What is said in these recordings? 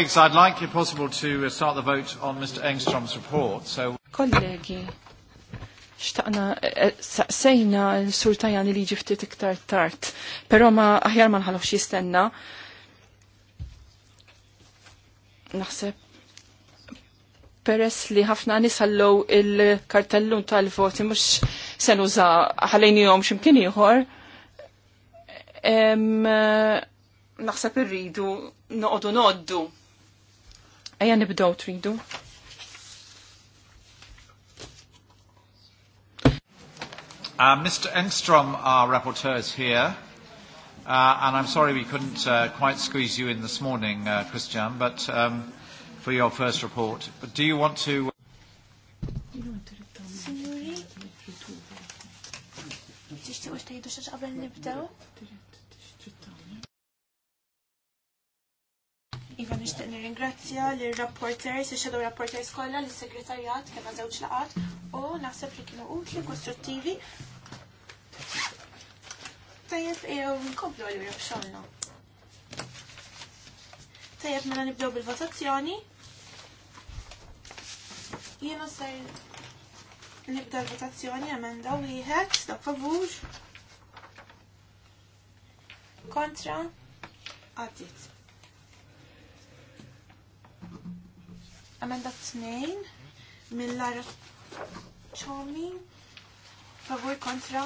Colleagues, I'd like, if possible, to uh, start the vote on Mr. Engstrom's report. So... Kollegi, xtaqna, eh, eh, sejna l-sur li ġiftit iktar tart, pero ma aħjar ma nħalux jistenna. Naħseb peress li ħafna nisallow il-kartellun tal-voti mux senuża ħalajni jom ximkien ieħor. Eh, naħseb irridu noqdu noqdu. Eja nibdow tridu. Uh, Mr. Engstrom, our rapporteur, is here. Uh, and I'm sorry we couldn't uh, quite squeeze you in this morning, uh, Christian, but um, for your first report. But do you want to... Uh, Iva nishtiq nirringrazzja lir rapporters il-shadow rapporters kolla, lis segretarjat kemm żewġ laqat u naħseb li kienu utli kostruttivi. Tajjeb jew nkomplu għalura b'xogħolna. Tajjeb mela nibdew bil-votazzjoni. Jiena sej nibda l-votazzjoni emenda wieħed da favur. Kontra għaddit. Amanda tnejn mill-lara ċomi favur kontra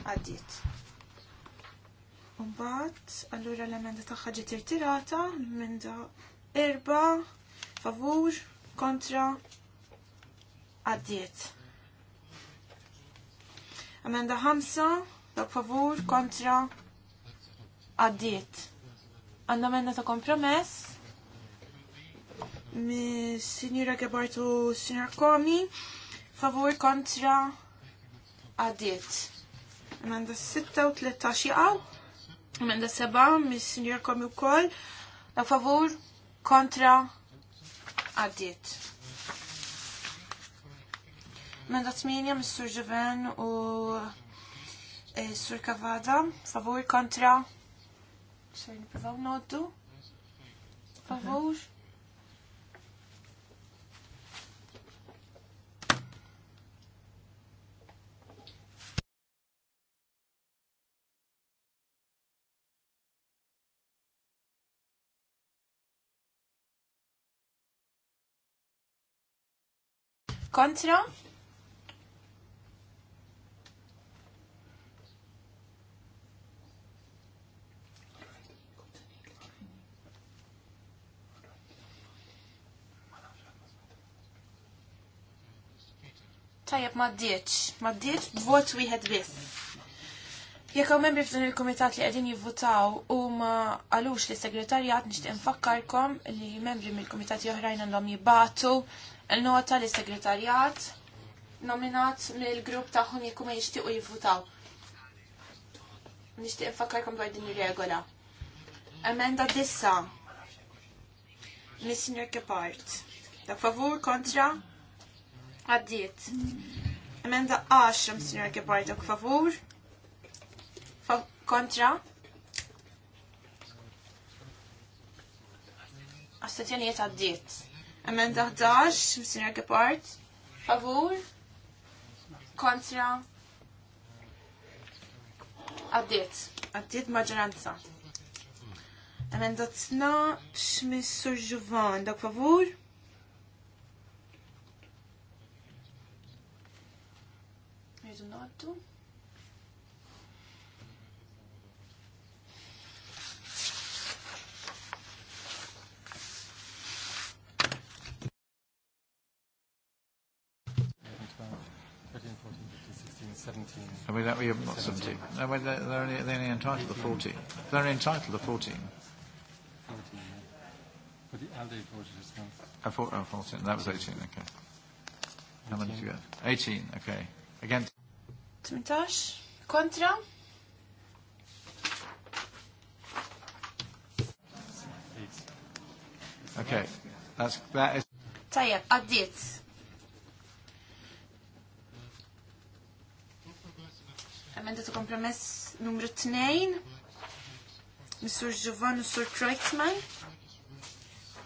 għaddit. Umbat, allura l-emenda taħħa ġiet irtirata, l amenda erba, favur, kontra, għaddiet. Emenda ħamsa, dak favur, kontra, għaddiet. Għanna emenda ta' kompromess, Signora Gebartu, Signora Comi, favor kontra għadiet. Amanda 6 u 13 jaqaw. Amanda 7, mis Signora Komi u koll, la favur kontra għadiet. Amanda 8, mis Sur u e, Sur Kavada, favur kontra. Sajn, provaw noddu. Favur. kontra. Tajab ma d-dieċ, ma d-dieċ b'vot wieħed biss. Jekk hawn membri f'dan il-kumitat li qegħdin jivvotaw u ma għalux li segretarjat nixtieq infakkarkom li membri mill-kumitati oħrajn għandhom jibbatu nota li segretarjat nominat mill-grupp tagħhom jekk ma jixtiequ jivvutaw. Nixtieq infakkarkom dwar din ir-regola. Emenda dissa. Missinjor Kepart. Da favur kontra għaddiet. Emenda 10 Missinjor Kepart da favur Fav kontra Astazzjonijiet għaddiet. Amanda 11, Mr. Gepard. Favour Contra, Għaddiet. Addit Majoranza. Amanda 12, Mr. Favour. Dak favur. Rridu noddu. 17. I mean, that, we have not 17. 17. No, wait, they're, they're, only, they're only entitled to 14. They're only entitled to 14. 14, yeah. But the Aldi voted as well. oh, 14. That was 18, okay. 18. How many did you get? 18, okay. Against? 18. Contra? Okay. That's, that is... Tajab, għaddit. Emenda ta' kompromess numru 2. Mr. Giovanni u Sir Kreutzmann.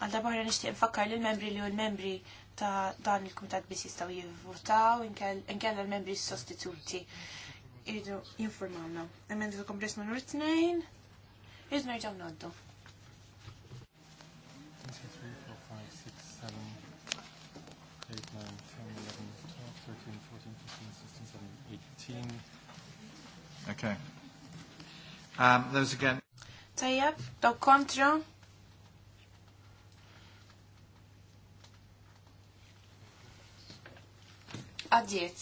Għadda boħra nishtiq nfakkar l-membri li u l-membri ta' dan il-kumitat bis jistaw jivvotaw, inkella l-membri sostituti. Irridu jinformawna. Emenda ta' kompromess numru 2. Irridu nerġaw noddu. Okay. Um, those again. Tajjeb, dok kontra. Adiet.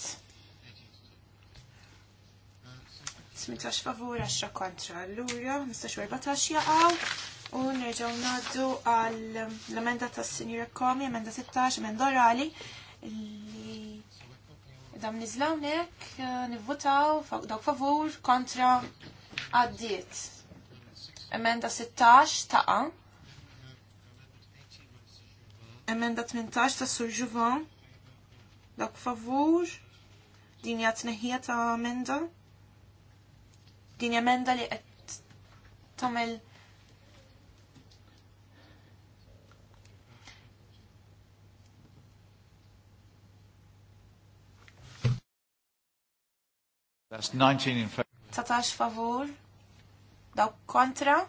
Smitax favur, 10 kontra. L-ura, 15-14 jaqaw. U nerġaw naddu għal l-emenda tas sinjura Komi, emenda 16, emenda orali, li Dam nizlawnek, eh, nivvotaw, dawk favur, kontra, għaddiet. Emenda 16 ta'. Emenda 18 ta' surġuvan. Dawk favur. Din jgħat neħija ta' emenda. Din emenda li għed tamel That's 19 in favor. 19 favor. Daw kontra.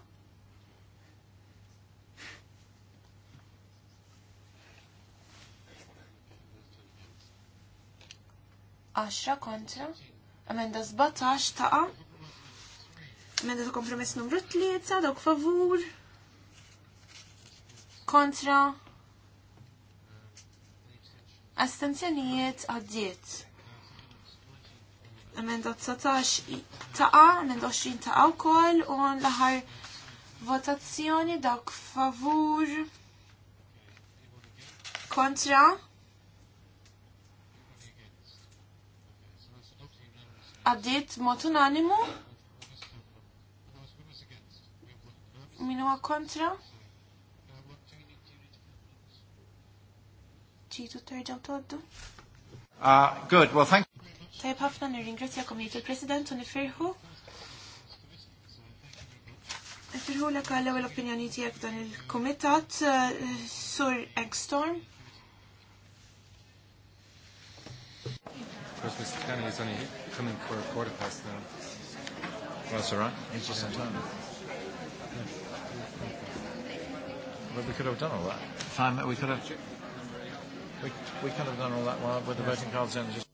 Għaxra kontra. Amenda 17 taqa. Amenda ta' kompromess numru 3, dawk favor. Kontra. Astenzjonijiet għaddiet emenda 19 taqa, emenda 20 taqa u koll, u l votazzjoni dak favur kontra għaddit mot unanimu minu kontra ċitu terġaw toddu. Uh, ah, good, well thank Tajab ħafna nir nirringrazzjakom jgħid il-President u nifirħu. Nifirħu l għal ewwel opinjoni tijak dan il komitat eh, Sur Eggstorm. Because Mr. Cannon is only coming for a quarter past now. Well, that's all right. He's just in time. Well, we could have done all that. Time, we could have... We, we could have done all that while with the voting cards in. Just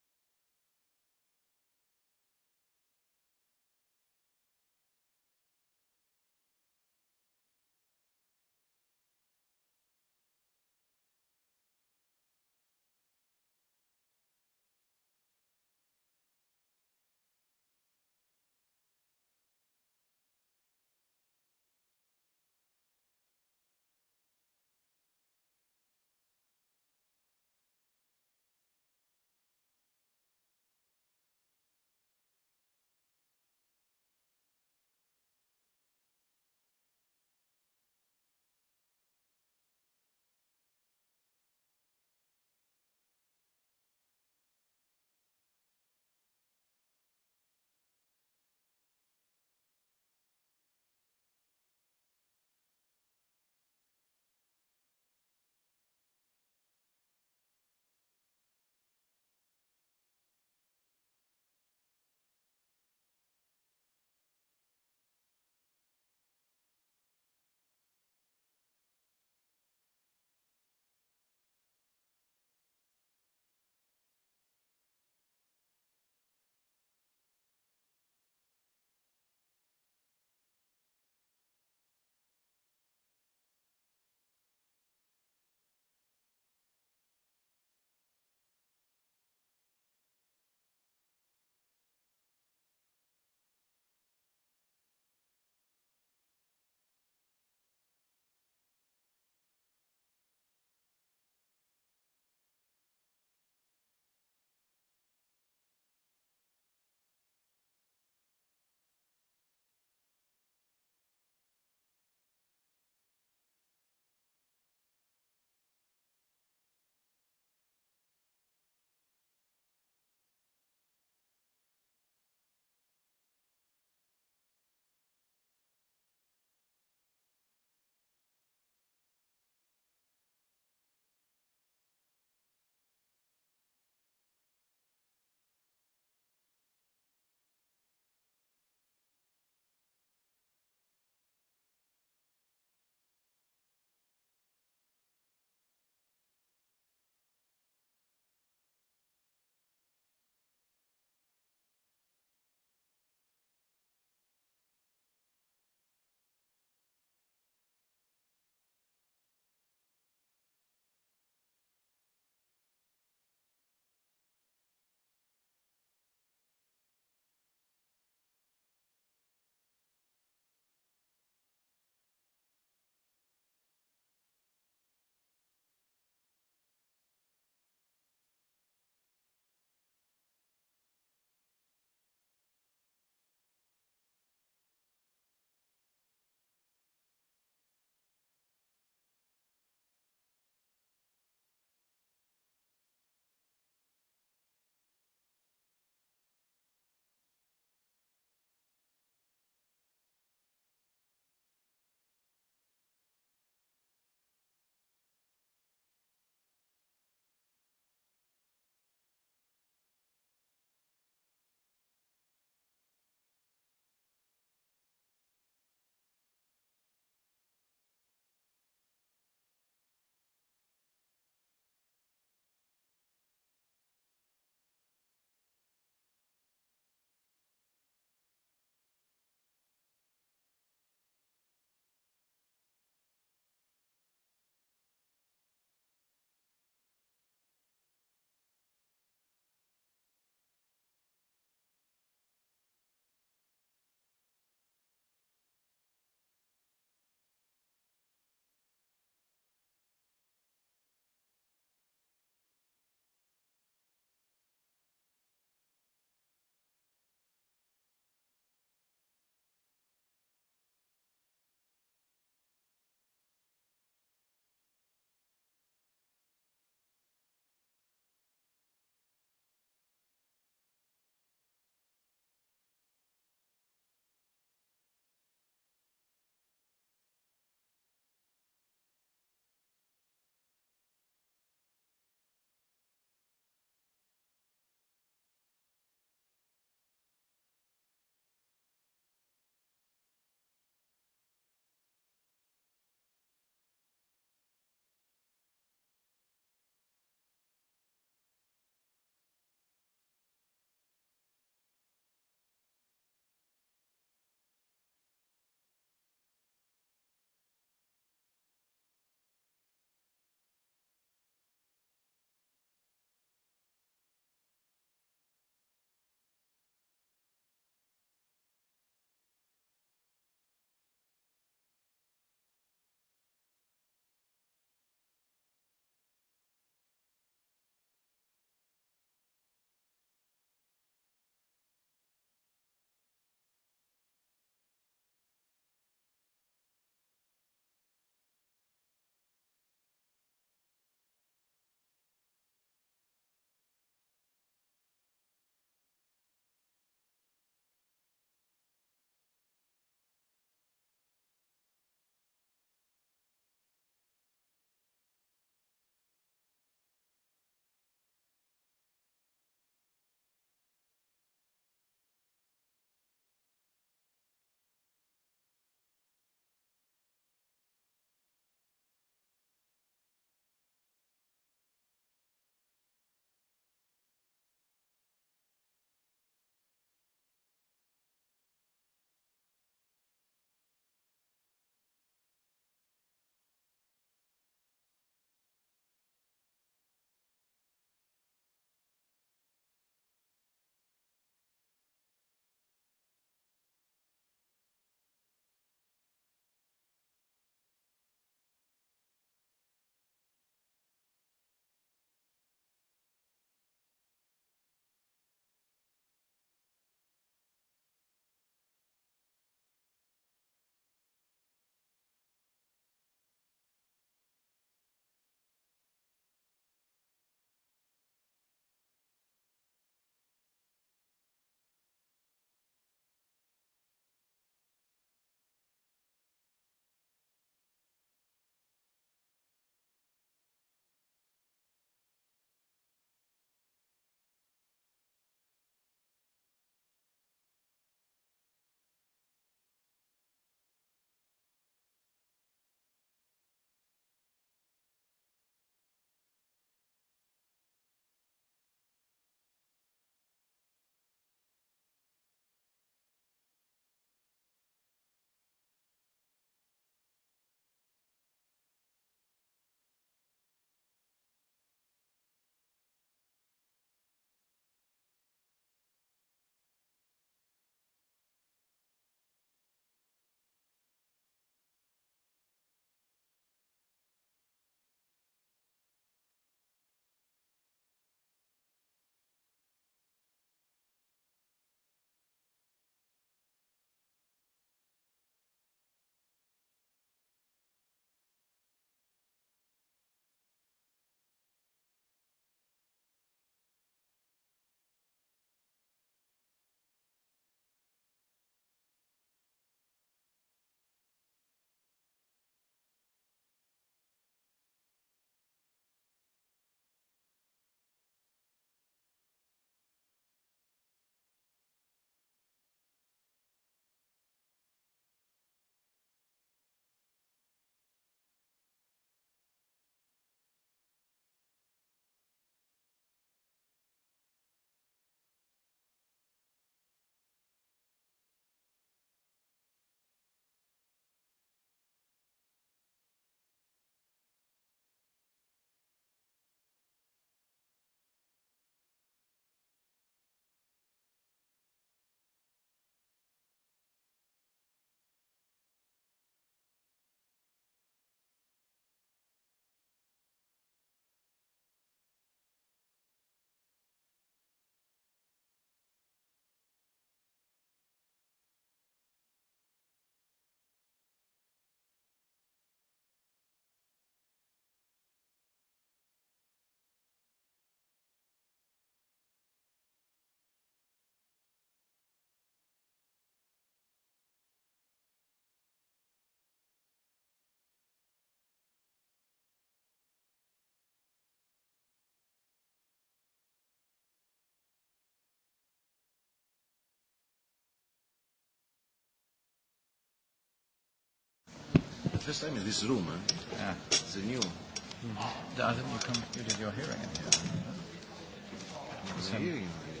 first time in this room, eh? Yeah. It's a new. Mm. The other you come, you did your hearing in here. Yeah. So, hearing in here.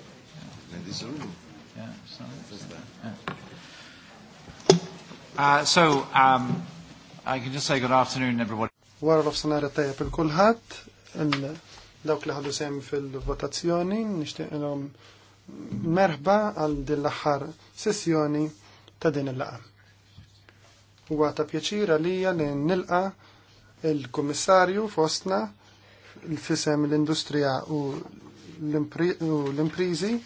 Yeah. In this room. Yeah, so. First time. Yeah. Uh, so, um, I can just say good afternoon, everybody. Wara l-ofsanara tajab pil kulħat dawk li ħadu sem fil-votazzjoni, nishtiqilom merħba għal din l-axħar sessjoni ta' din il laqam Huwa ta' pjaċir għalija li nilqa il-Kummissarju fostna l-fisem l-Industrija u l-Imprizi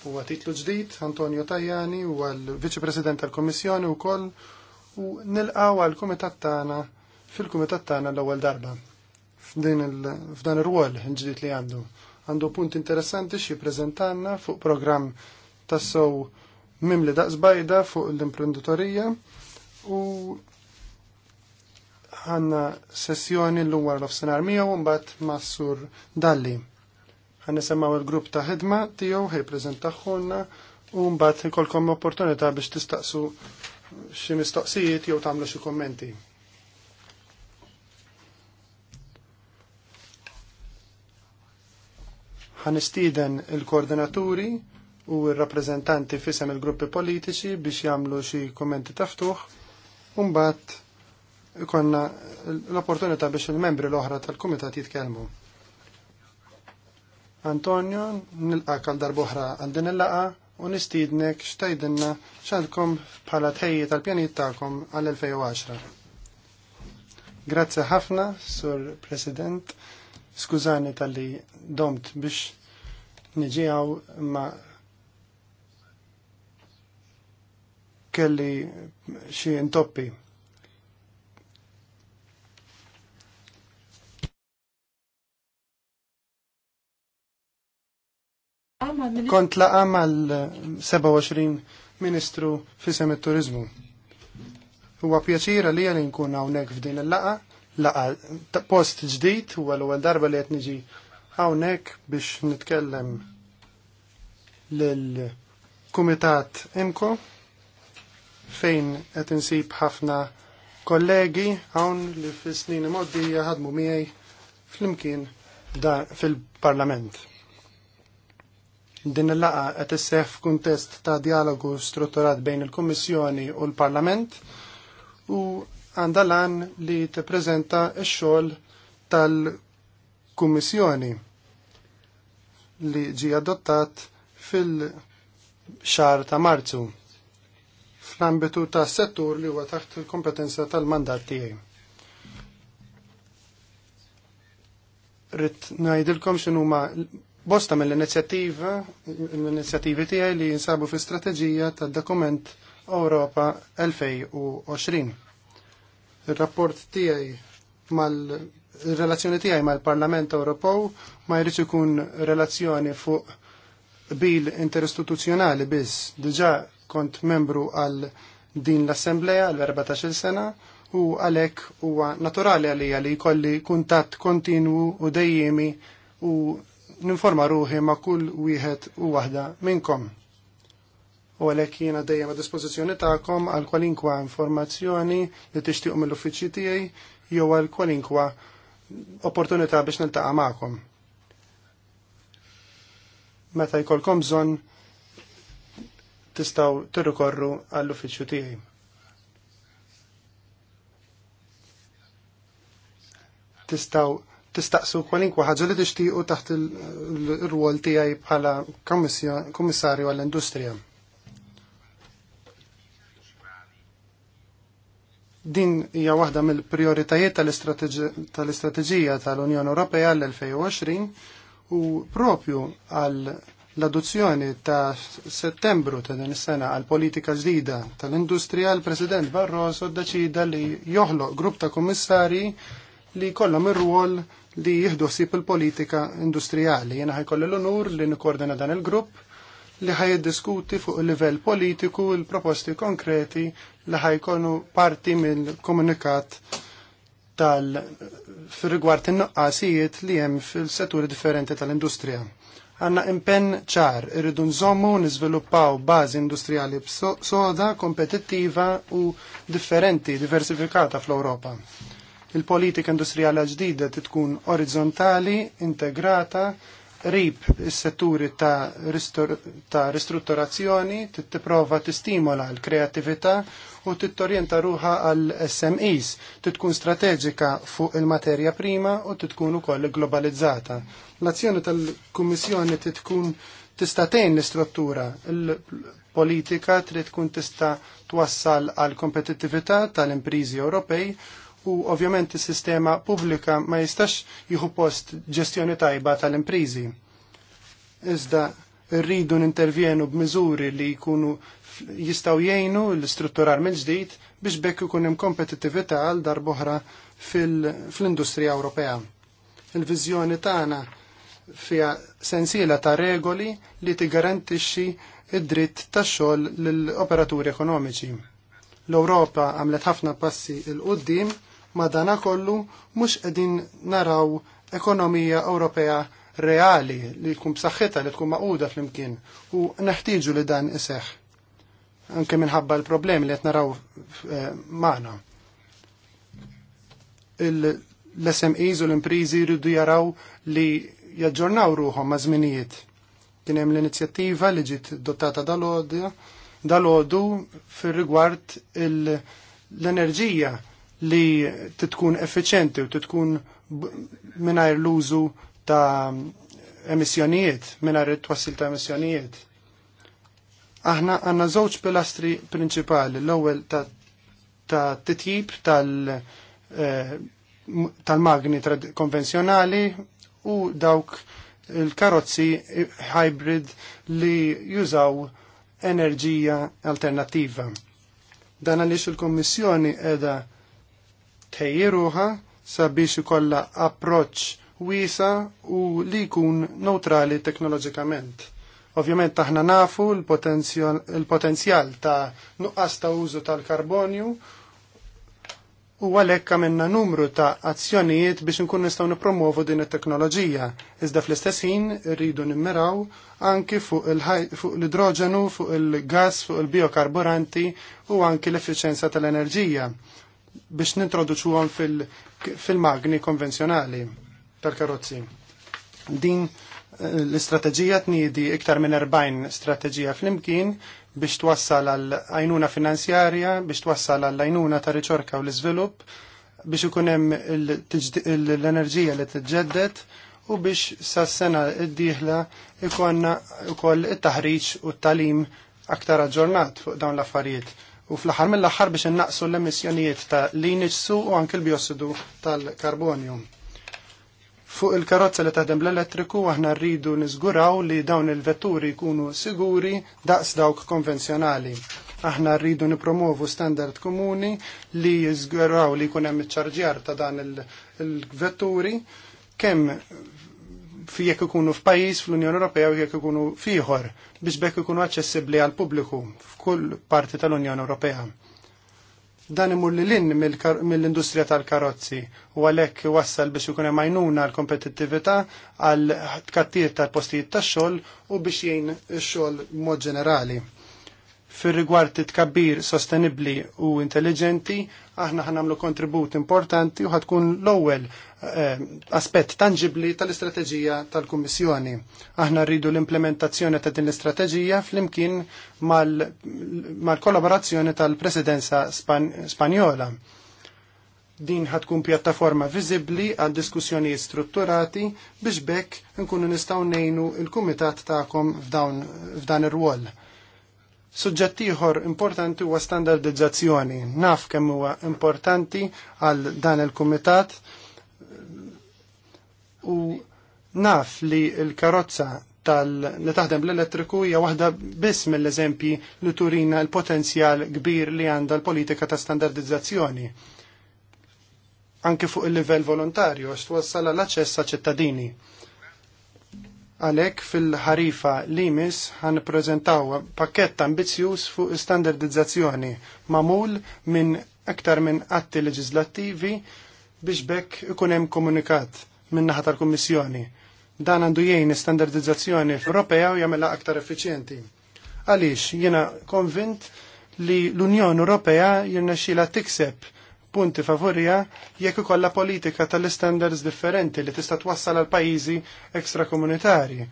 huwa titlu ġdid, Antonio Tajani huwa l-Viċi President tal u wkoll u nilqa' għal kumitat tagħna fil komitat tagħna l-ewwel darba f'dan il-ruol ġdid li għandu. Għandu punt interessanti xie prezentanna fuq programm mim mimli daqs bajda fuq l-imprenditorija u għanna sessjoni l lumwar l-ofsenar miegħu mbagħad bat massur Dalli. Għanna semmaw il-grupp ta' ħidma tiegħu ħejpreżentaħħulna u mbagħad ikolkom opportunità biex tistaqsu xi mistoqsijiet jew tagħmlu xi kommenti. ħanistiden il-koordinaturi u r-rappreżentanti fisem il-gruppi politiċi biex jagħmlu xi kommenti taftuħ Umbat ikonna l-opportunità biex il-membri l-oħra tal-Kumitat jitkellmu. Antonio, nilqak għal darboħra għal din il-laqa u nistidnek xtajdinna xandkom bħala tħejji tal-pjanit ta'kom għal-2010. Grazzi ħafna, Sur President, skużani tal-li domt biex niġijaw ma' kelli xie intoppi. Kont la għamal 27 Ministru fisem it-Turizmu. Huwa pjaċira li għalin kun hawnhekk f'din il-laqa, laqa post ġdid u l-ewwel darba li qed niġi hawnhekk biex nitkellem lil Kumitat Imko fejn qed insib ħafna kollegi hawn li fis-snin imoddi jaħdmu miegħi flimkien fil-Parlament. Din il-laqa qed isseħħ f'kuntest ta' dialogu strutturat bejn il-Kummissjoni u l-Parlament u għandha lan li tippreżenta x-xogħol tal-Kummissjoni li ġi adottat fil-xar ta' Marzu fl-ambitu ta' settur li huwa taħt il-kompetenza tal-mandat tiegħi. Rrid ngħidilkom x'in huma bosta mill-inizjattiva, l-inizjattivi tiegħi li jinsabu fi strateġija tad-dokument Europa 2020. ir rapport tiegħi mal relazzjoni tiegħi mal-Parlament Ewropew ma jrid ikun relazzjoni fuq bil interistituzzjonali biss. Diġà kont membru għal din l-Assembleja l 14 sena u għalek huwa naturali għalija li jkolli kuntatt kontinu u dejjemi u ninforma ruħi ma' kull wieħed u waħda minnkom. U għalek jiena dejjem a dispożizzjoni tagħkom għal kwalinkwa informazzjoni li tixtiequ mill-uffiċċji tiegħi jew għal kwalinkwa opportunità biex niltaqa' magħkom. Meta jkollkom bżonn tistaw tirrikorru għall-uffiċċju tiegħi. Tistaw tistaqsu kwalinkwa ħaġa li tixtiequ taħt il-rwol tiegħi bħala kummissarju għall-industrija. Din hija waħda mill-prioritajiet tal-istrateġija tal-Unjoni Ewropea l-2020 u propju għal l-adozzjoni ta' settembru ta' din is-sena għal politika ġdida tal-industrija l-President Barroso ddeċida li joħloq grupp ta' kummissarji li kollhom ir-rwol li jieħdu ħsieb il-politika industrijali. Jiena ħajkolli l-onur li nikkoordina dan il-grupp li ħajiddiskuti fuq il-livell politiku il-proposti konkreti li ħajkonu parti mill-komunikat tal-rigward in-nuqqasijiet li hemm fil-setturi differenti tal-industrija Għanna impenn ċar, irridu nżommu niżviluppaw bażi industrijali soda, kompetittiva u differenti, diversifikata fl-Ewropa. Il-politika industrijali ġdida titkun orizzontali, integrata, rib is-setturi ta', ristor, ta ristrutturazzjoni tipprova tistimola l kreativita u torjenta ruħa għal SMEs, tkun strateġika fuq il-materja prima u titkun ukoll globalizzata. L-azzjoni tal-Kummissjoni tkun tista' tgħin l-istruttura, il-politika trid tkun tista' twassal għal kompetitività tal-imprizi Ewropej u ovvjament is-sistema pubblika ma jistax jieħu post ġestjoni tajba tal-imprizi. Iżda rridu nintervjenu b'miżuri li jkunu jistaw jgħinu l-istrutturar mill-ġdid biex bekk ikun hemm kompetittività għal darboħra fl-industrija Ewropea. Il-viżjoni tagħna fija sensiela ta' regoli li tigarantixxi id-dritt tax-xogħol lill-operaturi ekonomiċi. L-Ewropa għamlet ħafna passi il qudiem dana kollu mhux qegħdin naraw ekonomija Ewropea reali li kum saħħeta li tkun maquda flimkien u neħtieġu li dan iseħħ anke minħabba l-problemi li qed naraw eh, magħna. L-SMEs u l-imprizi jridu jaraw li jaġġornaw ruhom ma' żminijiet. Kien hemm l-inizjattiva li ġiet dotata dal ħodu fir rigward l-enerġija li titkun effiċenti u titkun minnajr l-użu ta' emissjonijiet, minnajr it-twassil ta' emissjonijiet. Aħna għanna żewġ pilastri prinċipali, l-ewwel ta', ta titjib tal- eh, tal-magni konvenzjonali u dawk il-karozzi hybrid li jużaw enerġija alternativa. Dan għaliex il-Kommissjoni edha tejjeruħa sabiex ikolla approċ wisa u li jkun neutrali teknoloġikament. Ovvjament aħna nafu l-potenzjal ta' nuqqas ta' użu tal-karbonju u għalhekk għamilna numru ta' azzjonijiet biex nkun nistgħu nippromovu din it-teknoloġija. Iżda fl-istess ħin rridu nimmiraw anki fuq l-idroġenu, fuq il-gas, fuq il-biokarburanti u anki l effiċjenza tal-enerġija biex nintroduċuhom fil-magni konvenzjonali tal-karozzi. Din eh, l-istrateġija tniedi iktar minn 40 strateġija fl-imkien biex twassal għal għajnuna finanzjarja, biex twassal għal għajnuna ta' riċorka u l-iżvilupp, biex ikun hemm l-enerġija li t-ġeddet u biex sas-sena d-dieħla ikonna ukoll it-taħriġ u t-talim aktar aġġornat fuq dawn l-affarijiet u fl-aħħar mill-aħħar biex innaqsu l-emissjonijiet ta' li niġsu u anke l-biossidu tal-karbonju. Fuq il-karozza li taħdem l-elettriku aħna rridu niżguraw li dawn il-vetturi jkunu siguri daqs dawk konvenzjonali. Aħna rridu nipromovu standard komuni li jizguraw li jkun hemm iċ-ċarġjar ta' dan il-vetturi kem jekk ikunu f'pajjiż fl-Unjoni Ewropea u jekk ikunu fieħor biex bekk ikunu aċċessibbli għal pubbliku f'kull parti tal-Unjoni Ewropea. Dan imur li lin mill-industrija tal-karozzi u għalhekk wassal biex ikun hemm għajnuna għal kompetittività għal tkattir tal-postijiet tax-xogħol u biex jgħin ix-xogħol mod ġenerali fir rigward tkabbir sostenibli u intelligenti, aħna ħanamlu kontribut importanti u ħatkun l-ewwel eh, aspett tangibli tal-istrateġija tal-Kummissjoni. Aħna rridu l-implementazzjoni ta' din l-istrateġija flimkien mal-kollaborazzjoni mal tal-Presidenza span Spanjola din ħatkun pjattaforma viżibbli għal diskussjonijiet strutturati biex bekk nkunu nistgħu ngħinu l kumitat tagħkom f'dan ir-rwol. Suġġett ieħor importanti huwa standardizzazzjoni. Naf kemm huwa importanti għal dan il-kumitat u naf li l-karozza tal li taħdem l-elettriku hija waħda biss mill-eżempji li turina l-potenzjal kbir li għandha l-politika ta' standardizzazzjoni anke fuq il-livell volontarju għax twassal l-aċċess ċittadini. Għalek fil-ħarifa limis għan prezentaw pakket ambizjuż fuq standardizzazzjoni mamul minn aktar minn atti leġislattivi biex bekk ikun hemm komunikat minn naħa tal-Kummissjoni. Dan għandu jgħin standardizzazzjoni Ewropea u jagħmilha aktar effiċjenti. Għaliex jiena konvint li l-Unjoni Ewropea jirnexxila tikseb punti favorija jekk ikollha politika tal-standards differenti li tista' twassal għal pajjiżi ekstrakomunitarji,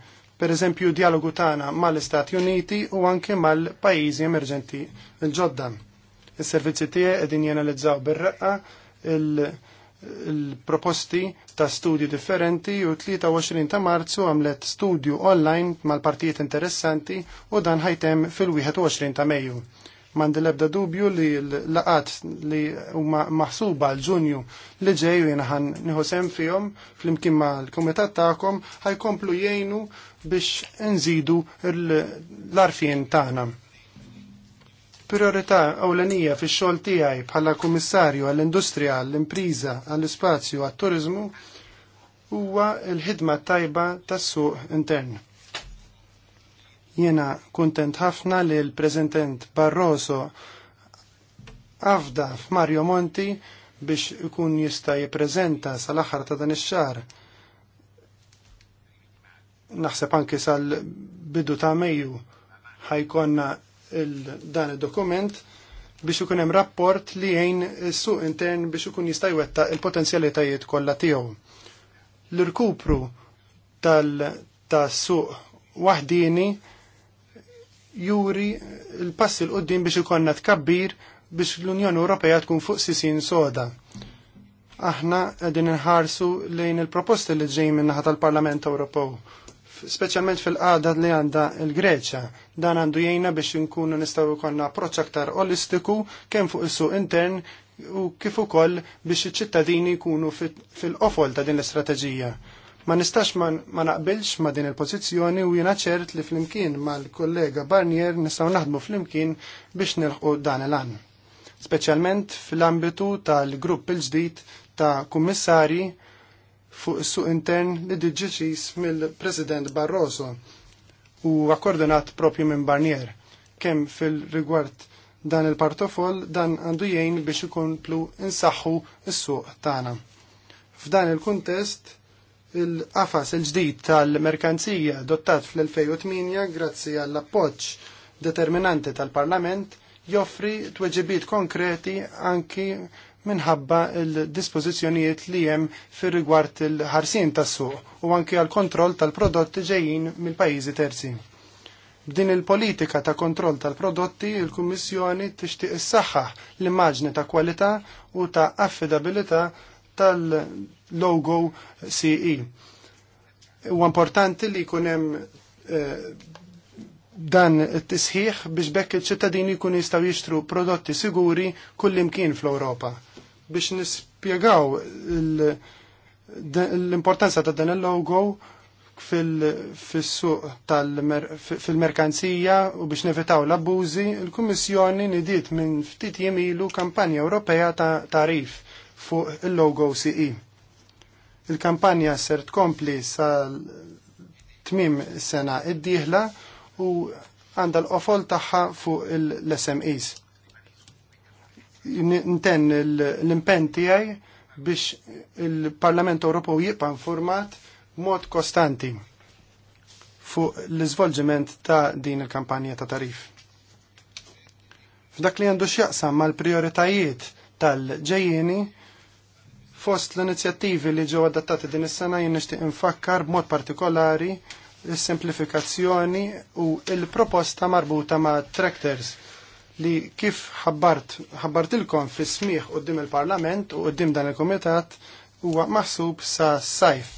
per eżempju dialogu tagħna mal-Istati Uniti u anke mal-pajjiżi emerġenti l-ġodda. Is-servizzi tiegħi qegħdin jenalizzaw bir-raqqa il-proposti ta' studji differenti u 23 ta' marzu għamlet studju online mal-partijiet interessanti u dan ħajtem fil-21 ta' Mejju Mandi lebda dubju li l-laqat li huma maħsuba l-ġunju li ġeju u jenaħan nħosem fihom fl-imkien ma l-komitat tagħkom ħajkomplu jgħinu biex nżidu l-arfien tagħna. Priorità ewlenija fix-xogħol tiegħi bħala kummissarju għall-industrija, għall-impriża, għall-ispazju, għall turiżmu huwa l-ħidma tajba tas-suq intern Jena kontent ħafna li l-President Barroso għafda f'Mario Monti biex ikun jista jiprezenta sal-aħħar ta' dan ix-xahar. Naħseb anki sal-bidu ta' Mejju ħajkonna dan id-dokument biex ikun hemm rapport li jgħin is-suq intern biex ikun jista' jwettaq il-potenzjalitajiet kollha tiegħu. L-irkupru tal-suq waħdini juri l-passi l-qoddim biex ikonna tkabbir biex l-Unjoni Ewropea tkun fuq sisin soda. Aħna qegħdin inħarsu lejn il-proposti li ġej min-naħa tal-Parlament Ewropew, speċjalment fil-qada li għandha l-Greċja. Dan għandu jgħinna biex nkunu nistgħu jkollna approċċ aktar olistiku kemm fuq is-suq intern u kif ukoll biex iċ-ċittadini jkunu fil-qofol ta' din l-istrateġija Ma nistax ma naqbilx ma din il-pozizjoni u jiena ċert li flimkien mal-kollega Barnier nistgħu naħdmu flimkien biex nilħqu dan il-għan. Speċjalment fil-ambitu tal-grupp il-ġdid ta' kummissari fuq is-suq intern li diġiċis mill-President Barroso u akkordinat propju minn Barnier kemm fil-rigward dan il partofol dan għandu jgħin biex plu insaħħu s-suq tagħna. F'dan il-kuntest il-qafas il-ġdid tal-merkanzija dottat fl-2008 grazzi għall-appoġġ determinanti tal-Parlament joffri tweġibiet konkreti anki minħabba il-dispożizzjonijiet li hemm fir rigward il-ħarsien tas-suq u anki għal kontroll tal-prodotti ġejjin mill-pajjiżi terzi. B'din il-politika ta' kontroll tal-prodotti, il-Kummissjoni tixtieq issaħħaħ l-immaġni ta' kwalità u ta' affidabilità tal logo CE. U importanti li kunem eh, dan it-tisħiħ biex bekk il-ċittadini kun jistaw jixtru prodotti siguri kullimkien fl-Europa. Biex nispiegaw l-importanza ta' dan il-logo fil-suq fil-merkanzija u biex nevitaw l-abbużi, il-Kummissjoni nidiet minn ftit jemilu kampanja Ewropea ta' tarif fuq il-logo CE Il-kampanja ser tkompli sal tmim sena id-dieħla u għandha l-qofol tagħha fuq l-SMEs. Nten l-impen tiegħi biex il-Parlament Ewropew jibqa' informat mod kostanti fuq l izvolġiment ta' din il-kampanja ta' tarif. F'dak li għandu x'jaqsam mal-prioritajiet tal-ġejjieni Fost l-inizjattivi li ġew adattati din is-sena jien nixtieq infakkar b'mod partikolari l semplifikazzjoni u il-proposta marbuta ma' tractors li kif ħabbart ħabbartilkom fis smieħ qudiem il-Parlament u qudiem dan il-Kumitat huwa maħsub sa sajf.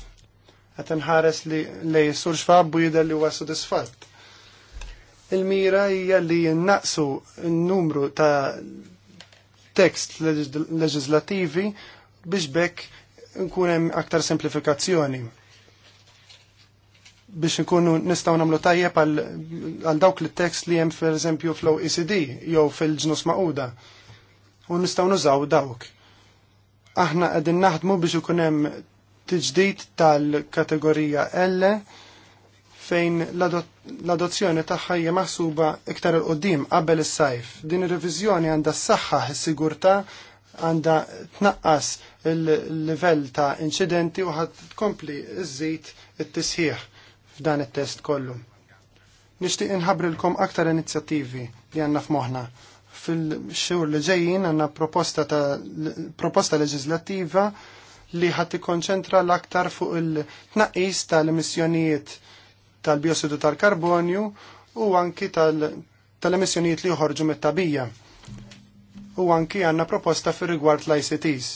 Qed inħares li lej sur xfabbu jidher li huwa sodisfatt. Il-mira hija li jinnaqsu n-numru ta' tekst leġislativi biex bekk nkun hemm aktar semplifikazzjoni biex nkunu nistaw namlu tajjeb għal dawk li tekst li jem per eżempju flow ECD jew fil-ġnus maquda u nistaw nużaw dawk. Aħna għedin naħdmu biex ikun hemm tiġdid tal-kategorija L fejn l-adozzjoni tagħha hija maħsuba iktar il qoddim qabel is-sajf. Din ir-reviżjoni għandha s-saħħa s-sigurtà għanda tnaqqas il-level ta' incidenti u ħad tkompli iż-żid it-tisħiħ f'dan it-test kollu. Nixtieq inħabrilkom aktar inizjattivi li għandna f'moħħna. Fil-xhur li ġejjin għandna proposta ta' proposta leġislattiva li ħad tikkonċentra l-aktar fuq il-tnaqqis tal-emissjonijiet tal-biossidu tal-karbonju u anki tal-emissjonijiet li joħorġu mit-tabija u anki għanna proposta fir rigward l-ICTs.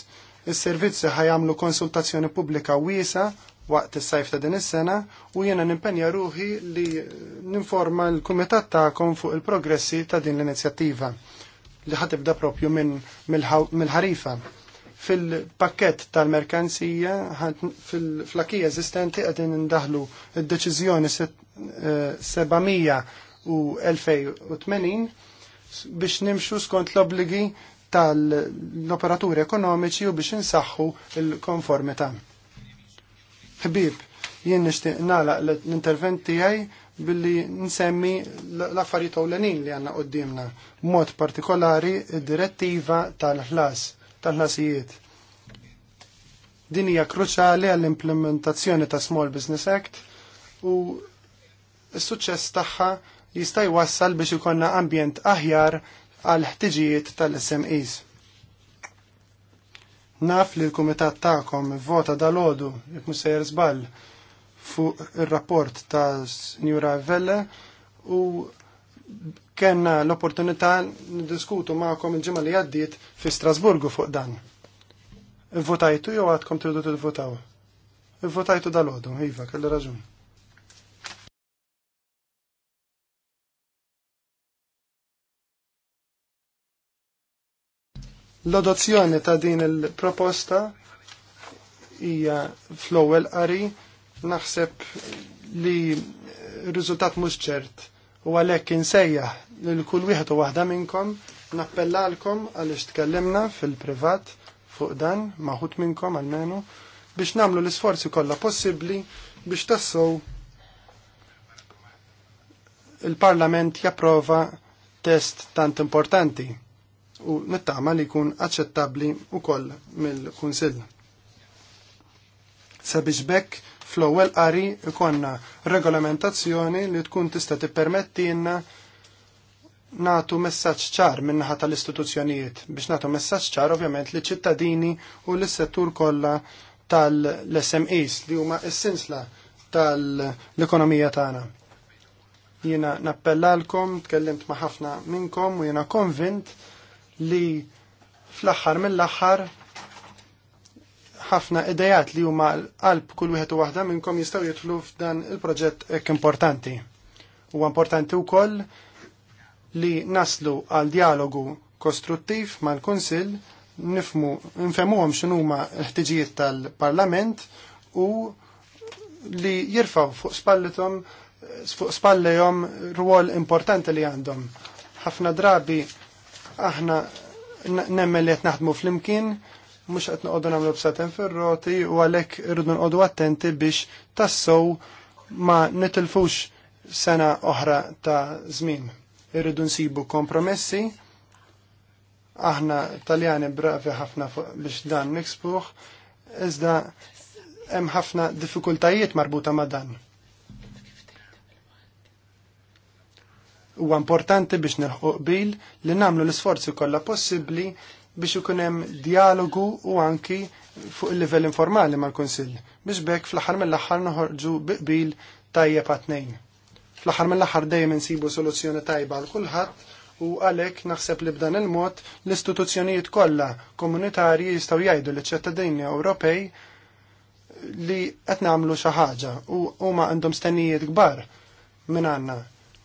Is-servizzi ħajamlu konsultazzjoni pubblika wiesa waqt is-sajf ta' din is-sena u jiena nimpenja ruħi li ninforma l-kumitat tagħkom fuq il-progressi ta' din l-inizjattiva li ħatibda propju minn mill-ħarifa. Fil-pakket tal-merkanzija, fil-flakija eżistenti għedin indaħlu id-deċiżjoni 700 eh, u 2080 biex nimxu skont l-obligi tal-operaturi ekonomiċi u biex insaħħu l-konformità. Ħbib, jien nixtieq nagħlaq l-intervent tiegħi billi nsemmi l-affarijiet ewlenin li għandna qudiemna, mod partikolari id-direttiva tal-ħlas, tal-ħlasijiet. Din hija kruċali għall-implementazzjoni ta' Small Business Act u s-suċċess tagħha jista' jwassal biex ikonna ambjent aħjar għal ħtiġijiet tal-SMEs. Naf li l-kumitat ta'kom vota dal-ħodu, jek musajr zbal, fuq il-rapport ta' Signora Velle u kellna l-opportunità diskutu ma'kom il-ġimma li għaddit fi Strasburgu fuq dan. Votajtu jew għadkom tridu tivvotaw? votaw Votajtu dal-ħodu, iva, kelli raġun. L-adozzjoni ta' din il-proposta hija fl-ewwel qari naħseb li r-riżultat mhux ċert u għalhekk insejjaħ lil kull wieħed u waħda minnkom nappellalkom għaliex tkellimna fil-privat fuq dan maħut minnkom għalmenu biex namlu l-isforzi kollha possibbli biex tassow il-Parlament japprova test tant importanti u nittama li jkun aċċettabbli wkoll mill-Kunsill. Sabiex bekk fl-ewwel qari ikonna regolamentazzjoni li tkun tista' tippermettilna natu messaġġ ċar min-naħa tal-istituzzjonijiet biex natu messaġġ ċar ovvjament li ċittadini u l-settur kollha tal-SMEs li huma essenzla tal-ekonomija tagħna. Jiena nappellalkom, tkellimt ma' ħafna minnkom u jiena konvint li fl-aħħar mill-aħħar ħafna idejat li huma qalb kull wieħed u waħda minnkom jistgħu jidħlu f'dan il-proġett hekk importanti. Huwa importanti wkoll li naslu għal dialogu kostruttiv mal-Kunsill nifmu nfemuhom x'inhuma l-ħtiġijiet tal-Parlament u li jirfaw fuq spallithom fuq spallejhom rwol importanti li għandhom. Ħafna drabi aħna nemmel jett qed naħdmu flimkien mhux qed noqogħdu nagħmlu b'saten fir ferroti, u għalhekk irridu nqogħdu attenti biex tassow ma nitilfux sena oħra ta' żmien. Irridu nsibu kompromessi aħna taljani bravi ħafna biex dan niksbuħ iżda hemm ħafna diffikultajiet marbuta ma' dan. Huwa importanti biex nilħu qbil li nagħmlu l-isforzi kollha possibbli biex ikun hemm dialogu u anki fuq il-livell informali mal-Kunsill biex bekk fl-aħħar mill-aħħar noħorġu biqbil tajjeb għat-tnejn. Fl-aħħar mill-aħħar dejjem insibu soluzzjoni tajba għal kulħadd u għalek naħseb li b'dan il-mod l-istituzzjonijiet kollha komunitarji jistgħu jgħidu li ċittadini Ewropej li qed nagħmlu xi ħaġa u huma għandhom stennijiet kbar minn għandna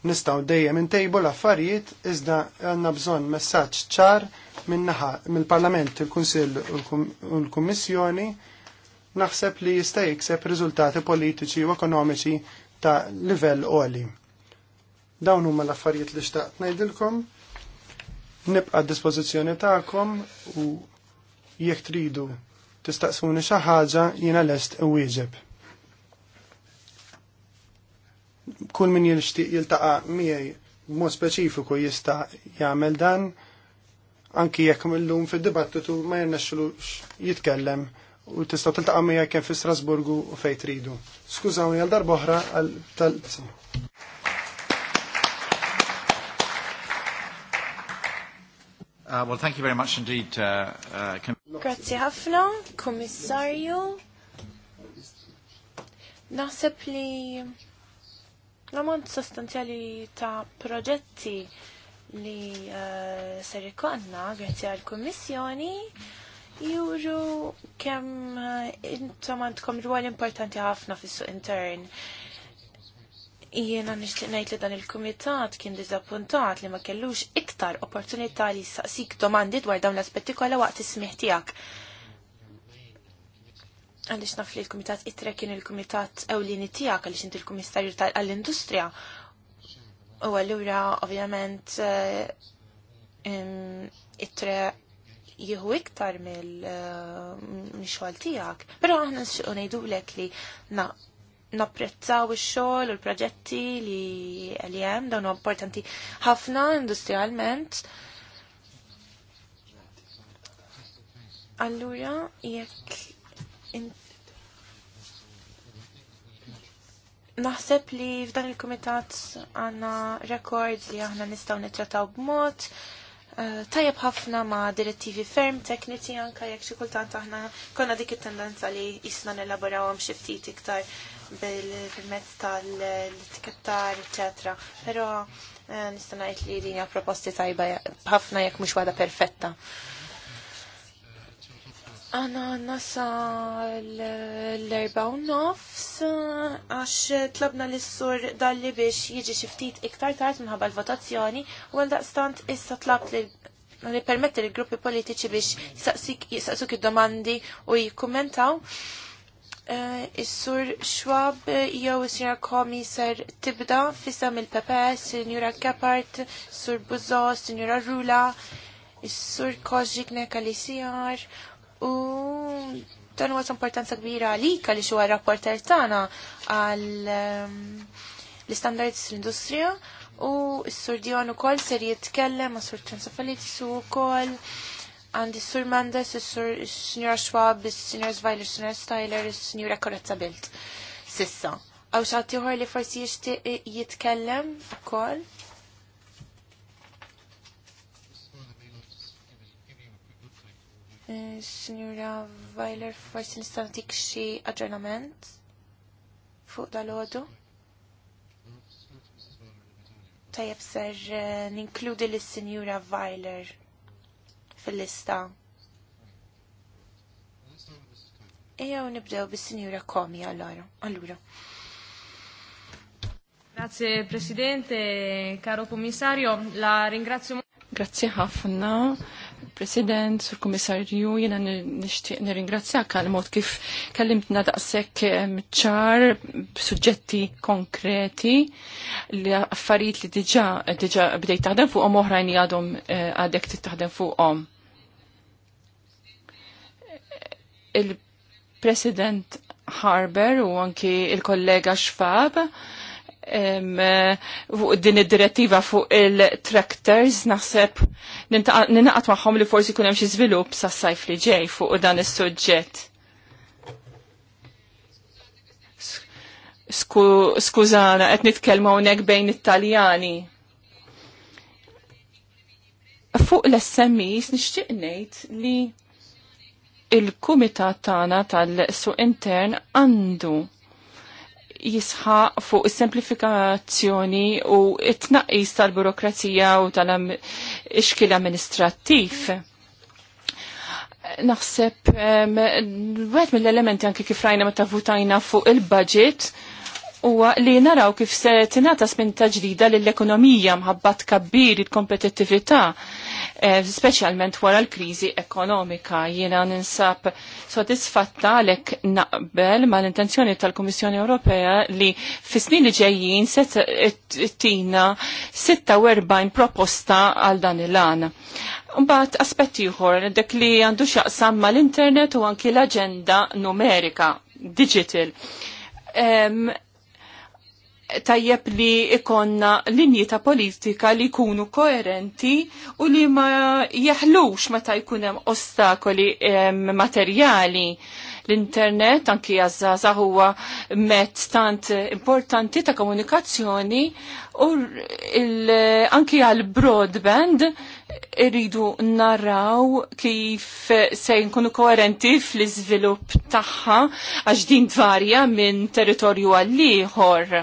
Nistaw dejjem intejbu l-affarijiet iżda għandna bżonn messaġġ ċar minnaħa mill-Parlament, il-Kunsill u l-Kummissjoni naħseb li jista' jikseb riżultati politiċi u ekonomiċi ta' livell għoli. Dawn huma l-affarijiet li xtaqt ngħidilkom. Nibqa' dispożizzjoni tagħkom u jekk tridu tistaqsuni xi ħaġa jiena lest wieġeb kull min jilxtieq jiltaqa' miegħi mod speċifiku jista' jagħmel dan anki jekk illum fid-dibattitu ma jirnexxilux jitkellem u tista' tiltaqa' miegħek kemm fi Strasburgu u fejn tridu. Skużawni għal darba oħra għal tal Uh, well, thank you very much indeed. Uh, uh, Grazie ħafna, Kommissarju. Naħseb li L-ammont sostanzjali ta' proġetti li uh, ser ikonna grazzi għal kummissjoni juru kemm uh, eh, intom għandkom rwol importanti ħafna fis-suq intern. Jiena nixtieq ngħid li dan il-kumitat kien diżappuntat li ma kellux iktar opportunità li saqsik domandi dwar dawn l-aspetti kollha waqt is tiegħek għalix naf li l-Kumitat ITRE kien il-Kumitat ewlieni tiegħek għalix inti l-Kummissarju tal-Industrija. U allura ovvjament eh, ITRE jieħu iktar mill-xogħol eh, tiegħek. Però aħna l ngħidulek li na napprezzaw ix-xogħol u l-proġetti li li hemm dawn importanti ħafna industrialment. Allura jekk Naħseb li f'dan il-komitat għanna rekord li aħna nistaw nitrataw b'mod eh, tajab ħafna ma' direttivi ferm tekniċi anka jekk xi kultant aħna konna dik it-tendenza li jisna nilaborawhom xi ftit iktar bil-permezz tal-tikettar, etc. Però eh, nista' ngħid li dinja proposti tajba ħafna jekk mhux wada perfetta. Għana għanna sa l-erba u nofs, għax tlabna l-sur dalli biex jieġi xiftit iktar tard minħabba l-votazzjoni, u għal-daqstant issa tlab li permetti l-gruppi politiċi biex jisaqsuk id-domandi u jikkommentaw. Eh, is-sur Schwab jew is-sinjora Komi ser tibda fissam il-PPS, sinjura Kepart, sur Buzzo, sinjura Rula, is-sur Kozġik Nekalisjar, u dan huwa importanza kbira għalik għaliex huwa rapporter tagħna għal ehm, l-standards l-industrija u s-sur Dion ukoll ser jitkellem ma' sur Transafalitis u ukoll għandi s-sur Mendes, s-sur Signor Schwab, s-Signor Zvajler, s-Signor Styler, s-Signor Korrezza Bilt. Sissa. Għaw xaħti li forsi jishtiq jitkellem ukoll. koll. Eh, signora Weiler, forse nista' ntik aġġornament fuq dal-ħodu. Tajjeb ser eh, ninkludi lis signora Weiler fil-lista. Ejja nibdew bis signora Komi allora. allura. Grazie Presidente, caro Commissario, la ringrazio molto. Grazie ħafna. President, Sur Komissarju, jena nishtiq nirringrazzjak għal mod kif kellimtna daqshekk ċar suġġetti konkreti li affarijiet li diġà bdejt taħdem fuqhom oħrajn li għadhom eh, għadek taħdem fuqhom. Il-President Harber u anki il-kollega Schwab fuq din id-direttiva fuq il-tractors naħseb ninaqat magħhom li forsi kunem hemm xi żvilupp sas-sajf li ġej fuq dan is-suġġett. Skużana, qed nitkellmu hawnhekk bejn it-Taljani. Fuq l smis nixtieq ngħid li il-kumitat tagħna tal-suq intern għandu jisħa fuq is-semplifikazzjoni u it-tnaqqis tal-burokrazija u tal iskil amministrattiv. Naħseb, għed mill-elementi anki kif rajna ma votajna fuq il-budget, huwa li naraw kif se tingħata spinta ġdida lill-ekonomija mħabba tkabbir il-kompetittività, eh, speċjalment wara l-kriżi ekonomika. Jiena ninsab sodisfatta għalhekk naqbel mal-intenzjoni tal-Kummissjoni Ewropea li fis-snin li ġejjin se tina 46 proposta għal dan il-għan. Mbagħad aspetti ieħor dak li għandu x'aqsam mal-internet u anki l-aġenda numerika digital tajjeb li ikonna linji ta' politika li jkunu koerenti u li ma jeħlux meta jkun hemm ostakoli materjali. L-internet anki għazzaza huwa met tant importanti ta' komunikazzjoni u anki għal broadband irridu narraw kif se nkunu koerenti fl-iżvilupp tagħha għax din tvarja minn territorju għal ieħor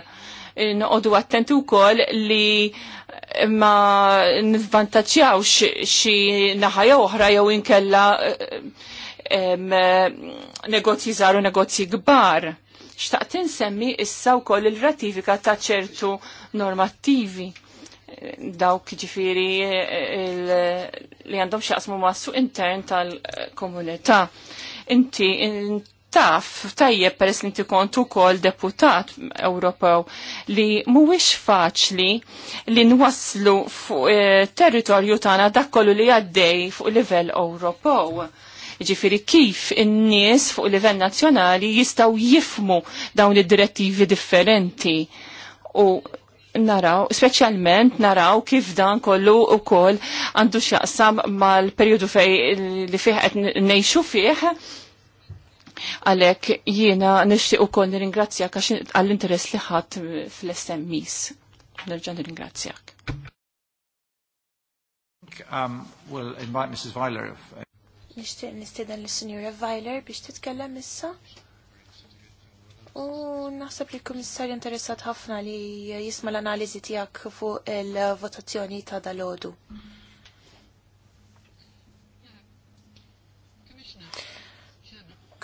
noqogħdu attenti wkoll li ma nivvantaġġjawx xi naħa jew oħra jew inkella eh, eh, negozji żaru negozji kbar. Xtaqt insemmi issa wkoll il-ratifika ta' ċertu normattivi dawk ġifiri eh, li għandhom xaqsmu massu intern tal-komunità. Inti, taf tajjeb peress li tikont ukoll deputat Ewropew li mhuwiex faċli li nwasslu fuq eh, territorju tagħna dak kollu li għaddej fuq livell Ewropew. Ġifiri kif in-nies fuq livell nazzjonali jistgħu jifmu dawn id-direttivi differenti. U naraw, specialment naraw kif dan kollu u koll għandu xaqsam mal-periodu fej li fih qed nejxu fih Għalek jiena nishtiq u kon nir-ingrazzjak għall-interess li ħadd fl-SMEs. Nerġa' nirringrazzjak. Nixtieq um, we'll invite Mrs. Weiler. Uh, nishtiq nistieden lis-Sinjura Weiler biex titkellem issa. U naħseb li l-Kummissarju interessat ħafna li jisma l-analiżi tiegħek fuq il-votazzjoni ta' dalodu. Mm -hmm.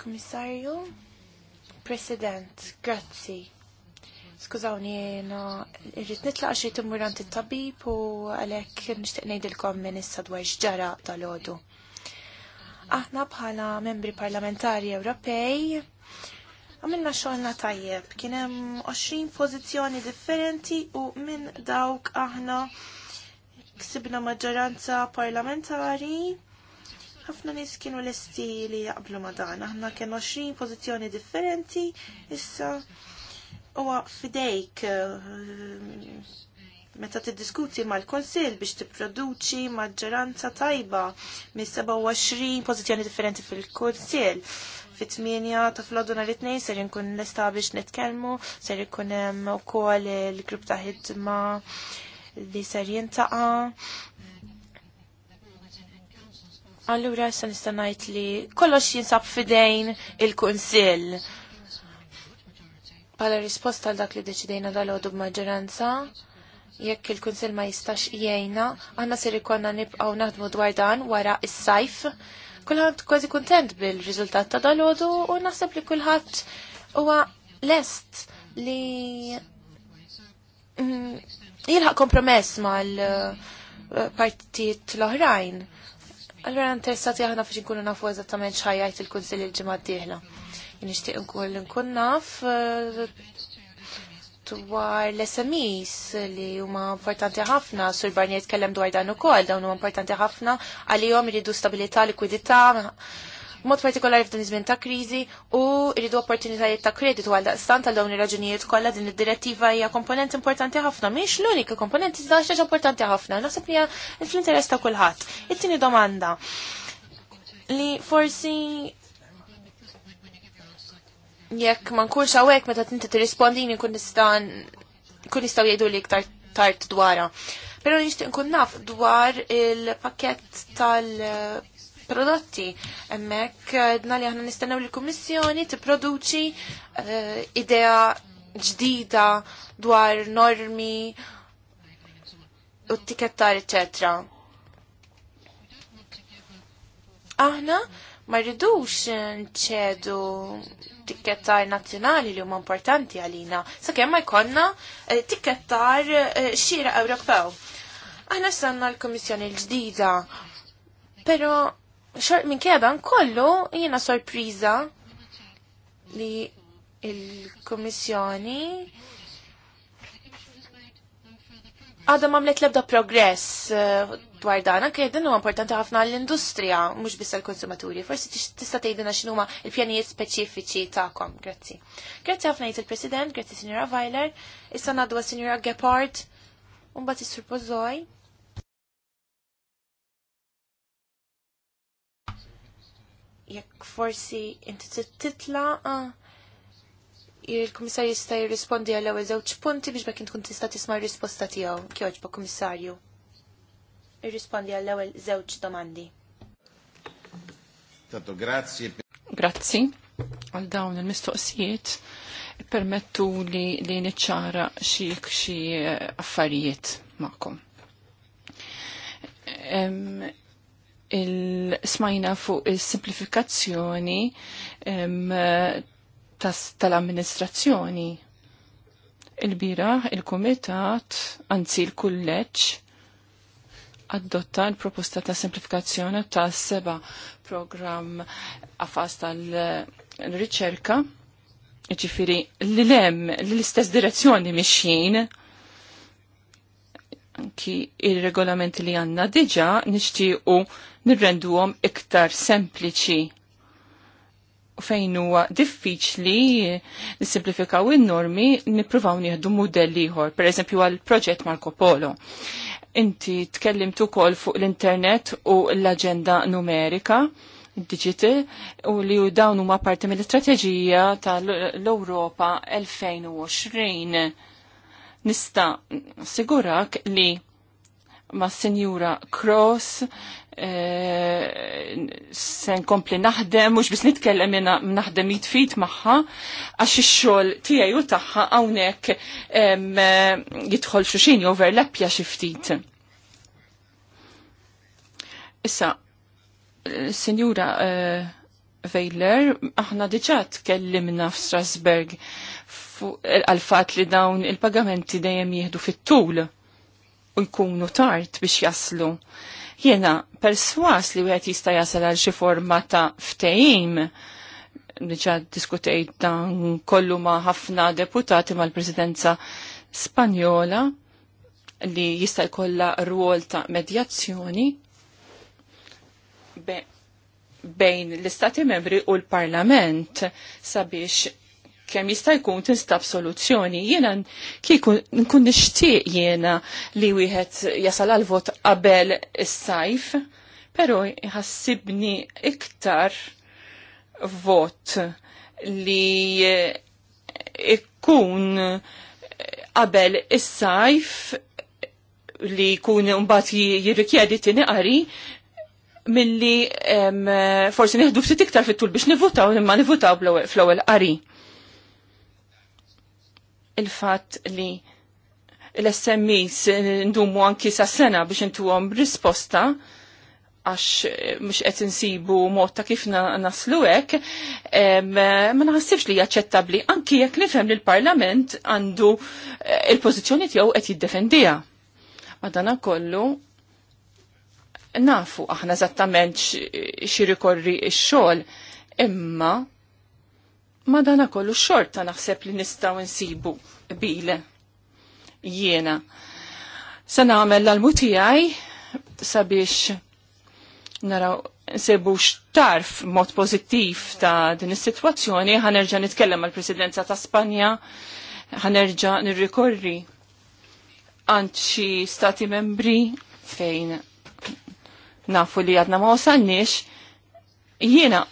Komissarju, President, grazzi. Skużawni, jena irrit nitlaq xie timmurant il-tabib u għalek nishtiq nejdilkom minn issa dwar xġara tal-ħodu. Aħna bħala membri parlamentari Ewropej għamilna xogħolna tajjeb. Kien hemm 20 pożizzjoni differenti u minn dawk aħna ksibna maġġoranza parlamentari ħafna nis kienu l-esti li jaqblu ma dan. Aħna kienu 20 pozizjoni differenti, issa huwa fidejk eh, meta tiddiskuti mal-konsil biex tipproduċi maġġoranza tajba mis-27 pożizzjoni differenti fil-konsil. Fit-8 ta' flodu nhar it ser jinkun lesta biex nitkellmu, ser ikun hemm ukoll il-grupp ta' ħidma li ser jintaqa' Allura se nista' ngħid li kollox jinsab fidejn il-Kunsill. Bħala risposta għal dak li deċidejna dal-għodu b'maġġoranza, jekk il-Kunsill ma jistax jgħinna, aħna ser ikonna nibqgħu naħdmu dwar dan wara is-sajf. Kulħadd kważi kuntent bil-riżultat ta' dal-għodu u naħseb li kulħadd huwa lest li mm, jilħaq kompromess mal-partijiet l-oħrajn Allora interessati aħna fiex nkunu nafu eżattament xajajt il kunsilli il-ġimgħa d-dieħla. Nixtieq nkun naf eh, dwar l-SMEs li huma importanti ħafna, sur Barnier tkellem dwar dan ukoll, dawn huma importanti ħafna għalihom iridu stabilità, likwidità, mod partikolari f'dan iż-żmien ta' kriżi u jridu opportunitajiet ta' kreditu għal daqstan tal dawn ir-raġunijiet kollha din id-direttiva hija komponent importanti ħafna, mhix l-unika komponent iżda xi importanti ħafna. Naħseb li fl-interess ta' kulħadd. It-tieni domanda li forsi jekk ma nkunx hawnhekk meta tinti tirrispondini kun nista' kun jistgħu jgħidu li iktar tard dwarha. Pero nixtieq nkun naf dwar il-pakett tal prodotti. Emmek eh, għedna li aħna nistennew li l-Kummissjoni tipproduċi uh, idea ġdida dwar normi u t-tikettar, eccetera. Aħna ma rridux nċedu tikkettar nazzjonali li huma importanti għalina, sakemm ma jkollna eh, tikkettar xira Ewropew. Aħna sanna l kommissjoni l-ġdida, però xort minn keda kollu jiena sorpriża li il komissjoni għadha mamlet lebda progress eh, dwar dan, anke din huwa importanti ħafna għall-industrija, mhux biss għall-konsumaturi. Forsi tista' tgħidilna x'inhuma l-pjanijiet speċifiċi tagħkom. Grazzi. Grazzi ħafna jgħid il-President, grazzi Sinjora Weiler, issa ngħaddu għas-Sinjora Gephardt u mbagħad is-Sur jekk forsi inti titla ah, il-komissar jista' jirrispondi għal ewwel żewġ punti biex bekk tkun tista' tisma' r-risposta tiegħu kjoġba komissarju. Irrispondi għall ewwel żewġ domandi. Tanto grazie. Grazzi għal dawn il-mistoqsijiet permettu li, li niċċara xi xie eh, affarijiet magħkom il-smajna fuq il-simplifikazzjoni tal-amministrazzjoni. Il-bira, il-komitat, anzi il-kulleċ, adotta l-proposta ta' simplifikazzjoni ta' seba program għafas tal-riċerka, ġifiri l-lem, l-istess direzzjoni miexjien, anki il-regolamenti li għanna diġa nishtiqu nirrenduhom iktar sempliċi fejn huwa diffiċli nisimplifikaw in-normi nippruvaw nieħdu mudelli ieħor, pereżempju għal proġett Marco Polo. Inti tkellimt ukoll fuq l-internet u l-aġenda numerika digital u li u dawn huma parti mill-istrateġija tal europa 2020 nista sigurak li ma' Senjura Cross eh, sen kompli naħdem, mux bis nitkellem jena naħdem jitfit maħħa, għax xol tijaj u taħħa għawnek jitħol xuxin joverlappja xiftit. Issa, Senjura Vejler, eh, aħna diġa tkellimna f'Strasberg għal-fat li dawn il-pagamenti dejjem jieħdu fit-tul u jkunu tard biex jaslu. Jena perswas li wieħed jista' jasal għal xi forma ta' ftehim diġa diskutejt dan kollu ma' ħafna deputati mal-Presidenza Spanjola li jista' jkollha rwol ta' medjazzjoni bejn l-Istati membri u l-Parlament sabiex kemm jista' jkun tinstab soluzzjoni. Jiena kieku nkun nixtieq jiena li wieħed jasal għal vot qabel is-sajf, però jħassibni iktar vot li ikkun qabel is-sajf li jkun mbagħad jirrikjedi qari, milli forsi neħdu ftit iktar fit-tul biex nivutaw imma nivutaw fl-ewwel qari il-fat li l-SMEs ndumu anki sa sena biex intuhom risposta għax mux qed insibu mod ta' kif naslu hekk, ma naħsibx li jaċċettabbli anki jekk nifhem li l-Parlament għandu eh, il-pożizzjoni tiegħu qed jiddefendiha. Madana kollu nafu aħna eżattament xi rikorri x-xogħol, imma dana kollu xorta naħseb li nistaw nsibu bile. Jiena. Sa nagħmel l-mutijaj sabiex naraw nsebu xtarf mod pozittiv ta' din is-sitwazzjoni ħanerġa' nitkellem mal presidenza ta' Spanja, ħanerġa' nirrikorri għand xi stati membri fejn nafu li għadna ma osannix jiena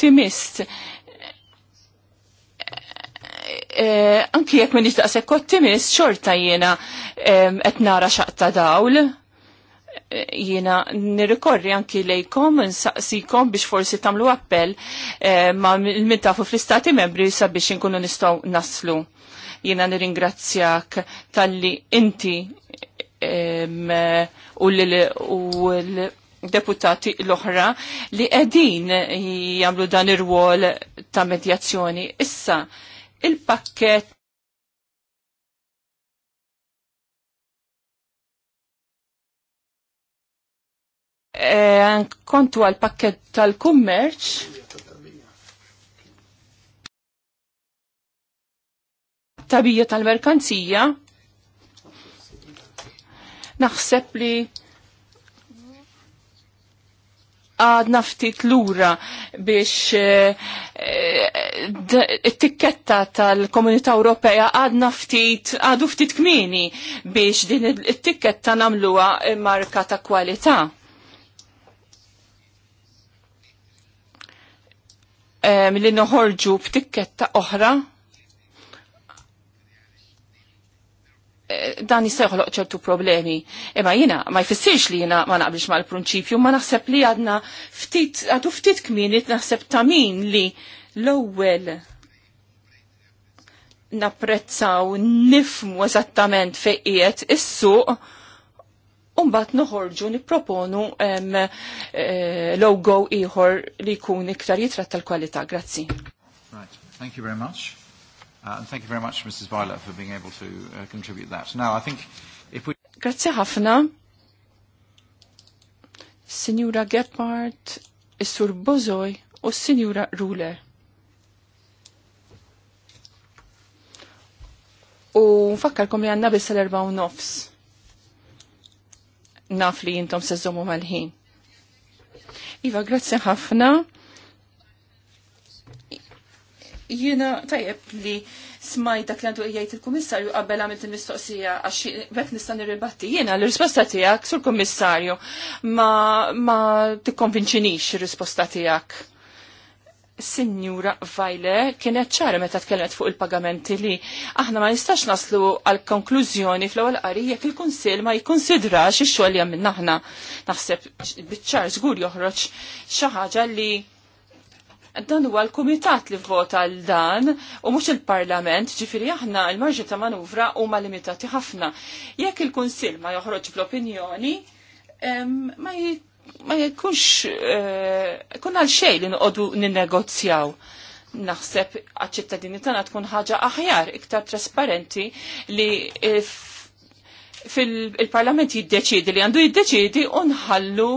ottimist. Eh, anki jek minni daqshekk ottimist, xorta jiena qed nara xaqta dawl. Eh, jiena nirrikorri anki lejkom, nsaqsikom biex forsi tagħmlu appell eh, ma' l tafu fl-istati membri sabiex inkunu nistgħu naslu. Jiena nirringrazzjak tal-li inti u l- deputati l-oħra li qegħdin jagħmlu dan ir-wol ta' medjazzjoni. Issa, il-pakket eh, kontu għal pakket tal-kummerċ. Tabija tal-merkanzija. Naħseb li għadna ftit lura biex eh, eh, it-tikketta tal-Komunità Ewropea għadna ftit għadu ftit kmini biex din it-tikketta namluwa marka ta' kwalità. Li noħorġu b'tikketta oħra Eh, dan jista' joħloq ċertu problemi. Imma jiena ma jfissirx li jiena ma naqbilx mal-prinċipju, ma naħseb li għadna ftit għadu ftit kmin naħseb ta' min li l-ewwel napprezzaw nifmu eżattament fejqiet is-suq Umbat noħorġu nipproponu eh, logo ieħor li jkun iktar jitratta l-kwalità. Grazzi. Right. Thank you very much. Uh, and thank you very much, Mrs. Violet, for being able to uh, contribute that. Now, I think if we... Grazie Hafna. Signora Gephardt, Is-Sur Bozoj Signora Rule. U nfakkarkom li għanna biss l-erba u nofs. Naf li jintom sezzomu mal-ħin. Iva, grazzi ħafna Jiena tajjeb li smaj dak li għandu jgħid il-Kummissarju qabel għamilt il-mistoqsija għax nistan nista' nirribatti. Jiena l-risposta tiegħek sur Kummissarju ma, ma tikkonvinċinix ir-risposta tiegħek. Signora Vajle kienet ċara meta tkellmet fuq il-pagamenti li aħna ma nistax naslu għal konklużjoni fl-ewwel qari jekk il-Kunsill ma jikkonsidrax ix-xogħol li hemm aħna. Naħseb biċ-ċar żgur joħroġ xi ħaġa li dan huwa l-Kumitat li vvota l dan u mhux il-Parlament, ġifieri aħna l-marġi ta' manuvra huma limitati ħafna. Jekk il-Kunsill ma joħroġ bl-opinjoni, ma ma jkunx eh, kun għal xej li nqogħdu ninnegozjaw. Naħseb għaċ-ċittadini tagħna tkun ħaġa aħjar, iktar trasparenti li fil-parlament jiddeċidi li għandu jiddeċidi unħallu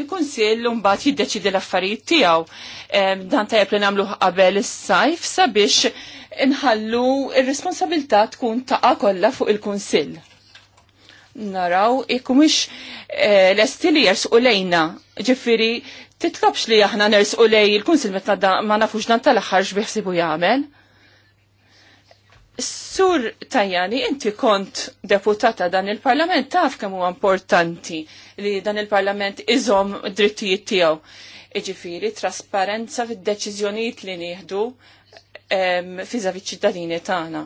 il-konsil mbagħad jiddeċidi l-affarijiet tiegħu. Dan tajjeb li namlu qabel is-sajf sabiex nħallu il responsabilità tkun taqa' kollha fuq il-kunsill. Naraw ikku eh, l-estili jers u lejna, ġifieri titlobx li aħna nersqu lej il-kunsill meta ma nafux dan tal-aħħar x'biħsibu jagħmel. Sur Tajani, inti kont deputata dan il-parlament, taf kemm huwa importanti li dan il-parlament izom drittijiet tiegħu. Iġifiri, trasparenza fid-deċiżjonijiet li nieħdu fiżavi ċittadini tagħna.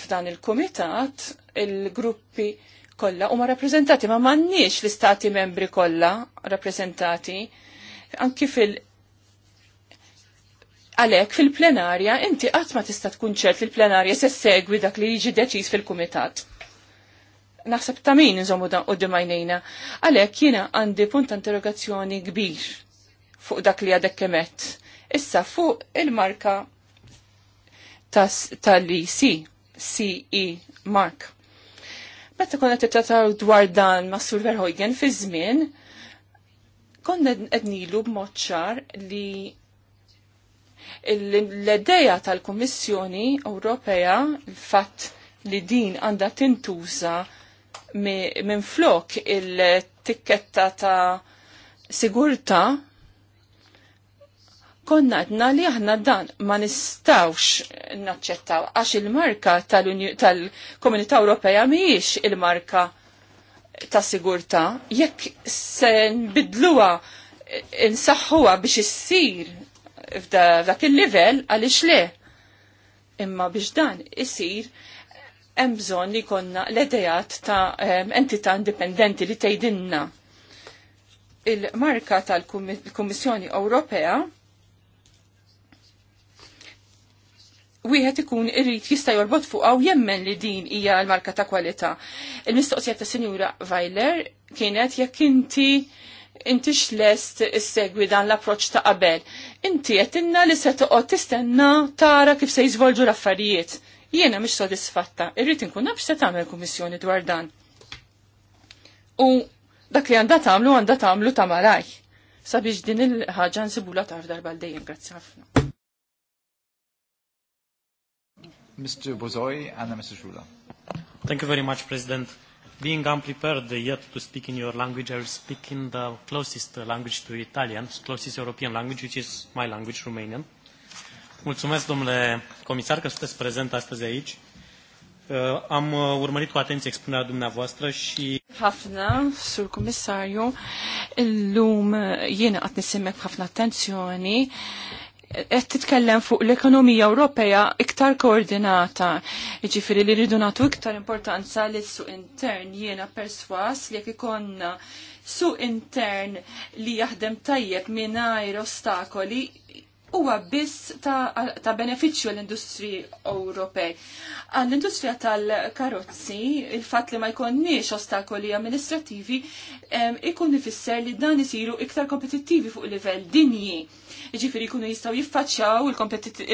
F'dan il-kumitat il-gruppi kollha huma rappreżentati ma m'għandniex l-istati membri kollha rappreżentati anki fil- Għalek fil-plenarja, inti qatt ma tista' tkun ċert fil-plenarja se segwi dak li jiġi deċiż fil-kumitat. Naħseb ta' min nżommu dan qudiem dimajnejna. Għalek jiena għandi punt interrogazzjoni kbir fuq dak li għadek kemet. Issa fuq il-marka tal-IC, CE Mark. Meta konna t-tataw dwar dan ma' Sur Verhoeven fi żmien, konna ednilu b'moċċar li l-ideja tal-Kommissjoni Ewropea, il-fatt li din għanda tintuża minn flok il-tikketta ta' sigurta konna għedna li aħna dan ma nistawx naċċettaw għax il-marka tal-Komunità tal Ewropea miex il-marka ta' sigurta jekk se nbidluwa insaħħuha biex issir f'dak il-livell għaliex le. Imma biex dan isir hemm bżonn li konna l-edejat ta' entità indipendenti li tgħidilna il-marka tal-Kummissjoni Ewropea wieħed ikun irrid jista' jorbot fuq hawn jemmen li din hija l-marka ta' kwalità. Il-mistoqsija ta' Sinjura Weiler kienet jekk inti inti xlest issegwi dan l-approċ ta' qabel. Inti għetinna li se toqgħod tistenna tara kif se jiżvolġu l-affarijiet. Jiena mhix sodisfatta, irrid inkun nafx se tagħmel kummissjoni dwar dan. U dak li għandha tagħmlu għandha tagħmlu ta' malaj. Sabiex din il-ħaġa nsibula taf darba l-dejjem, grazzi ħafna. Mr. Bozoi, Anna Mr. Shula. Thank you very much, President. Being unprepared yet to speak in your language, I will speak in the closest language to Italian, closest European language, which is my language, Romanian. Mulțumesc, domnule comisar, că sunteți prezent astăzi aici. Uh, Am uh, urmărit cu atenție expunerea dumneavoastră și... Hafna, sur comisariu, lume, lum jiena għat nisimek ħafna attenzjoni qed titkellem fuq l-ekonomija Ewropea iktar koordinata. Jiġifieri li rridu nagħtu iktar importanza li suq intern jiena perswas li jekk ikonna suq intern li jaħdem tajjeb mingħajr ostakoli huwa biss ta', ta beneficju l-industri Ewropej. l industrija tal-karozzi, il-fatt li ma jkonniex ostakoli amministrativi, ikun ifisser li dan isiru iktar kompetittivi fuq livell dinji. Ġifiri jkunu jistaw jiffaċċaw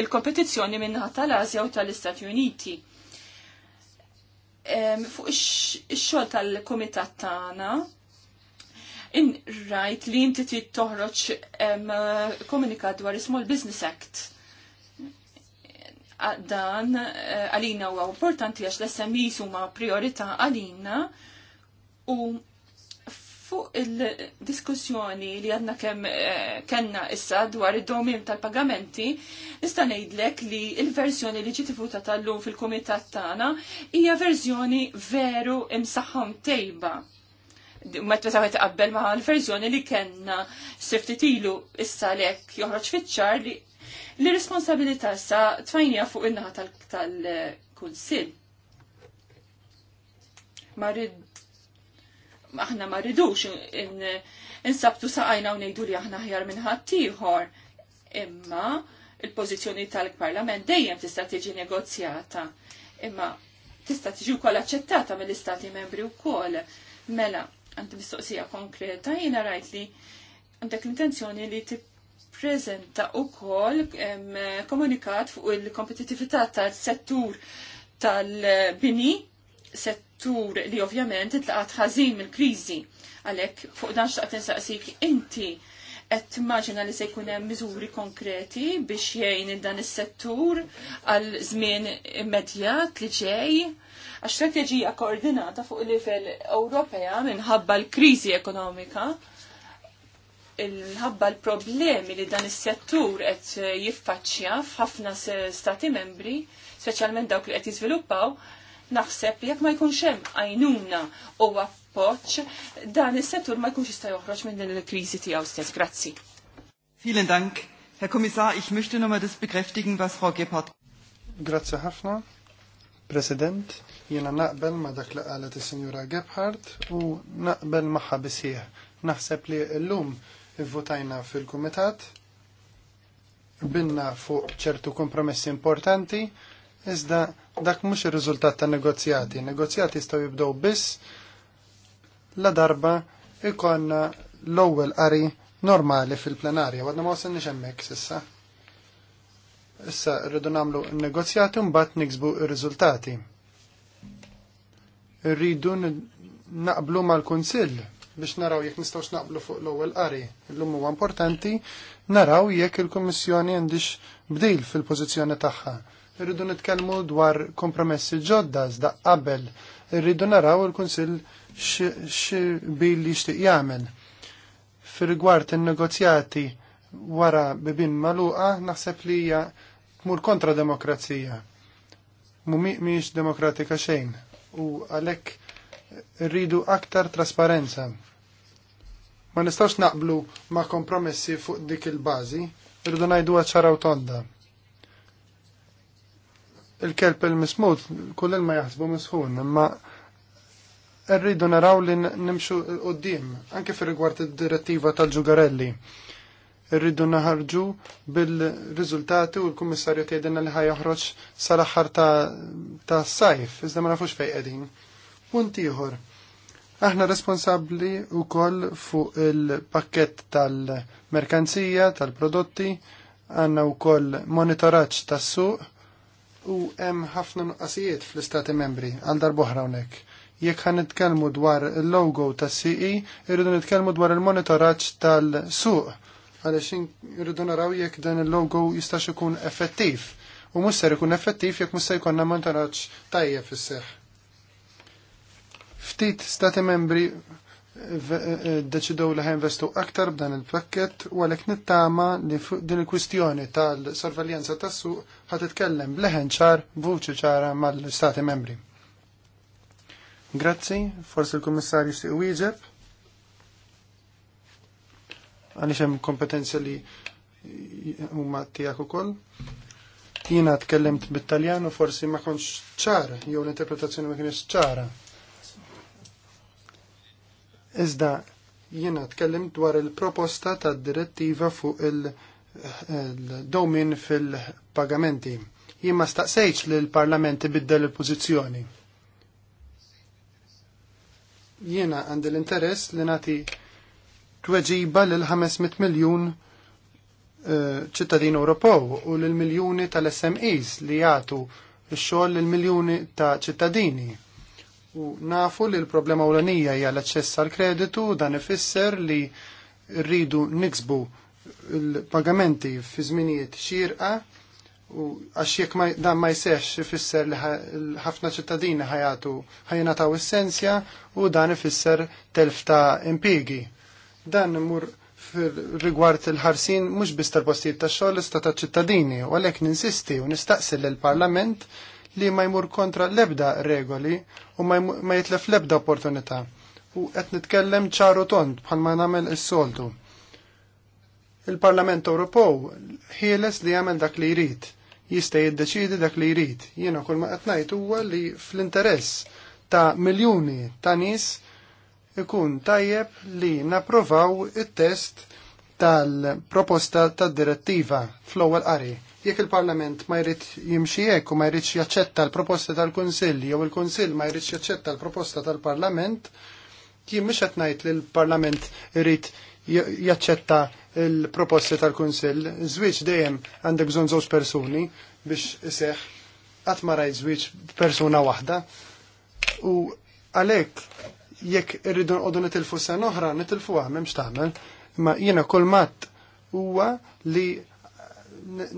il-kompetizzjoni minnaħat tal azja u tal-Istati Uniti. Fuq ix-xogħol tal-Kumitat tagħna, in rajt li inti trid toħroġ komunikat dwar Small Business Act. Dan eh, għalina huwa importanti għax l-SMEs huma priorita għalina u fuq il-diskussjoni li għadna kem eh, kenna issa dwar id-domin tal-pagamenti, nista' ngħidlek li il-verżjoni li ġiti ifuta tal-lum fil-kumitat tagħna hija verżjoni veru imsaħħom tejba met meta għet qabbel ma' l-verżjoni li kena siftitilu issa lek joħroġ fitxar li li responsabilita sa tfajnija fuq in-naħa tal-kunsil. Marid aħna ma ridux insabtu saqajna u nejdu li aħna ħjar minn ħaddieħor. Imma il-pożizzjoni tal-Parlament dejjem tista' tiġi negozjata. Imma tista' tiġi wkoll aċċettata mill-Istati membri wkoll. Mela, għandi mistoqsija konkreta, jina rajt li għandek l-intenzjoni li tippreżenta kol komunikat fuq il-kompetitività tal-settur tal-bini, settur li ovvjament itlaqat ħażin mill-kriżi. Għalhekk fuq dan xtaqt insaqsik inti qed timmaġina li se jkun hemm miżuri konkreti biex jgħin dan is-settur għal żmien immedjat li ġej għax strateġija koordinata fuq livell Ewropea minħabba l-kriżi ekonomika, minħabba l-problemi li dan is-settur qed jiffaċċja f'ħafna stati membri, speċjalment dawk li qed jiżviluppaw, naħseb li jekk ma jkunx hemm għajnuna u appoġġ, dan is-settur ma jkunx jista' joħroġ minn din il-kriżi tiegħu stess. Grazzi. Vielen Dank. Herr Kommissar, ich möchte nochmal das bekräftigen, was Frau Gebhardt. Grazie, Hafner. President, Jiena naqbel ma dak li qalet is-Sinjura Gebhardt u naqbel magħha bisih. Naħseb li llum ivvotajna fil-Kumitat binna fuq ċertu kompromessi importanti, iżda dak mhux ir-riżultat ta' negozjati. Negozjati jistgħu jibdew biss la darba ikonna l-ewwel qari normali fil-plenarja, għadna ma wasalni hemmhekk sissa. Issa rridu nagħmlu n-negozjati mbagħad niksbu r-riżultati rridu naqblu mal-Kunsill biex naraw jekk nistgħux naqblu fuq l-ewwel qari. Illum huwa importanti naraw jekk il-Kummissjoni għandix bdil fil-pożizzjoni tagħha. Irridu nitkellmu dwar kompromessi ġodda da qabel. Irridu naraw il-Kunsill x'bil li jixtieq jagħmel. Fir-rigward in-negozjati wara bibin maluqa naħseb li hija tmur kontra demokrazija. miex demokratika xejn u għalhekk rridu aktar trasparenza. Ma nistgħux naqblu ma' kompromessi fuq dik il-bażi, najdu ngħidu ċaraw tonda. Il-kelb il-mismut, kull ma jaħsbu misħun, ma rridu naraw li nimxu d-dim, anke fir rigward id-direttiva tal-ġugarelli rridu naħarġu bil-riżultati u l-kummissarju tgħidilna li ħajoħroġ sal-aħħar ta' sajf, iżda ma nafux fejn qegħdin. Punt ieħor. Aħna responsabbli wkoll fuq il-pakkett tal-merkanzija, tal-prodotti, għandna wkoll monitoraġġ tas-suq u hemm ħafna nuqqasijiet fl-istati membri għal darboħra hawnhekk jekk ħan dwar il-logo tas CE, irridu nitkellmu dwar il-monitoraġġ tal-suq għaliex irridu naraw jekk dan il-logo jistax ikun effettiv. U mhux ikun effettiv jekk musser se jkollna monitoraġġ tajjeb fis Ftit stati membri eh, eh, deċidow li ħinvestu aktar b'dan il-pakket u għalek nittama li din il-kwistjoni tal-sorveljanza tas-suq ħat bleħen ċar vuċi ċara mal-Stati membri. Grazzi, forse il-Kummissarju Siq Wieġeb għaliex hemm kompetenza li huma tiegħek ukoll. Jiena tkellimt bit-Taljan u forsi ma kontx ċara, jew l-interpretazzjoni ma kienx ċara. Iżda jiena tkellimt dwar il-proposta tad-direttiva fuq il-domin fil-pagamenti. Jien ma staqsejx li l-Parlament ibiddel il-pożizzjoni. Jiena għandi l-interess li nagħti tweġiba lil 500 miljun eh, ċittadin Ewropew u lil miljuni tal-SMEs li jagħtu x-xogħol lil miljuni ta' ċittadini. U nafu li l-problema ewlenija hija l-aċċess għal kreditu dan ifisser li rridu niksbu l-pagamenti fi żminijiet xierqa u għax jekk dan ma jsex ifisser li ħafna ċittadini ħajatu ħajnataw essenzja u dan ifisser telf ta' impigi Dan imur rigward il-ħarsin mhux biss tal-postijiet tax-xogħol ista ta' ċittadini, u għalhekk ninsisti u nistaqsi lill-Parlament li ma jmur kontra l-ebda regoli u ma jitlef l-ebda opportunità. U qed nitkellem ċaru tont bħal ma nagħmel is-soltu. Il-Parlament Ewropew ħieles li jagħmel dak li jrid, jista' jiddeċiedi dak li jrid. Jiena kull ma qed ngħid huwa li fl-interess ta' miljuni ta' nies ikun tajjeb li napprovaw it-test tal-proposta tad-direttiva fl-ewwel qari. Jekk il-Parlament ma jrid jimxi hekk u ma jridx jaċċetta l-proposta tal-Kunsill jew il-Kunsill ma jridx jaċċetta l-proposta tal-Parlament, jien mhux qed ngħid li l-Parlament irid jaċċetta l-proposti tal-Kunsill. Żwieġ dejjem għandek bżonn żewġ persuni biex iseħħ qatt ma rajt żwieġ persuna waħda. U għalhekk jekk irridu nqogħdu nitilfu sena oħra nitilfuha m'hemmx tagħmel, imma jiena kull matt huwa li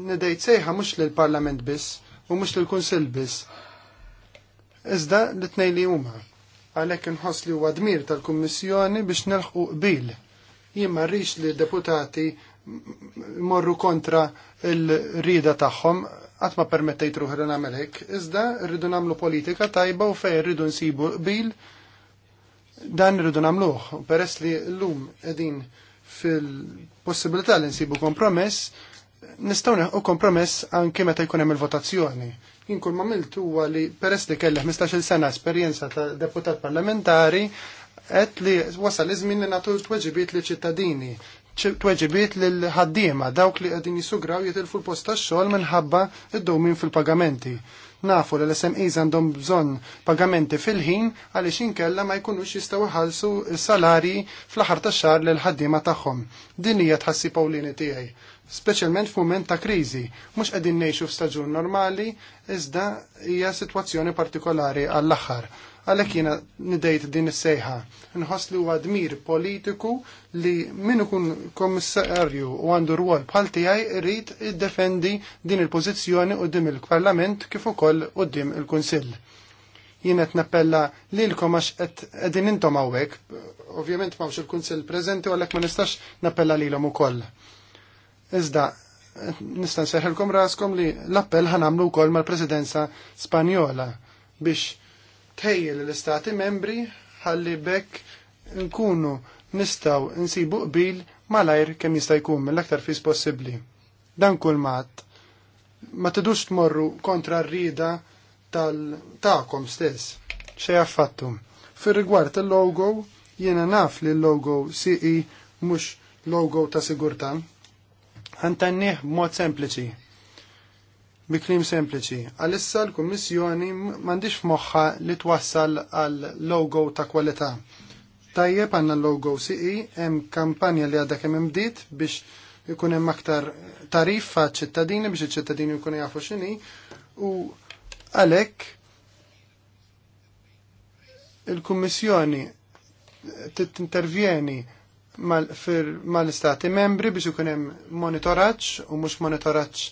nidejt sejħa mhux lill-Parlament biss u mhux lill-Kunsill biss. Iżda li tnej li huma għalhekk inħoss li huwa dmir tal-Kummissjoni biex nelħqu qbil. Jien ma rridx li deputati morru kontra il-rida tagħhom qatt ma permettejt ruħi nagħmel hekk, iżda rridu nagħmlu politika tajba u fejn rridu nsibu qbil Dan rridu nagħmluh, peress li llum qegħdin fil-possibilità li nsibu kompromess, nistgħu u kompromess anke meta jkun hemm il-votazzjoni. Jien kull mamilt huwa li peress li kelleh 15-il sena esperjenza ta' deputat parlamentari, qed li wasal iż-żmien li nagħtu tweġibiet li ċittadini tweġibiet l-ħaddiema dawk li qegħdin jisugraw jitilfu l-post tax-xogħol minħabba id-dowmin fil-pagamenti. Nafu li l-SMEs għandhom bżonn pagamenti fil-ħin għaliex inkella ma jkunux jistgħu jħallsu salari fl-aħħar tax-xahar lil ħaddiema tagħhom. Din hija tħassi Pawlini tiegħi, speċjalment f'mument ta' kriżi, mhux qegħdin ngħixu f'staġun normali, iżda hija sitwazzjoni partikolari għall-aħħar għalhekk jiena nidejt din is-sejħa. Nħoss li huwa dmir politiku li min ikun kommissarju u għandu rwol bħal tiegħi id iddefendi din il-pożizzjoni dim il-Parlament kif ukoll dim il-Kunsill. Jien qed nappella lilkom għax qed qegħdin intom hawnhekk, ovvjament m'hawnx il-Kunsill preżenti u għalhekk ma nistax nappella lilhom ukoll. Iżda, nista' nseħħilkom raskom li l-appell ħanamlu wkoll mal-Presidenza Spanjola biex Tejjel l-istati membri ħalli bekk nkunu nistaw nsibu qbil malajr kemm jista' jkun mill-aktar fis possibbli. Dan kull mat ma tidux tmorru kontra r-rida tal taqom stess. Xej affattu. Fir-rigward il-logo, jiena naf li l-logo CE mhux logo ta' sigurtà. Ħantannieh b'mod sempliċi bi klim sempliċi. Għalissa l-Kummissjoni m'għandix f'moħħa li twassal għal logo ta' kwalità. Tajjeb għandna logo CE, hemm kampanja li għadha kemm imdit biex ikun hemm aktar tarif għat ċittadini biex iċ-ċittadini jkunu jafu x'inhi u għalhekk il-Kummissjoni tintervjeni mal-istati membri biex ikun hemm monitoraġġ u mhux monitoraġġ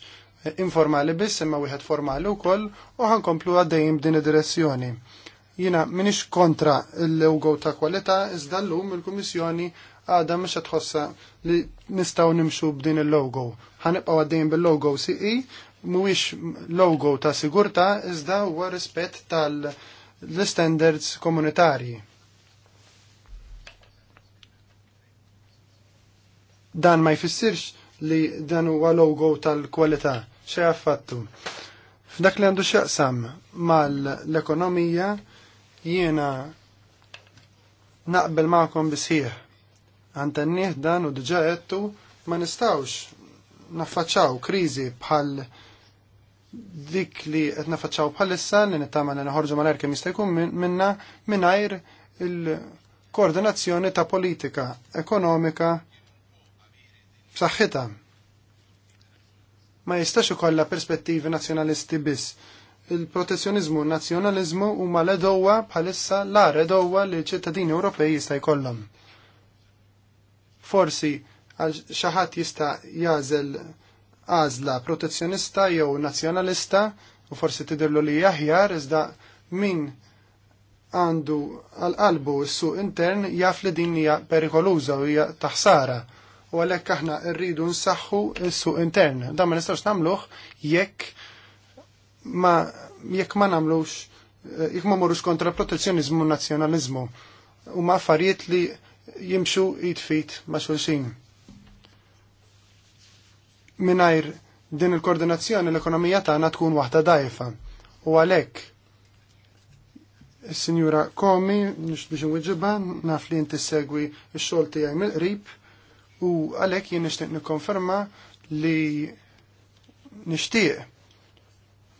informali biss imma wieħed formali wkoll u ħankomplu għaddejjem din id-direzzjoni. Jiena minix kontra l-logo ta' kwalità iżda llum il-Kummissjoni għadha mhux tħossa li nistgħu nimxu b'din il-logo. Ħanibqgħu għaddejjem bil-logo CE mhuwiex logo ta' sigurtà iżda huwa rispett tal-standards komunitarji. dan ma jfissirx li dan huwa logo tal-kwalità xeja għaffattu. F'dak li għandu xaqsam mal-ekonomija jiena naqbel ma'kom bisħieħ. Għantennieh dan u dġa għettu ma nistawx naffaċċaw krizi bħal dik li qed nafaċċaw bħalissa li nittama li nħorġu malajr kemm jista' jkun minna mingħajr il-koordinazzjoni ta' politika ekonomika b'saħħitha ma jistax ukoll perspettivi nazzjonalisti biss. Il-protezzjonizmu u nazzjonaliżmu huma l-edowa bħalissa l-ar edowa li ċittadini Ewropej jista' jkollhom. Forsi għal xi ħadd jista' jażel għażla protezzjonista jew nazzjonalista u forsi tidirlu li jaħjar iżda min għandu għal-qalbu s-suq intern jaf li din hija perikoluża u hija taħsara u għalhekk aħna rridu nsaħħu s-suq intern. Dan ma nistax nagħmluh jekk ma jekk ma nagħmlux eh, jekk ma morrux kontra protezzjonizmu u nazzjonaliżmu u ma affarijiet li jimxu jitfit ma' xulxin. Minajr din il-koordinazzjoni l-ekonomija tagħna tkun waħda dajfa. U għalhekk Signora Komi, nix biex nwiġiba, naf li inti segwi x-xol tijaj mill-qrib, u għalhekk jien nixtieq nikkonferma li nixtieq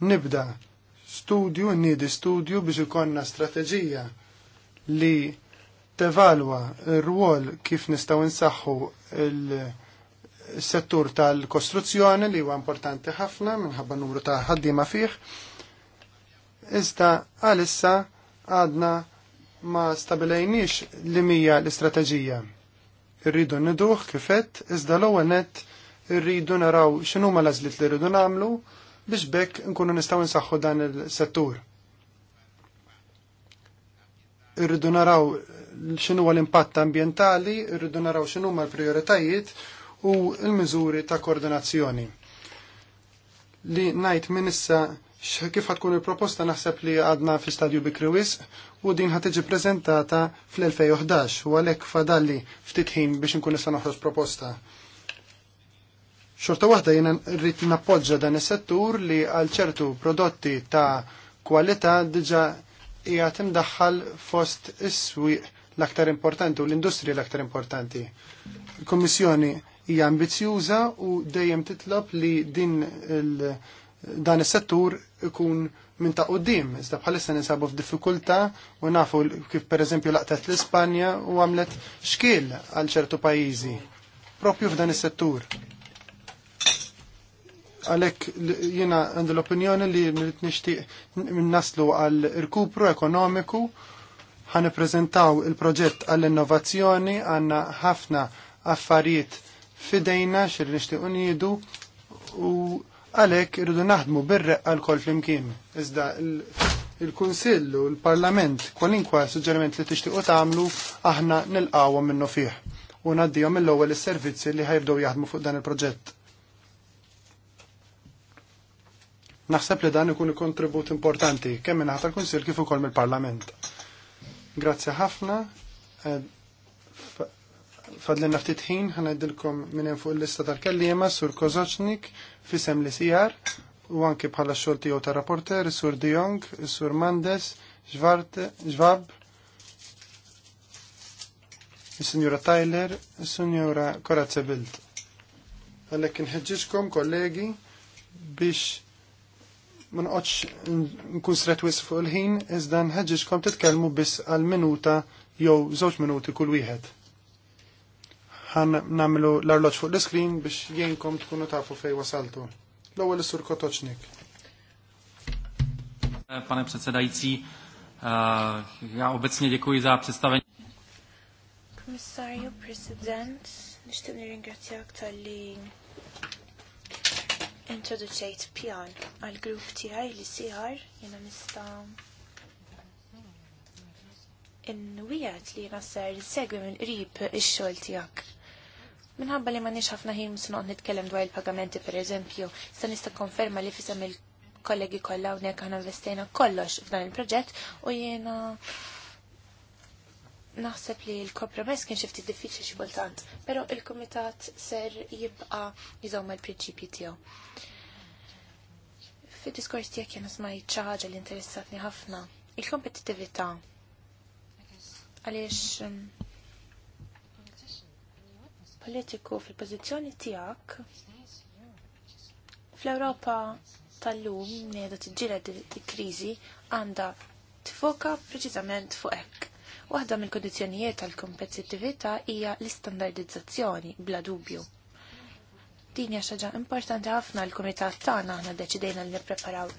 nibda studju, nidi studju biex ikonna strateġija li tevalwa r-rwol kif nistaw insaħħu il-settur tal-kostruzzjoni li huwa importanti ħafna minħabba numru ta' ħaddiema fih. Iżda għalissa għadna ma stabilejniex li mija l-istrateġija irridu niduħ kifett, iżda l-ewwel nett irridu naraw x'inhuma l-għażliet li rridu nagħmlu biex bekk nkunu nistgħu nsaħħu dan il-settur. Irridu naraw x'inhu l-impatt ambjentali, irridu naraw x'inhuma l-prijoritajiet u l-miżuri ta' koordinazzjoni. Li ngħid minn issa Kif ħatkun il-proposta naħseb li għadna fi stadju bikriwis u din ħatiġi prezentata fl-2011 u għalhekk fadalli ftit ħin biex inkun nista' noħroġ proposta. Xorta waħda jena rrid nappoġġa dan is-settur li għal ċertu prodotti ta' kwalità diġa' jgħat imdaħħal fost is-swieq l-aktar importanti u l-industrija l-aktar importanti. Il-Kommissjoni hija ambizjuża u dejjem titlob li din dan is-settur ikun minn ta' qoddim, iżda bħalissa nisabu f'diffikultà u nafu kif pereżempju laqtet l-Ispanja u għamlet xkiel għal ċertu pajjiżi propju f'dan is-settur. Għalhekk jiena għandu l-opinjoni li nrid nixtieq naslu għal irkupru ekonomiku ħan prezentaw il-proġett għall-innovazzjoni għandna ħafna affarijiet fidejna xir nixtiequ niedu u Għalhekk irridu naħdmu birre għal kol flimkien. Iżda il-Kunsill u l-Parlament kwalinkwa suġġeriment li tixtiequ tagħmlu aħna nilqawhom minnu fih u naddihom mill-ewwel is-servizzi li ħajbdew jaħdmu fuq dan il-proġett. Naħseb li dan ikun kontribut importanti kemm minn ħata l kunsill kif ukoll mill-Parlament. Grazzi ħafna eh, fadlenna ftit ħin ħanajdilkom minn hemm fuq il-lista tal-kellima sur Kozoċnik fisem li sijar u anki bħala xogħol tiegħu ta' rapporter sur Dijong, sur Mandes, Ġvab, il sinjura Tyler, il sinjura Korazza Bilt. Għalhekk inħeġġiġkom kollegi biex man oċ nkun sret wis fuq il-ħin iżda nħeġġiġkom titkellmu biss għal minuta jew żewġ minuti kull wieħed ħan namlu l-arloċ fuq l-screen biex jienkom tkunu tafu fej wasaltu. L-ewwel is-sur Kotoċnik. Pane předsedající, eh, já obecně děkuji za představení. Komisarju, prezident, nishtiq nirringrazzjak tal-li introduċejt pjan għal grup tiegħi li siħar jiena nista' in-wijat li jena ser segwi minn qrib ix xol tiegħek Minħabba li ma nix ħafna ħin misnoq nitkellem dwar il-pagamenti per eżempju, sa nista' konferma li fisem il-kollegi kollha nek aħna investejna kollox f'dan il-proġett u jiena naħseb li l-kompromess kien xi ftit diffiċli xi kultant, però il-kumitat ser jibqa' jżomm il-prinċipji tiegħu. Fid-diskors tiegħek jiena smajt xi ħaġa li interessatni ħafna, il-kompetittività. Għaliex politiku fil-pozizjoni tijak fl-Europa tal-lum nejda t-ġira krizi għanda t-foka preċizament fuq hekk. Waħda mill-kondizjonijiet tal-kompetittività hija l-istandardizzazzjoni bla dubju. Din hija xi importanti ħafna l-kumitat tagħna aħna ddeċidejna li nippreparaw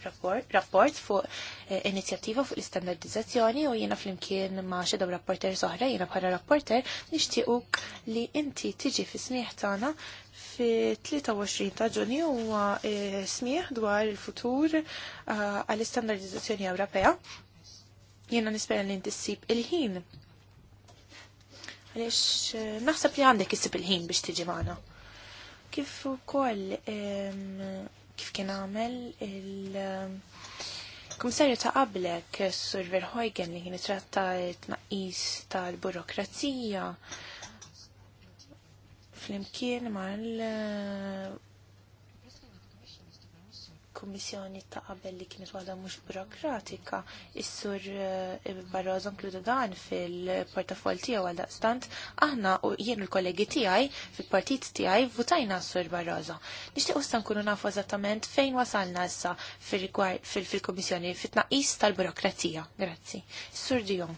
rapport, fuq eh, inizjattiva fuq l-istandardizzazzjoni u jiena flimkien ma' dawn rapporter soħra jiena bħala rapporter nixtiequk li inti tiġi fi smieħ tagħna fi 23 ta' ġunju huwa eh, smieħ dwar il-futur eh, għall-istandardizzazzjoni Ewropea. Jiena nispera li inti ssib il-ħin Għaliex naħseb li għandek issib il-ħin biex tiġi magħna kif ukoll kif kien għamel il-Kummissarju ta' qablek Sur Verhoeven li kien tratta tnaqqis tal-burokrazija flimkien mal kummissjoni ta' qabel li kienet waħda mhux burokratika, is-sur eh, Barroso nkludu dan fil-portafol tiegħu għal daqstant, aħna u jien il-kollegi tiegħi fil-partit tiegħi votajna s-sur Barroso. Nixtieq issa nkunu nafu eżattament fejn wasalna issa fil-Kummissjoni fit-tnaqqis tal-burokrazija. Grazzi. sur Dion.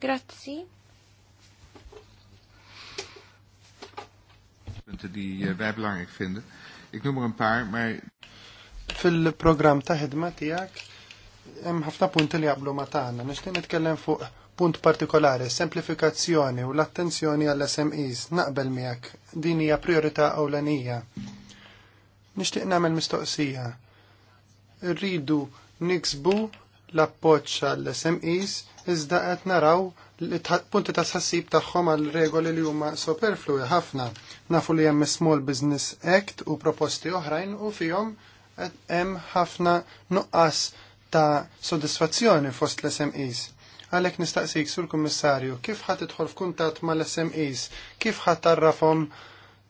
Grazzi. Punten die eh, wij belangrijk vinden. Ik noem er een paar, maar... Fil-program ta' ħidma tijak, hemm ħafna punti li jaqblu ma tagħna. Nixtieq nitkellem fuq punt partikolari, semplifikazzjoni u l-attenzjoni għall smes naqbel miegħek. Din hija priorità l-anija. Nixtieq nagħmel mistoqsija. Rridu niksbu l-appoġġ għall smes iżda qed naraw punti ta' sassib tagħhom għal regoli li huma superflui ħafna. Nafu li hemm Small Business Act u proposti oħrajn u fihom hemm ħafna nuqqas ta' sodisfazzjoni fost l-SMEs. Għalek nistaqsik sur kummissarju, kif ħat idħol f'kuntat mal-SMEs, kif ħat tarrafhom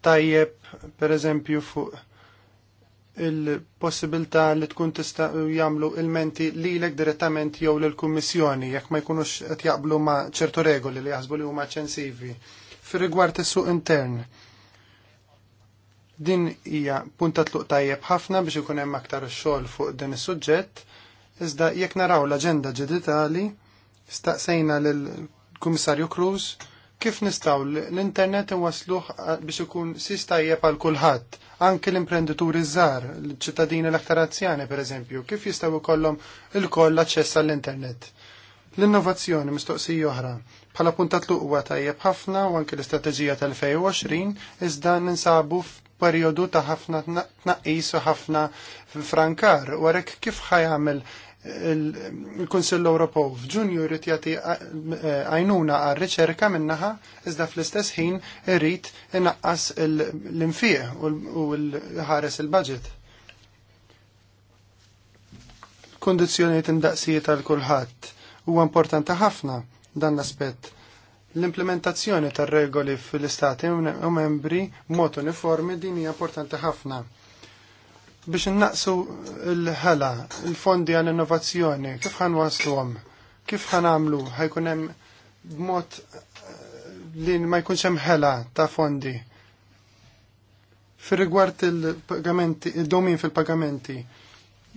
tajjeb per eżempju fuq il-possibilità li tkun tista' jagħmlu il-menti lilek direttament jew lill-Kummissjoni jekk ma jkunux qed jaqblu ma' ċertu regoli li jaħsbu li huma ċensivi. Fir-rigward is-suq intern, din hija punta tluq tajjeb ħafna biex ikun hemm aktar xogħol fuq din is-suġġett, iżda jekk naraw l-aġenda ġeditali, staqsejna lill-Kummissarju Cruz kif nistgħu l-internet inwasluh biex ikun sistajjeb tajjeb għal kulħadd anke l imprenditur żgħar, l-ċittadini l-aktar azzjani pereżempju, kif jistgħu jkollhom il-koll aċċess għall-internet. L-innovazzjoni mistoqsija oħra. Bħala punta tluqwa tajjeb ħafna u anke l-istrateġija tal-2020 iżda ninsabu f'perjodu ta' ħafna tnaqqis u ħafna frankar u għarek kif ħajamel il-Konsill Ewropew f'Junior irid jagħti eh, għajnuna għal riċerka minnaħa iżda fl-istess ħin irid inaqqas l-infieq u l-ħares il-budget. Kondizzjonijiet indaqsijiet għal kulħadd huwa importanti ħafna dan l-aspett. L-implementazzjoni tar-regoli fil-istati u membri b'mod uniformi din hija importanti ħafna biex innaqsu l-ħela, il-fondi għall-innovazzjoni, kif ħan wasluhom, kif ħan għamlu, ħajkun hemm b'mod eh, li ma jkunx hemm ħela ta' fondi. Fir rigward il-pagamenti, il-domin fil-pagamenti,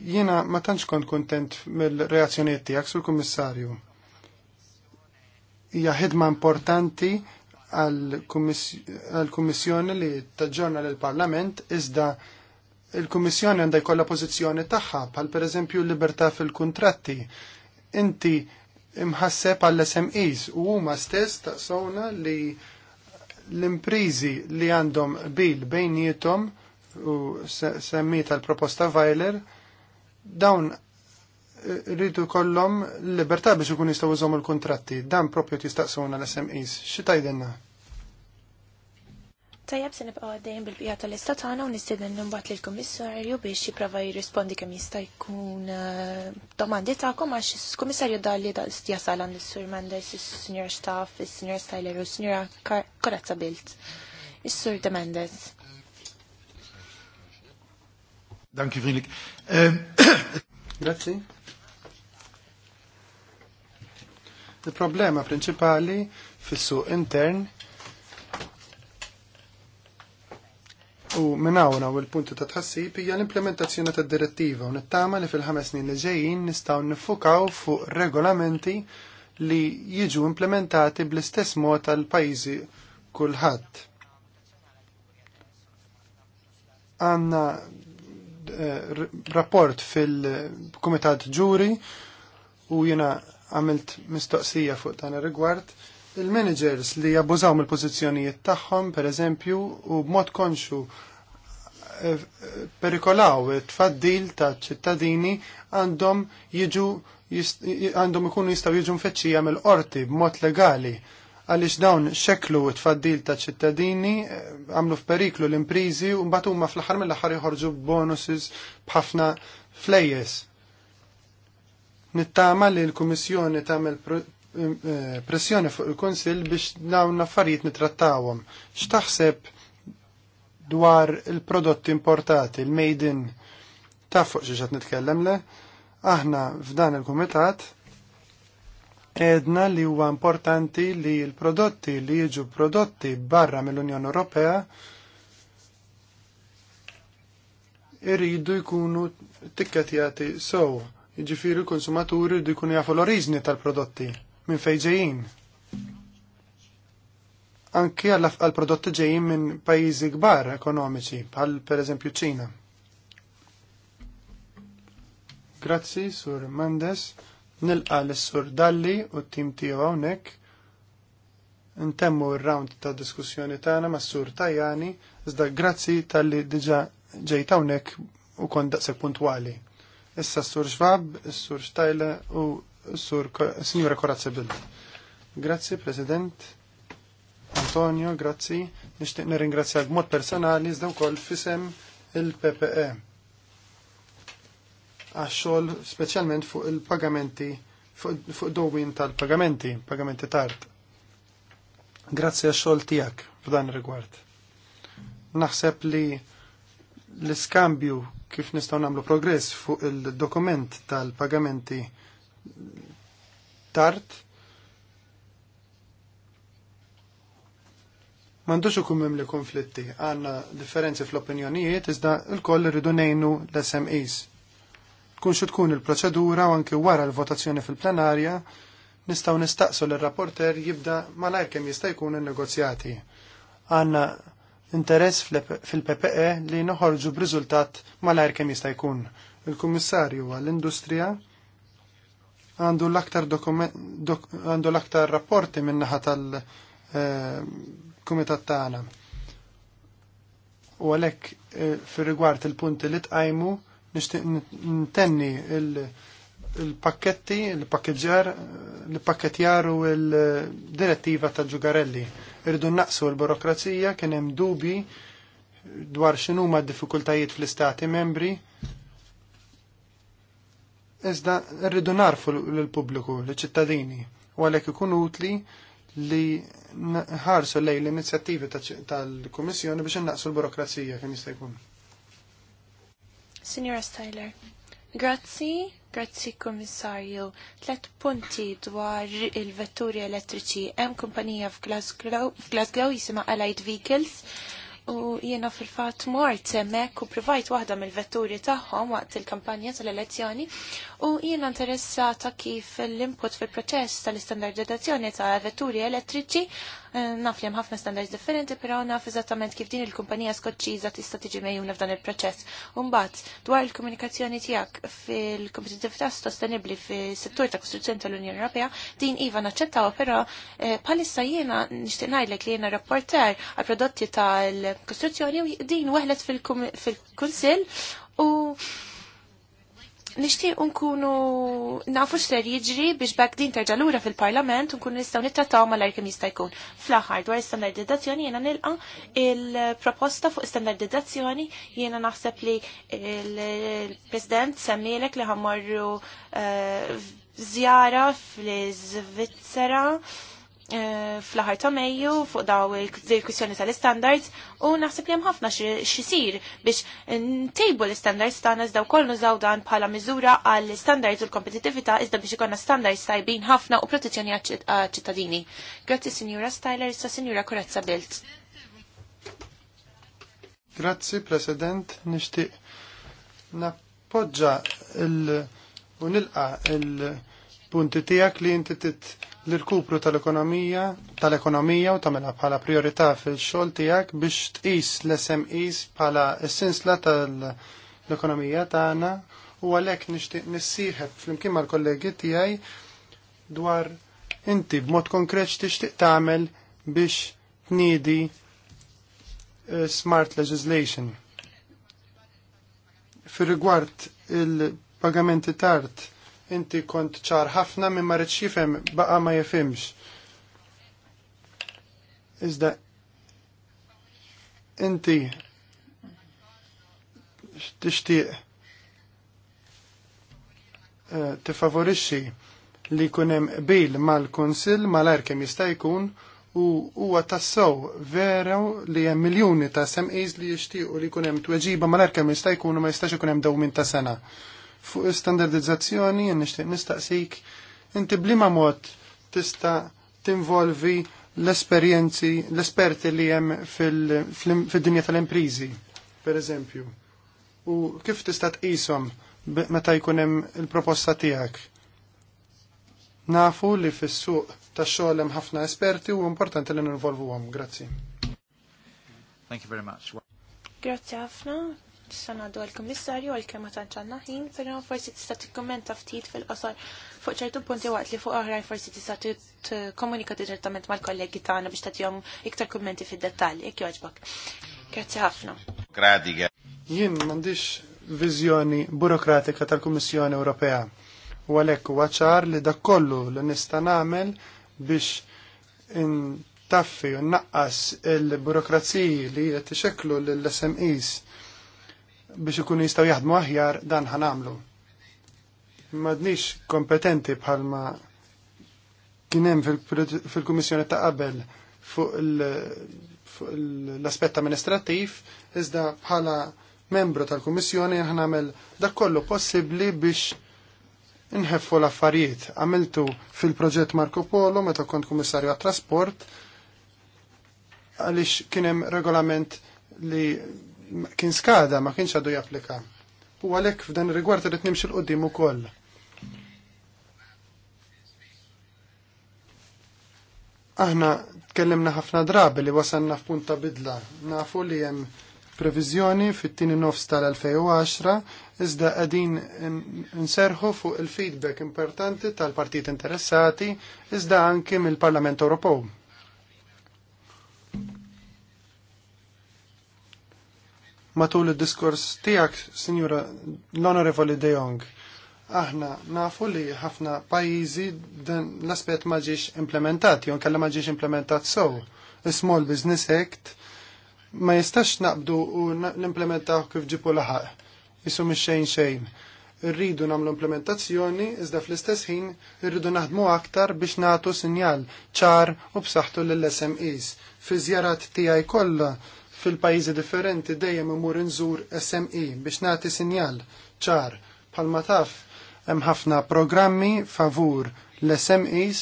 jiena ma tantx kont kontent mill-reazzjonijiet tiegħek sul kummissarju. Hija ħidma importanti għall-Kummissjoni li taġġorna lill-Parlament iżda il-Kummissjoni għandha jkollha pożizzjoni tagħha, bħal pereżempju l-libertà fil-kuntratti. Inti imħasseb għall smes u huma stess taqsowna li l-imprizi li għandhom bil bejnietom u semmiet tal-proposta Weiler, dawn e, rridu kollom l-libertà biex ikun jistgħu jżomm il-kuntratti. Dan proprju tistaqsuna l-SMEs. Xi tajdenna? Tajab se nibqa' għaddejjem bil-bqija tal-istat għana u nistieden nimbagħad lill-Kummissarju biex jipprova jirrispondi kemm jista' jkun eh, domandi tagħkom għax is-Kummissarju dal jasal għand is-Sur Mendes, is-Sinjor Staff, is-Sinjor Styler u s-Sinjora Korazza Bilt. Is-Sur De Mendes. Danki Frilik. Eh, Grazzi. Il-problema prinċipali fis-suq intern U minn hawn u l-punti ta' tħassib hija l-implementazzjoni tad direttiva u nittama li fil-ħames snin li ġejjin nistgħu niffukaw fuq regolamenti li jiġu implementati bl-istess mod tal-pajjiżi kulħadd. Għanna eh, rapport fil-Kumitat Ġuri u jena għamilt mistoqsija fuq dan ir-rigward. Il-managers li jabbużaw mill-pożizzjonijiet tagħhom, per eżempju, u b'mod konxu perikolaw it-tfaddil ta' ċittadini għandhom jiġu għandhom ikunu jistaw jiġu mfeċċija mill-qorti b'mod legali għaliex dawn xeklu t-faddil ta' ċittadini eh, għamlu f'periklu l-imprizi u mbagħad huma fl-aħħar mill-aħħar joħorġu bonuses b'ħafna flejjes. Nittama li l-Kummissjoni tagħmel eh, pressjoni fuq il-Kunsill biex dawn l-affarijiet nitrattawhom. X'taħseb dwar il-prodotti importati, il-made in, taf fuq xiex nitkellem le, aħna f'dan il-kumitat edna li huwa importanti li l-prodotti li jiġu prodotti barra mill-Unjoni Ewropea irridu jkunu tikkatjati so, jiġifieri l-konsumaturi jridu jkunu jafu l oriżni tal-prodotti minn fejn ġejjin anki għal prodotti ġejjin minn pajjiżi kbar ekonomiċi, bħal pereżempju ċina. Grazzi, Sur Mendes, nilqa l-Sur Dalli u t-tim tiegħu hawnhekk. Ntemmu r-round ta' diskussjoni tagħna mas Sur Tajani, iżda grazzi tal-li diġà ġejt hawnhekk u kont daqshekk puntwali. Issa s-Sur Xwab, sur Stajla u s-Sur Signora Korazza Bild. Grazzi, President. Antonio, grazzi. Nixtieq nirringrazzjak b'mod personali iżda wkoll fisem il-PPE. Għax-xogħol speċjalment fuq il-pagamenti fuq dowin tal-pagamenti, pagamenti tard. Grazzi għax-xogħol tiegħek f'dan rigward. Naħseb li l-iskambju kif nistgħu nagħmlu progress fuq il-dokument tal-pagamenti tard Mandux ikun li konflitti, għanna differenzi fl-opinjonijiet, iżda l-koll rridu nejnu l-SMEs. Tkun xi tkun il-proċedura u anki wara l-votazzjoni fil-plenarja, nistgħu nistaqsu l-rapporter jibda malajr kemm jista' jkun in-negozjati. Għanna interess fil-PPE li noħorġu b'riżultat malajr kemm jista' jkun. Il-Kummissarju għall-Industrija għandu l-aktar dok, rapporti min-naħa tal- eh, kumitat tagħna. U għalhekk eh, fir-rigward il-punti li tqajmu nixtieq ntenni il-pakketti, il-pakkeġġar, eh, il-pakketjar u il direttiva ta' Ġugarelli. Irdu naqsu l-burokrazija kien hemm dubi dwar x'inhuma d-diffikultajiet fl-istati membri Iżda rridu narfu l-pubbliku, l-ċittadini, u għalhekk ikun utli li ħarsu lej l-inizjattivi tal-Kummissjoni biex innaqsu l-burokrazija kemm jista' jkun. Signora Styler, grazzi, grazzi Komissarju. Tlet punti dwar il-vetturi elettriċi hemm kumpanija f'Glasgow jisima Allied Vehicles u jiena fil-fat mort hemmhekk u provajt waħda mill-vetturi tagħhom waqt il-kampanja tal-elezzjoni u jiena interessata kif l-input fil-proċess tal-istandardizzazzjoni ta' vetturi elettriċi Eh, naf li hemm ħafna standards differenti, però naf eżattament kif din il-kumpanija skoċċiża tista' tiġi mejjuna f'dan il-proċess. Imbagħad dwar il-komunikazzjoni tiegħek fil-kompetitività sostenibbli fis-settur ta' kostruzzjoni tal-Unjoni Ewropea, din iva naċċettawha, però eh, bħalissa jiena nixtieq ngħidlek li jiena rapporter għal prodotti tal-kostruzzjoni din weħlet fil-kunsill u nishtiq unkunu nafu x'ser jiġri biex bekk din terġa' lura fil-Parlament unkunu nistgħu nittrataw ma l jista' jkun. Fl-aħħar dwar standardizzazzjoni jiena nilqa il-proposta fuq standardizzazzjoni jiena naħseb li il-President semmilek li ħammarru eh, żjara fl-Iżvizzera Eh, fl-ħar ta' fuq daw il kwissjoni tal-standards u naħseb li hemm ħafna xisir biex ntejbu l-standards ta' iżda wkoll nużaw dan bħala miżura għall standards u l kompetitivita iżda biex ikonna standards tajbin ħafna u protezzjoni għal ċittadini Grazzi Sinjura Styler sa Sinjura Kurezza Bilt. Grazzi President, nixtieq nappoġġa il- unilqa il-punti tiegħek li inti tit l-irkupru tal-ekonomija tal-ekonomija u tamela bħala priorità fil-xogħol tiegħek biex tqis l-SMEs bħala essenzla tal-ekonomija tagħna u għalhekk nixtieq nissieħeb flimkien mal-kollegi tiegħi dwar inti b'mod konkret x'tixtieq tagħmel biex tniedi eh, smart legislation. Fir rigward il-pagamenti tard inti kont ċar ħafna minn ma rridx jifhem baqa ma jifimx. Iżda inti t eh, tifavorixxi li jkun hemm mal-Kunsill mal kemm jista' jkun u huwa tassew vera li hemm miljuni ta' semqis li jixtiequ li jkun hemm tweġiba mal kemm jista' jkun u ma jistax ikun hemm dewmin ta' sena. Fuq standardizzazzjoni nixtieq nistaqsik inti blima mod tista' tinvolvi l-esperjenzi, l-esperti li hemm fil-dinja tal-imprizi, per eżempju. U kif tista' tqishom meta jkun hemm il-proposta tiegħek? Nafu li fis-suq tax-xogħol hemm ħafna esperti u importanti li għom. Grazzi. Thank you very much. Grazzi ħafna sanadu għal-Komissarju għal-kema tanċanna ħin, pero forsi tista t-kommenta ftit fil qasar fuq ċertu punti waqt li fuq oħrajn forsi tista t-komunika direttament mal-kollegi tagħna biex tagħtihom iktar kummenti fid-dettalji, jekk jogħġbok. Grazzi ħafna. Gradika. Jien m'għandix viżjoni burokratika tal-Kummissjoni Ewropea. U għalhekk huwa ċar li dak kollu li nista' nagħmel biex taffi u naqqas il-burokraziji li jtixeklu l-SMEs biex ikun jistgħu jaħdmu aħjar dan ħanamlu. Madnix kompetenti bħalma kien hemm fil-Kummissjoni ta' qabel fuq l-aspett amministrattiv, iżda bħala membru tal-Kummissjoni nagħmel dak kollu possibbli biex inħeffu l-affarijiet. Għamiltu fil-proġett Marco Polo, meta kont kummissarju għat trasport għalix kienem regolament li kien skada ma kienx għadu japplika. U għalhekk f'dan ir-rigward irid nimxi l-qudiem ukoll. Aħna tkellimna ħafna drabi li wasanna f'punta ta' bidla. Nafu li hemm previżjoni fit-tieni nofs tal-2010 iżda qegħdin nserħu fuq il-feedback importanti tal-partit interessati iżda anke mill-Parlament Ewropew matul id-diskors tiegħek, Sinjura l-Onorevoli De Jong. Aħna nafu li ħafna pajjiżi dan l aspet ma ġiex implementat, jon kalla ma ġiex implementat so, Small Business Act ma jistax naqbdu u l-implementaw kif ġipu laħaq. Isu mix-xejn xejn. Irridu nagħmlu implementazzjoni iżda fl-istess ħin irridu naħdmu aktar biex nagħtu sinjal ċar u b'saħħtu lill-SMEs. Fi żjarat tiegħi kollha fil-pajjiżi differenti dejjem imur inżur SME biex nagħti sinjal ċar bħalma taf hemm ħafna programmi favur l-SMEs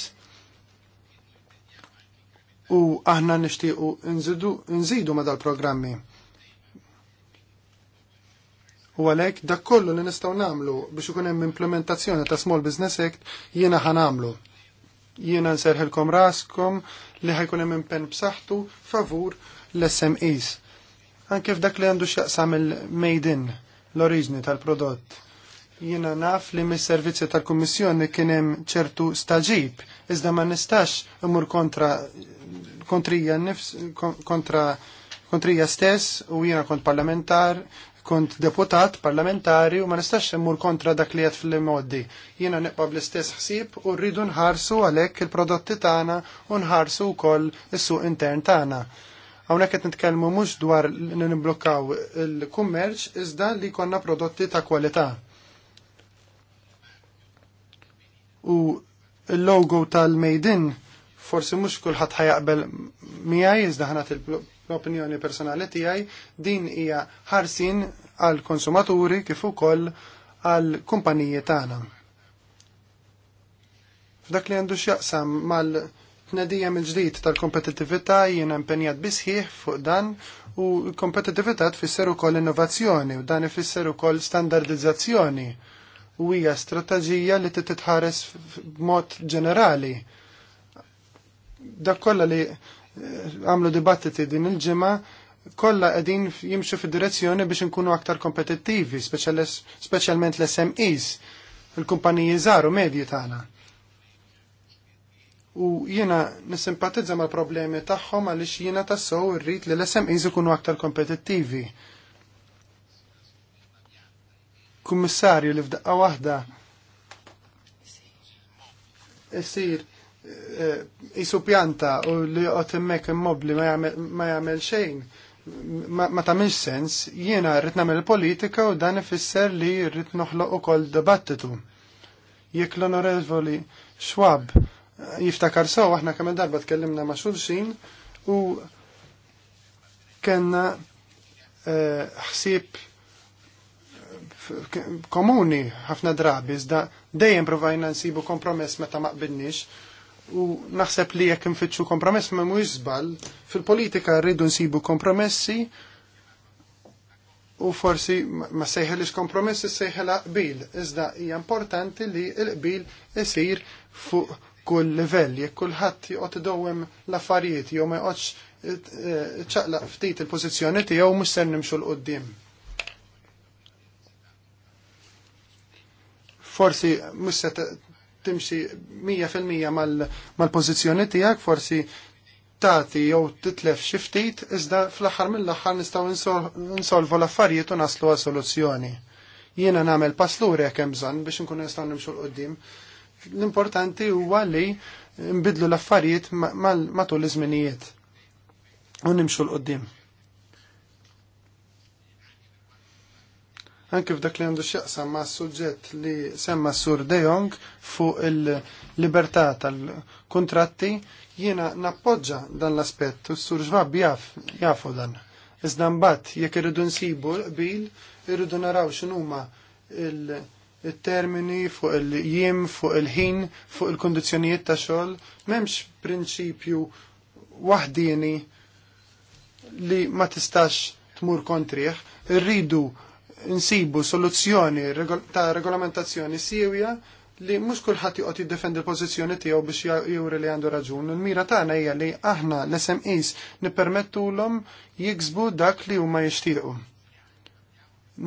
u aħna nixtiequ nżidu ma dal-programmi. U għalek, dak kollu li nistaw namlu biex ikun hemm implementazzjoni ta' Small Business Act jiena nagħmlu. Jiena nserħilkom raskom li ħajkun hemm impenn b'saħħtu favur l-SMEs. Anke f'dak li għandu x'jaqsam il-made in, l-oriġni tal-prodott. Jiena naf li mis-servizzi tal-Kummissjoni kien hemm ċertu staġib, iżda ma nistax imur kontra kontrija nifs, kontra kontrija stess u jiena kont parlamentar, kont deputat parlamentari u ma nistax imur kontra dak li għed fil-modi. Jiena neqba bl-istess ħsieb u rridu nħarsu għalhekk il-prodotti tagħna u nħarsu wkoll is-suq intern tagħna. Hawnhekk qed nitkellmu mhux dwar li nimblokkaw il-kummerċ iżda li jkollna prodotti ta' kwalità. U il-logo tal-Made forsi mhux kulħadd ħajaqbel miħaj, iżda ħanat l-opinjoni personali tiegħi din hija ħarsin għal konsumaturi kif ukoll għal kumpaniji tagħna. F'dak li għandu x'jaqsam mal- tnedija mill-ġdid tal-kompetitività jiena impenjat bisħiħ fuq dan u l-kompetitività tfisser ukoll innovazzjoni u dan ifisser ukoll standardizzazzjoni u hija strateġija li titħares b'mod ġenerali. Dak kollha li eh, għamlu dibattiti din il-ġimgħa kollha qegħdin jimxu fid-direzzjoni biex inkunu aktar kompetittivi, speċjalment l-SMEs, il-kumpaniji żgħar u medji tagħna u jiena nissimpatizza mal-problemi tagħhom għaliex jiena tassew irrid li l-SMEs ikunu aktar kompetittivi. Kummissarju li f'daqqa waħda isir eh, isu pjanta u li qed hemmhekk immobli ma jagħmel xejn ma tagħmilx sens, jiena rrid nagħmel politika u dan ifisser li rrid noħloq ukoll dibattitu. Jekk l-onorevoli Schwab jiftakar sew aħna kemm darba tkellimna ma' xulxin u kenna eh, ħsieb eh, komuni ħafna drabi iżda dejjem provajna nsibu kompromess meta ma qbilniex u naħseb li jekk nfittxu kompromess ma mhuwiex żball fil-politika rridu nsibu kompromessi u forsi ma sejħelix kompromess sejħela qbil iżda hija importanti li l-qbil isir fuq kull livell, kull kulħadd joqgħod idowhem l-affarijiet jew ma joqgħodx eh, ċaqlaq ftit il-pożizzjoni tiegħu mhux se nimxu l qudiem Forsi mhux se timxi 100% mal-pożizzjoni tiegħek, forsi tagħti jew titlef xi ftit, iżda fl-aħħar mill-aħħar nistgħu insolvu l-affarijiet u naslu għal soluzzjoni. Jiena nagħmel pasluri jekk hemm bżonn biex inkunu nistgħu nimxu l qudiem l-importanti huwa li nbidlu l-affarijiet matul iż-żminijiet u nimxu l-qoddim. Anke f'dak li għandu x'jaqsam ma' suġġett li semma Sur De Jong fuq il-libertà tal-kontratti, jiena nappoġġa dan l-aspett u Sur Ġvab jafu dan. Iżda mbagħad jekk irridu nsibu qbil, irridu naraw x'inhuma il- il-termini, fuq il-jiem, fuq il-ħin, fuq il-kondizjonijiet ta' xogħol, m'hemmx prinċipju wahdini li ma tistax tmur kontriħ, rridu nsibu soluzzjoni ta' regolamentazzjoni siwja li mhux kulħadd joqgħod jiddefendi l-pożizzjoni tiegħu biex juri li għandu raġun. Il-mira tagħna hija li aħna l-SMEs nippermettulhom jiksbu dak li huma jixtiequ.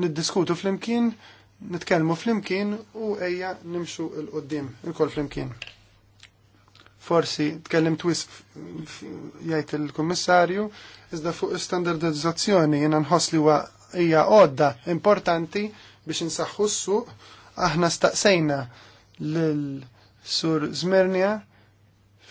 Niddiskutu flimkien nitkellmu flimkien u ejja nimxu l qoddim il-kol flimkien. Forsi tkellem twis jgħid il-kummissarju, iżda fuq standardizzazzjoni jiena nħoss wa huwa hija għodda importanti biex insaħħu s-suq, aħna staqsejna l-sur Zmernia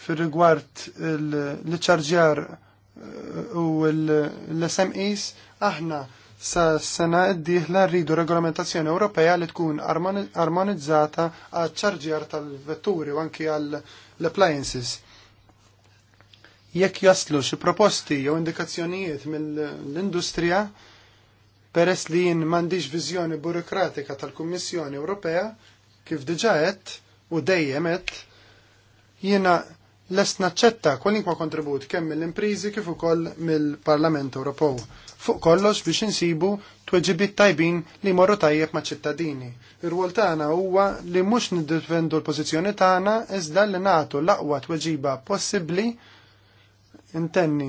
fir rigward l-ċarġjar eh, u l-SMEs, aħna sa sena d-dieħla rridu regolamentazzjoni Ewropea li tkun armonizzata għal ċarġjar tal-vetturi u anki għal l-appliances. Jekk jaslu xi proposti jew indikazzjonijiet mill-industrija, peress li jien m'għandix viżjoni burokratika tal-Kummissjoni Ewropea, kif diġa qed u dejjem qed, jiena lest naċċetta kwalinkwa kontribut kemm mill-imprizi kif ukoll mill-Parlament Ewropew fuq kollox biex insibu tweġibiet tajbin li morru tajjeb ma' ċittadini. Ir-rwol tagħna huwa li mhux niddefendu l-pożizzjoni tagħna iżda li nagħtu l-aqwa tweġiba possibbli intenni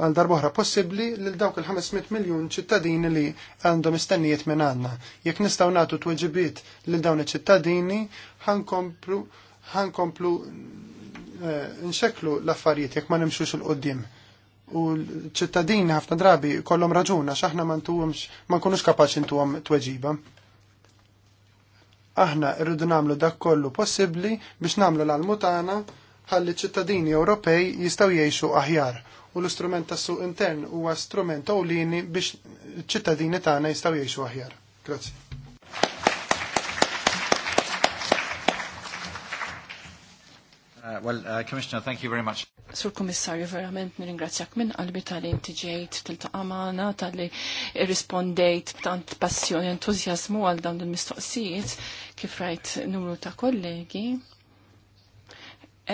għal darbohra possibbli lil dawk il-500 miljun ċittadini li għandhom istennijiet minn għandna. Jekk nistgħu nagħtu tweġibiet lil dawn iċ-ċittadini ħankomplu ħankomplu eh, nxeklu l-affarijiet jekk ma nimxux il-qoddim u l-ċittadini ħafna drabi kollhom raġuna x'aħna ma ntuhomx ma nkunux kapaċi ntuhom tweġiba. Aħna rridu nagħmlu dak kollu possibbli biex nagħmlu l-almutana ħalli ċittadini Ewropej jistgħu jgħixu aħjar u l-istrument tas-suq intern huwa strument ewlieni biex ċittadini tagħna jistgħu jgħixu aħjar. Grazzi. Uh, well, uh, Commissioner, thank you very much. Sur Kummissarju, verament nirringrazzjak minn qalbi tal-li inti ġejt til-taqamana, tal-li rispondejt b'tant passjoni, entuzjazmu għal dawn il-mistoqsijiet, kif rajt numru ta' kollegi.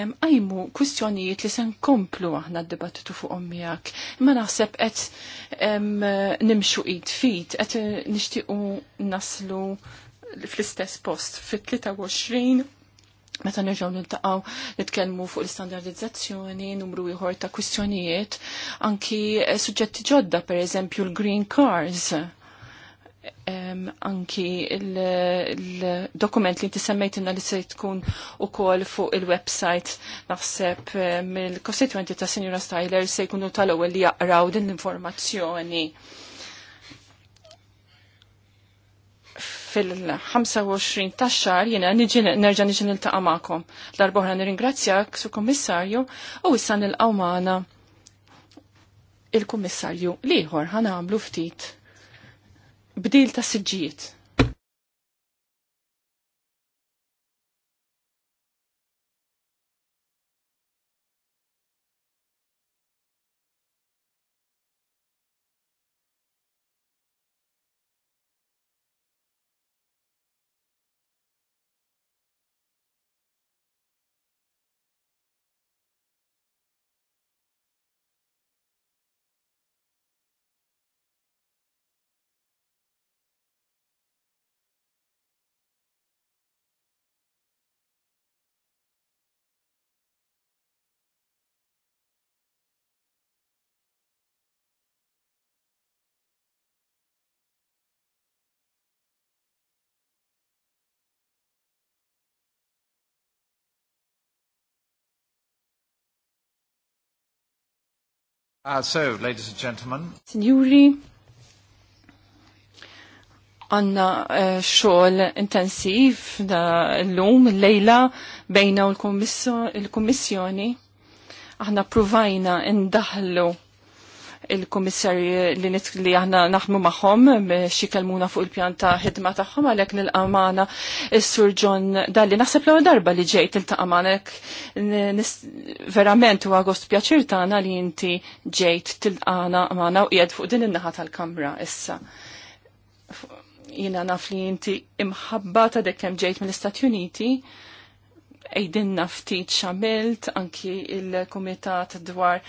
Għajmu kwistjonijiet li sen komplu aħna d-dibattitu fuq miegħek. Imma naħseb qed nimxu id fit, qed nixtiequ naslu fl-istess post fit-23 Meta nerġgħu niltaqgħu nitkellmu fuq l-istandardizzazzjoni, numru ieħor ta' kwistjonijiet, anki eh, suġġetti ġodda, per eżempju l-green cars. Um, anki il-dokument li inti semmejtina li se tkun u kol fuq il-website naħseb eh, mill kostituenti ta' Senjura Styler se jkunu tal-ewwel li jaqraw din l-informazzjoni fil-25 ta' xar jena nerġa niġi niltaqa ma'kom. L-arbohra nir-ingrazzjak su kommissarju u issa nilqaw ma'na il-kommissarju liħor ħanamlu ftit bdil ta' siġijiet. Uh, so, ladies and gentlemen. Signori, għanna uh, xogħol intensiv da l-lum, l-lejla bejna u l-kommissjoni. Aħna provajna indaħlu il-komissarji li nit li aħna naħmu maħom biex eh, jikelmuna fuq il-pjan ta' ħidma tagħhom għalhekk nilqamana il sur John Dalli naħseb l darba li ġejt il-taqamanek verament huwa gost pjaċir tagħna li inti ġejt tilqana magħna u qiegħed fuq din il naħa tal-kamra issa jina naf li jinti imħabba ta' dekkem ġejt mill-Istati Uniti ejdinna ftit xamilt, anki il-Komitat dwar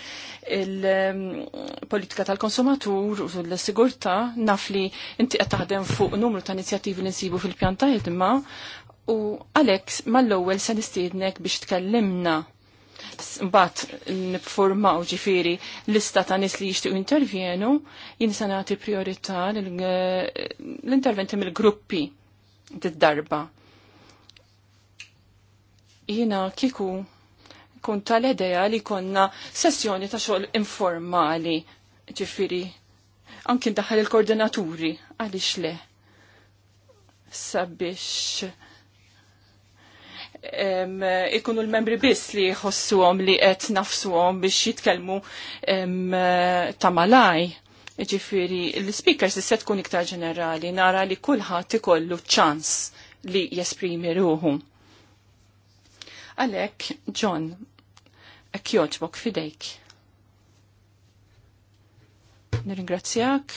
il-Politika tal-Konsumatur u l-Sigurta, naf li inti qed taħdem fuq numru ta' inizjattivi li nsibu fil-pjanta imma u Alex mal-ewwel se nistiednek biex tkellimna mbagħad nifformaw ġifieri lista ta' nies li jixtiequ intervjenu, jien se nagħti priorità l-interventi mill-gruppi d-darba. Jina kiku kun tal-edeja li konna sessjoni ta' xogħol informali, ġifiri, anki ndaħal il-koordinaturi, għalix le. Sabiex ikunu l-membri biss li jħossu li qed nafsu biex jitkellmu ta' malaj. Ġifiri, l-speakers se tkun iktar ġenerali, nara li kulħadd ikollu ċans li jesprimi ruħu Għalek, John, ek joġbok fidejk. Nirringrazzjak.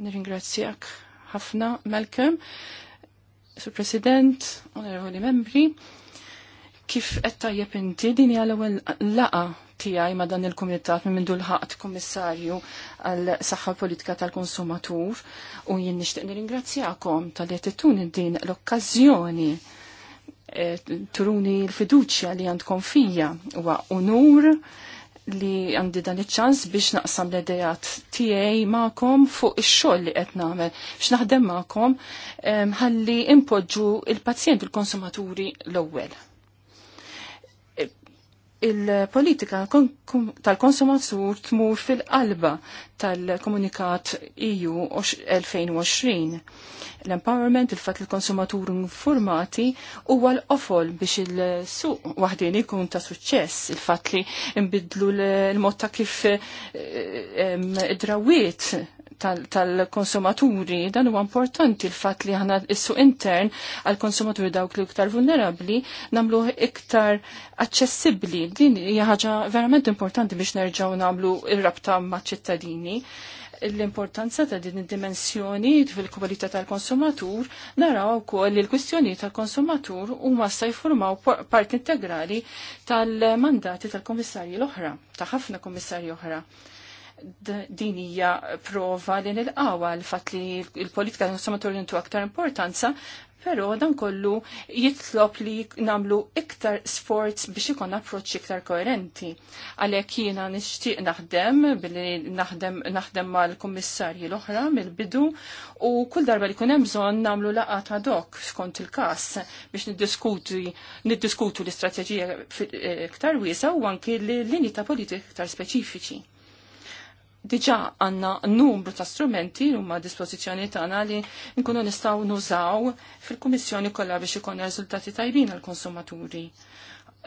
Nirringrazzjak ħafna, Malcolm, Sur President, onorevoli membri. Kif qed tajjeb inti din hija l-ewwel laqa tiegħi ma' dan il-kumitat minn mindu l-ħaqt kummissarju għal saħħa politika tal-konsumatur u jien nixtieq nirringrazzjakom tal-li din l-okkażjoni E, turuni l-fiduċja li għandkom fija huwa unur li għandi dan iċ-ċans biex naqsam l-idejat tiegħi magħkom fuq ix-xogħol li qed nagħmel biex naħdem magħkom ħalli impoġġu il-pazjent il-konsumaturi l-ewwel il-politika tal-konsumatur tmur fil-qalba tal-komunikat EU 2020. L-empowerment, il-fat il-konsumatur informati huwa l-qofol biex il-suq waħdin ikun ta' suċċess, il-fat li imbidlu l-mod ta' kif eh, drawiet tal-konsumaturi, tal dan huwa importanti l-fatt li ħana issu intern għal-konsumaturi dawk li iktar vulnerabli namlu iktar aċċessibbli. Din hija verament importanti biex nerġgħu namlu il rabta maċ-ċittadini l-importanza ta' din id-dimensjoni fil kualità tal-konsumatur naraw ukoll li l-kwistjoni tal-konsumatur huma se jformaw part integrali tal-mandati tal-komissarji l-oħra, ta' ħafna komissarji oħra din hija prova li nil-qawa l-fatt li l-politika konsumatur intu aktar importanza, però dan kollu jitlob li namlu iktar sforz biex ikon approċċ iktar koerenti. Għalhekk jiena nixtieq naħdem billi naħdem naħdem mal-kummissarji l-oħra mill-bidu u kull darba li kunem hemm bżonn nagħmlu laqgħat ad hoc skont il-każ biex niddiskutu l-istrateġija eh, iktar wiesa u anki l linita ta' politika iktar speċifiċi diġa għanna numru ta' strumenti u ma' dispozizjoni tagħna li nkunu nistgħu nużaw fil-Kummissjoni kollha biex ikun riżultati tajbin għall konsumaturi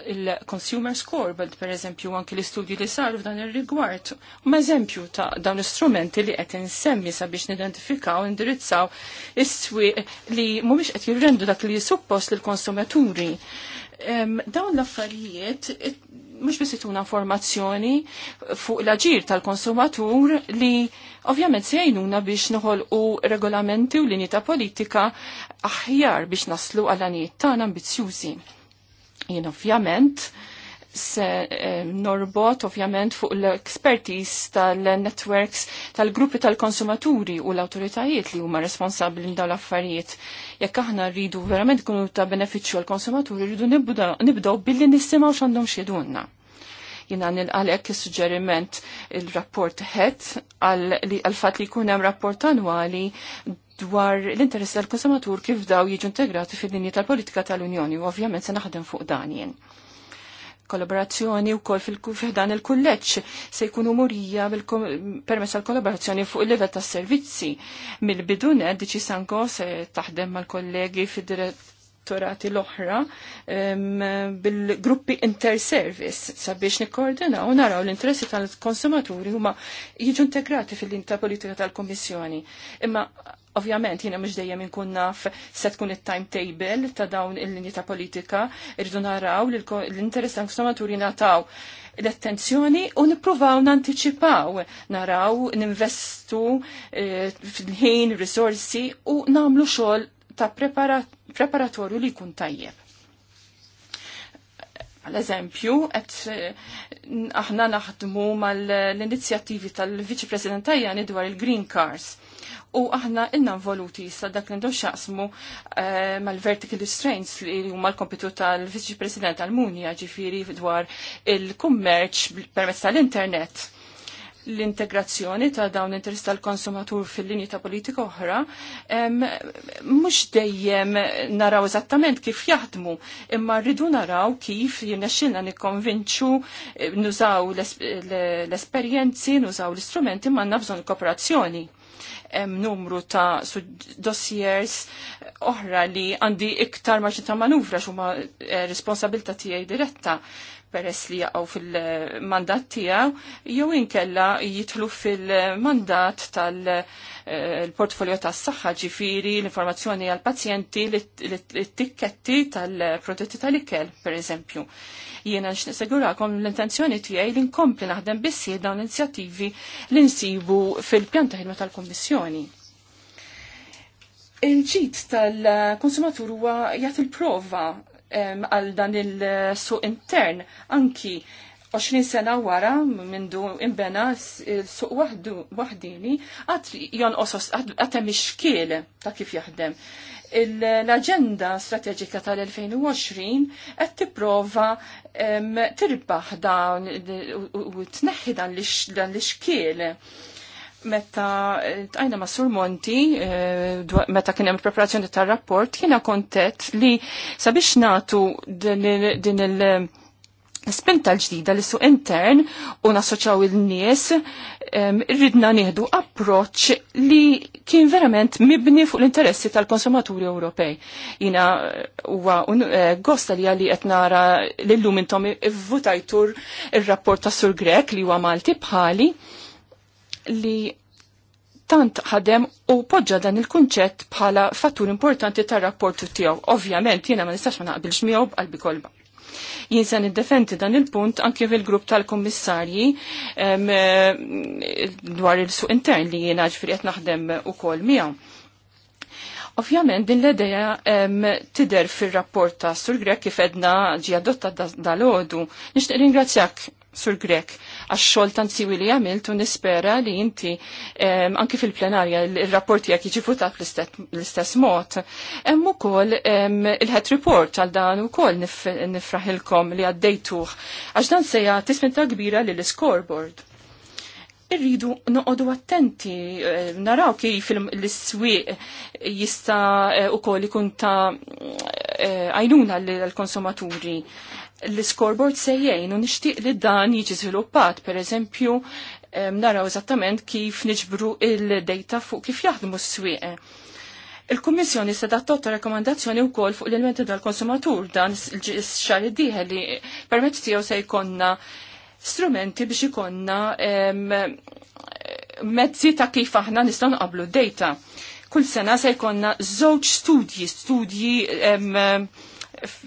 il-consumer score, bel per eżempju anki l istudji li saru f'dan ir-rigward. Ma eżempju ta' dawn l-istrumenti li qed insemmi sabiex nidentifikaw indirizzaw is-swieq li mhumiex qed jirrendu dak li suppost lill konsumaturi Dawn l-affarijiet mux bisituna informazzjoni fuq l-aġir tal-konsumatur li ovvjament sejnuna biex nħol u regolamenti u linji ta' politika aħjar biex naslu għal-għaniet tan ambizjużi. Jien ovvjament, se eh, norbot ovvjament fuq l-expertise tal-networks tal-gruppi tal-konsumaturi u l-autoritajiet li huma responsabbli dawn l-affarijiet. Jekk aħna rridu verament kunu ta' benefiċċju għall-konsumaturi, rridu nibdew billi nisimgħu x'għandhom x'jedunna. Jina nilqalek is-suġġeriment il-rapport het għal-fat li jkun hemm rapport annwali dwar l-interess tal-konsumatur kif daw jiġu integrati fil-linji tal-politika tal-Unjoni u ovvjament se naħdem fuq dan jien kollaborazzjoni u kol fil-dan il-kulleċ se jkunu murija permessa l kollaborazzjoni fuq il-level ta' servizzi. Mil-bidunet diċi sanko se taħdem mal-kollegi fil-direttorati l-oħra bil-gruppi inter-service sabiex nikkoordinaw u naraw l-interessi tal-konsumaturi huma jiġu integrati fil linta politika tal komissjoni Imma Ovvjament, jina mux dejjem inkun naf se tkun il-timetable ta' dawn il-linji ta' politika, irridu naraw l-interess ta' konsumaturi nataw l-attenzjoni u nipruvaw nanticipaw, naraw, ninvestu e, fil-ħin, risorsi u namlu xol ta' preparatorju li jkun tajjeb. Għal-eżempju, et eh, aħna naħdmu mal-inizjattivi tal-Viċi President Tajani dwar il-Green Cars. U aħna inna voluti sa dak li xaqsmu eh, mal-vertical strains li huma l-kompitu tal-Viċi President tal-Munja ġifiri dwar il-kummerċ permezz tal-internet l-integrazzjoni ta' dawn interess tal-konsumatur fil-linji ta' politika oħra, mhux dejjem naraw eżattament kif jaħdmu, imma rridu naraw kif jirnexxilna nikkonvinċu eh, nużaw l-esperjenzi, nużaw l-istrumenti ma' bżonn kooperazzjoni hemm numru ta' dossiers oħra li għandi iktar maġġi ta' manuvra xuma eh, responsabilta tiegħi diretta peress li jaqgħu fil-mandat tiegħu jew inkella jidħlu fil-mandat tal-portfolio eh, tas-saħħa ġifiri l-informazzjoni għal pazjenti l-tikketti tal-prodotti tal-ikel, pereżempju. Jiena x'nisegurakom l-intenzjoni tiegħi li nkompli naħdem bissi dawn l-inizjattivi li nsibu fil-pjan ta' tal-Kummissjoni. Il-ġit tal-konsumatur huwa jagħti il-prova għal dan il-suq intern. Anki 20 sena wara du imbena suq wahdini għat jonqosos għatem ixkiel ta' kif jaħdem l-agenda strategika tal-2020 qed tipprova tirbaħ dawn u tneħħi dan l-ixkiel meta eh, tajna ma' Sur Monti, eh, meta kien hemm preparazzjoni tar-rapport, kiena kontet li sabiex natu din il- eh, Spinta l-ġdida li su intern u nassoċaw il-nies rridna nieħdu approċ li kien verament mibni fuq l-interessi tal-konsumaturi Ewropej. Jina huwa gosta li għalli etnara nara lillum intom il-votajtur ir-rapport ta' Sur Grek li huwa Malti bħali li tant ħadem u poġġa dan il-kunċett bħala fattur importanti tar rapportu tiegħu. Ovvjament jiena ma nistax ma naqbilx miegħu b'qalbi kolba. Jien se niddefendi dan il-punt anke fil-grupp tal-kummissarji dwar il-suq intern li jiena ġifieri qed naħdem ukoll miegħu. Ovvjament din l idea tider fil-rapport ta' Sur Grek kif edna ġi adotta dal-ħodu. Nixtieq ringrazzjak Sur Grek għax-xogħol tant siwi li għamilt u nispera li inti anki fil-plenarja il-rapport jekk jġifu votat l-istess mod. Hemm ukoll il het report għal dan ukoll nifraħilkom li għaddejtuh għax dan sejja tisminta kbira l scoreboard irridu noqodu attenti, eh, naraw kif l-swiq jista eh, u kol ikun ta' eh, għajnuna l-konsumaturi l-scoreboard sejjejn u nixtieq li dan jiġi żviluppat, pereżempju naraw eżattament kif niġbru il-data fuq kif jaħdmu s swieqe Il-Kummissjoni se totta rekomandazzjoni u kol fuq l-elementi dal konsumatur dan s-xar diħe li permezz tiegħu se jkonna strumenti biex ikonna mezzi ta' kif aħna nistgħu qablu d-data. Kull sena se jkonna żewġ studji, studji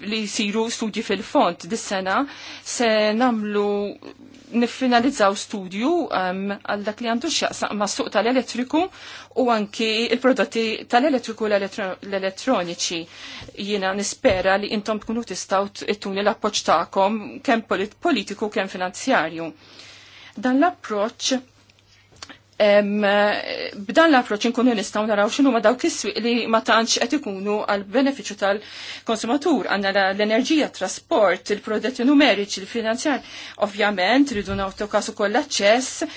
li siru studji fil-font dis-sena se namlu niffinalizzaw studju um, għal dak li għandu xaqsaq ma' suq tal-elettriku u anki il-prodotti tal-elettriku l-elettroniċi. Jina nispera li intom tkunu tistaw tuni l-appoċ ta'kom kem politiku kem finanzjarju. Dan l-approċ Eh, b'dan l-approċ inkunu nistgħu naraw x'inhu ma dawk is-swieq li ma tantx qed ikunu għal benefiċċju tal-konsumatur għandna l-enerġija, trasport, il-prodotti numeriċi, il-finanzjar. Ovvjament ridu nagħtu kasu l aċċess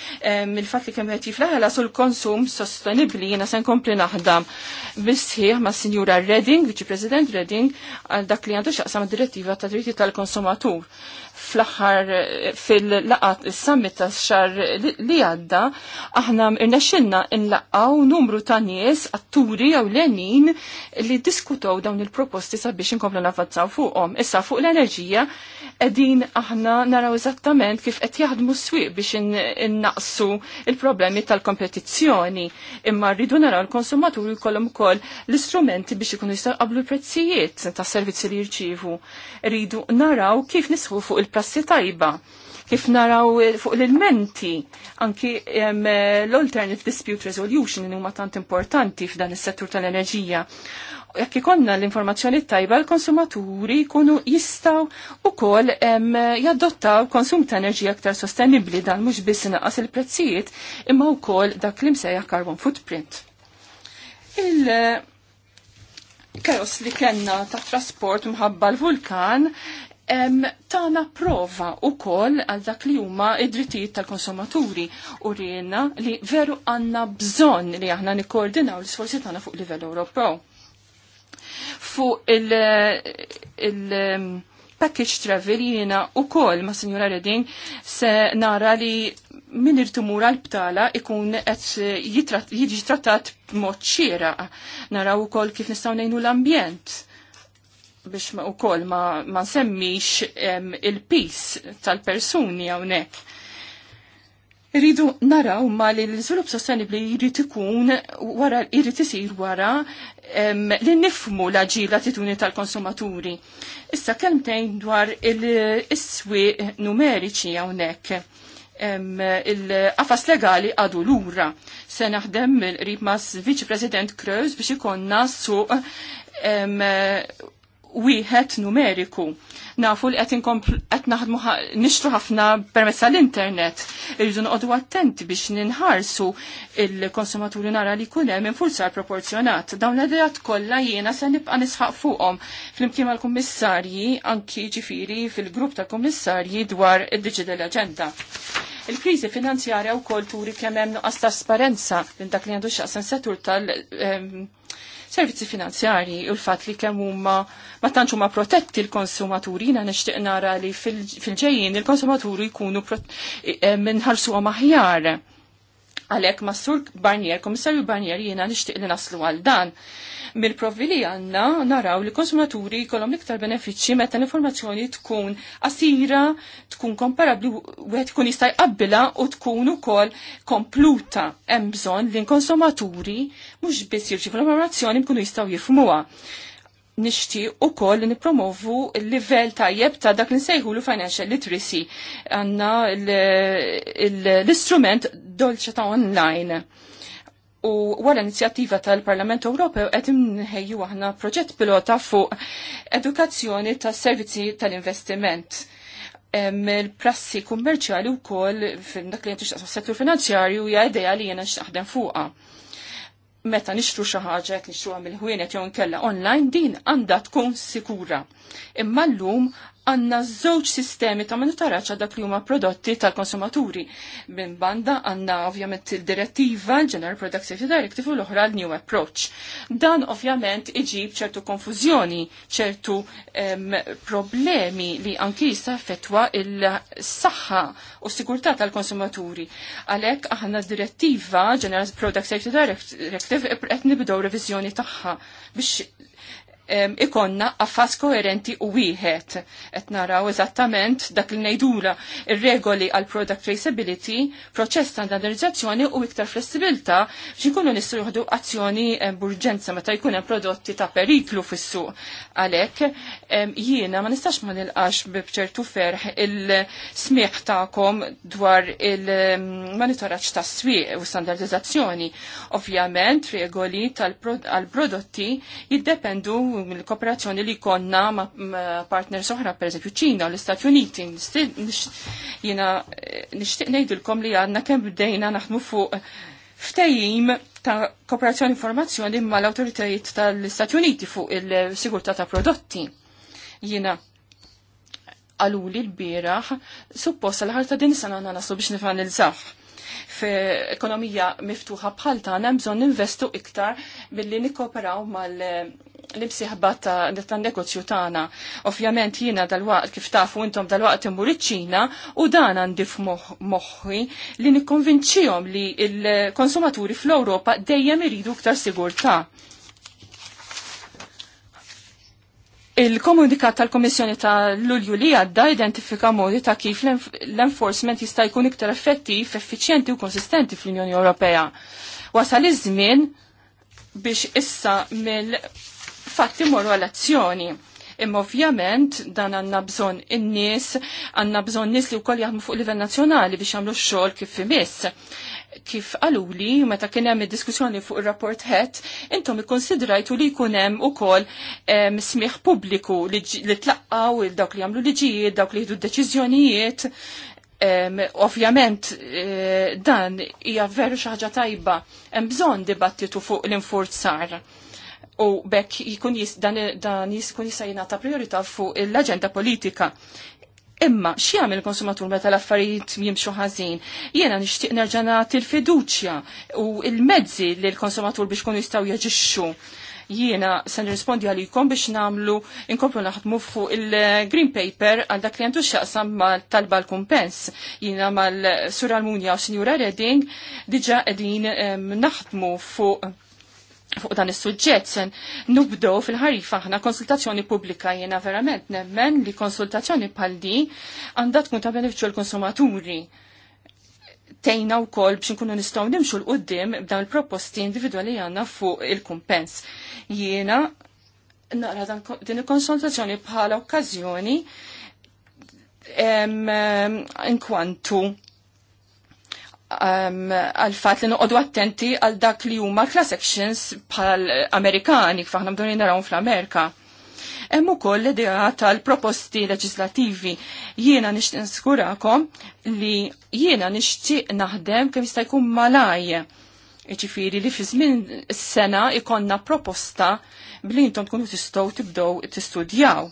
mill-fatt li kemm qed jiflaħela sul konsum sostenibbli jiena se nkompli naħdam bissieħ ma' Sinjura Redding, Viċi President Redding, għal dak li għandu x'aqsam direttiva tad dritti tal-konsumatur fl-aħħar fil-laqat is-summit ta' xar li għadda, aħna irnexxinna nlaqgħu numru ta' nies atturi jew lenin li diskutaw dawn il-proposti sabiex inkomplu nafazzaw fuqhom. Issa fuq l-enerġija edin aħna naraw eżattament kif qed jaħdmu s-swieq biex innaqsu il-problemi tal-kompetizzjoni. Imma rridu naraw l konsumaturi jkollhom ukoll l-istrumenti biex ikunu jistaqblu l-prezzijiet tas servizzi li jirċievu. Rridu naraw kif nisħu fuq il il-prassi tajba kif naraw fuq l-ilmenti anki l-alternative dispute resolution li huma tant importanti f'dan is-settur tal-enerġija. Jekk ikonna l-informazzjoni tajba l-konsumaturi jkunu jistaw wkoll jadottaw konsum ta' enerġija aktar sostenibbli dan mhux biss inaqas il-prezzijiet imma wkoll dak li msejjaħ carbon footprint. Il Kajos eh, li kenna ta' trasport mħabba l-vulkan tana prova u kol għal dak li huma id-drittijiet tal-konsumaturi u rina li veru għanna bżon li aħna nikkoordinaw l-sforzi tana fuq livell Ewropew. Fuq il-package travel jiena u kol ma' Signora Redding se nara li min irtumura l-btala ikun qed jiġi trattat b'mod Nara Naraw ukoll kif nistgħu nejnu l-ambjent biex ma u kol ma, ma semmix il-pis tal-persuni għonek. Rridu naraw ma li l-izvilup sostenibli jrid ikun wara jrid isir wara um, li nifmu la ġila tituni tal-konsumaturi. Issa kemtejn dwar il-iswi numeriċi hawnhekk il-qafas legali għadu lura. Se naħdem il-rib mas viċi President Kreuz biex ikonna suq wieħed numeriku. Nafu li qed qed naħdmu nixtru ħafna permezz tal-internet. Irridu noqogħdu attenti biex ninħarsu il-konsumaturi nara li jkun hemm infurzar proporzjonat. Dawn l-idejat kollha jiena se nibqa' nisħaq fuqhom flimkien mal-kummissarji anki ġifieri fil-grupp tal-kummissarji dwar id-Digital Agenda. Il-kriżi finanzjarja wkoll turi kemm hemm nuqqas trasparenza minn dak li għandu x'aqsen settur tal- ehm, servizzi finanzjari u l-fat li kemm huma ma tantx huma protetti l-konsumaturi jiena nixtieq nara li fil-ġejjin il-konsumaturi jkunu eh, minħarsuhom aħjar Għalek ma' sur Barnier, komissarju Barnier jiena nixtieq li naslu għal dan. Mill-provi li għanna naraw li konsumaturi kolom liktar benefiċċji meta l-informazzjoni tkun asira, tkun komparabli, għet tkun jista' jqabbilha u tkun ukoll kompluta. Hemm bżonn li l-konsumaturi mhux biss jirġi l-informazzjoni mkunu jistgħu jifhmuha nishti u koll nipromovu il-level tajjeb ta' dak nsejhu l-financial literacy għanna l-istrument dolċa ta' online. U wara inizjattiva tal-Parlament Ewropew qed imħejju aħna proġett pilota fuq edukazzjoni tas servizzi tal-investiment. Il-prassi kummerċjali wkoll fil dak li jentix settur finanzjarju hija idea li jiena x'taħdem fuqha meta nixtru xi ħaġa qed nixtruha mill-ħwienet jew nkella online din għandha tkun sikura. Imma llum għanna żewġ sistemi ta' monitoraċ dak li huma prodotti tal-konsumaturi. Minn banda għanna ovvjament il-direttiva, General Product Safety Directive u l-oħra l-New Approach. Dan ovvjament iġib ċertu konfużjoni, ċertu em, problemi li anki jista' effettwa il-saħħa u sigurtà tal-konsumaturi. Għalhekk aħna direttiva General Product Safety Directive qed nibdew reviżjoni tagħha biex ikonna affas koerenti u wieħed. Et naraw eżattament dak li ngħidula ir-regoli għal product traceability, proċess standardizzazzjoni u iktar flessibilità x'inkunu nistgħu azzjoni burġenza meta jkun hemm prodotti ta' periklu fis-suq. Għalhekk jiena ma nistax ma nilqax b'ċertu ferħ il-smieħ tagħkom dwar il-monitoraġġ tas-swieq u standardizzazzjoni. Ovvjament regoli tal-prodotti jiddependu mill-kooperazzjoni li konna ma' partners oħra, per eżempju ċina u l-Istati Uniti. Jina eh, nishtiq ngħidilkom li għandna kemm bdejna naħdmu fuq ftejim ta' kooperazzjoni informazzjoni ma' l-autoritajiet tal-Istati Uniti fuq il-sigurtà ta' prodotti. Jina għaluli l-biraħ, supposta l-ħarta din sana għanna naslu biex nifanilżaħ. F'ekonomija miftuħa bħal tagħna bżonn investu iktar billi nikkooperaw mal- l-imsiħba ta' negozju tagħna. Ovvjament jiena dal-waqt kif tafu intom dal-waqt imur iċ-Ċina u dan għandi f'moħħi li nikkonvinċihom li l-konsumaturi fl-Ewropa dejjem iridu iktar sigurtà. Il-komunikat tal-Komissjoni ta' Lulju li għadda identifika modi ta' kif l-enforcement jista' jkun iktar effettiv, effiċjenti u konsistenti fl-Unjoni Ewropea. Wasal iż-żmien biex issa mill fatt imorru relazzjoni. azzjoni Imma ovvjament dan għanna bżon in-nies, għanna bżon nies li wkoll jaħdmu fuq livell nazzjonali biex jagħmlu x-xogħol kif imiss. Kif għaluli, meta kien hemm id-diskussjoni fuq ir-rapport het, intom ikkonsidrajtu li jkun hemm ukoll smieħ pubbliku li tlaqgħu il dawk li jagħmlu liġijiet, dawk li jieħdu deċiżjonijiet. Ovvjament e, dan hija veru xi ħaġa tajba, hemm bżonn dibattitu fuq l-infurzar u bekk jikun jis, dan, dan kun jista' ta' priorita fuq l-aġenda politika. Imma għam il-konsumatur meta l-affarijiet jimxu ħażin? Jiena nixtieq nerġa' nagħti l-fiduċja u l-mezzi li l-konsumatur biex kun jistgħu jaġixxu. Jiena se nirrispondi għalikom biex nagħmlu inkomplu naħdmu fuq il-Green Paper għal dak li għandu x'jaqsam mal-talba l-kumpens. Jiena mal l-munja u Sinjura Redding diġà qegħdin ehm, naħdmu fuq fuq dan is-suġġett nubdow fil-ħarifa aħna konsultazzjoni pubblika jiena verament nemmen li konsultazzjoni bħal di għandha tkun ta' benefiċċju l-konsumaturi. Tejna u kol biex nkunu nistgħu nimxu l qudiem b'dan il-proposti individwali għandna fuq il-kumpens. Jiena naqra din il-konsultazzjoni bħala okkażjoni inkwantu Um, għal-fat li nuqodu attenti għal dak li huma class actions pal Amerikani kif aħna mdoni naraw fl-Amerika. Hemm ukoll l-idea tal-proposti leġislativi. Jiena nixtieq nskurakom li jiena nixtieq naħdem kemm jista' jkun malaj. Ġifieri li fi żmien sena ikonna proposta bli intom tkunu tistgħu tibdew tistudjaw.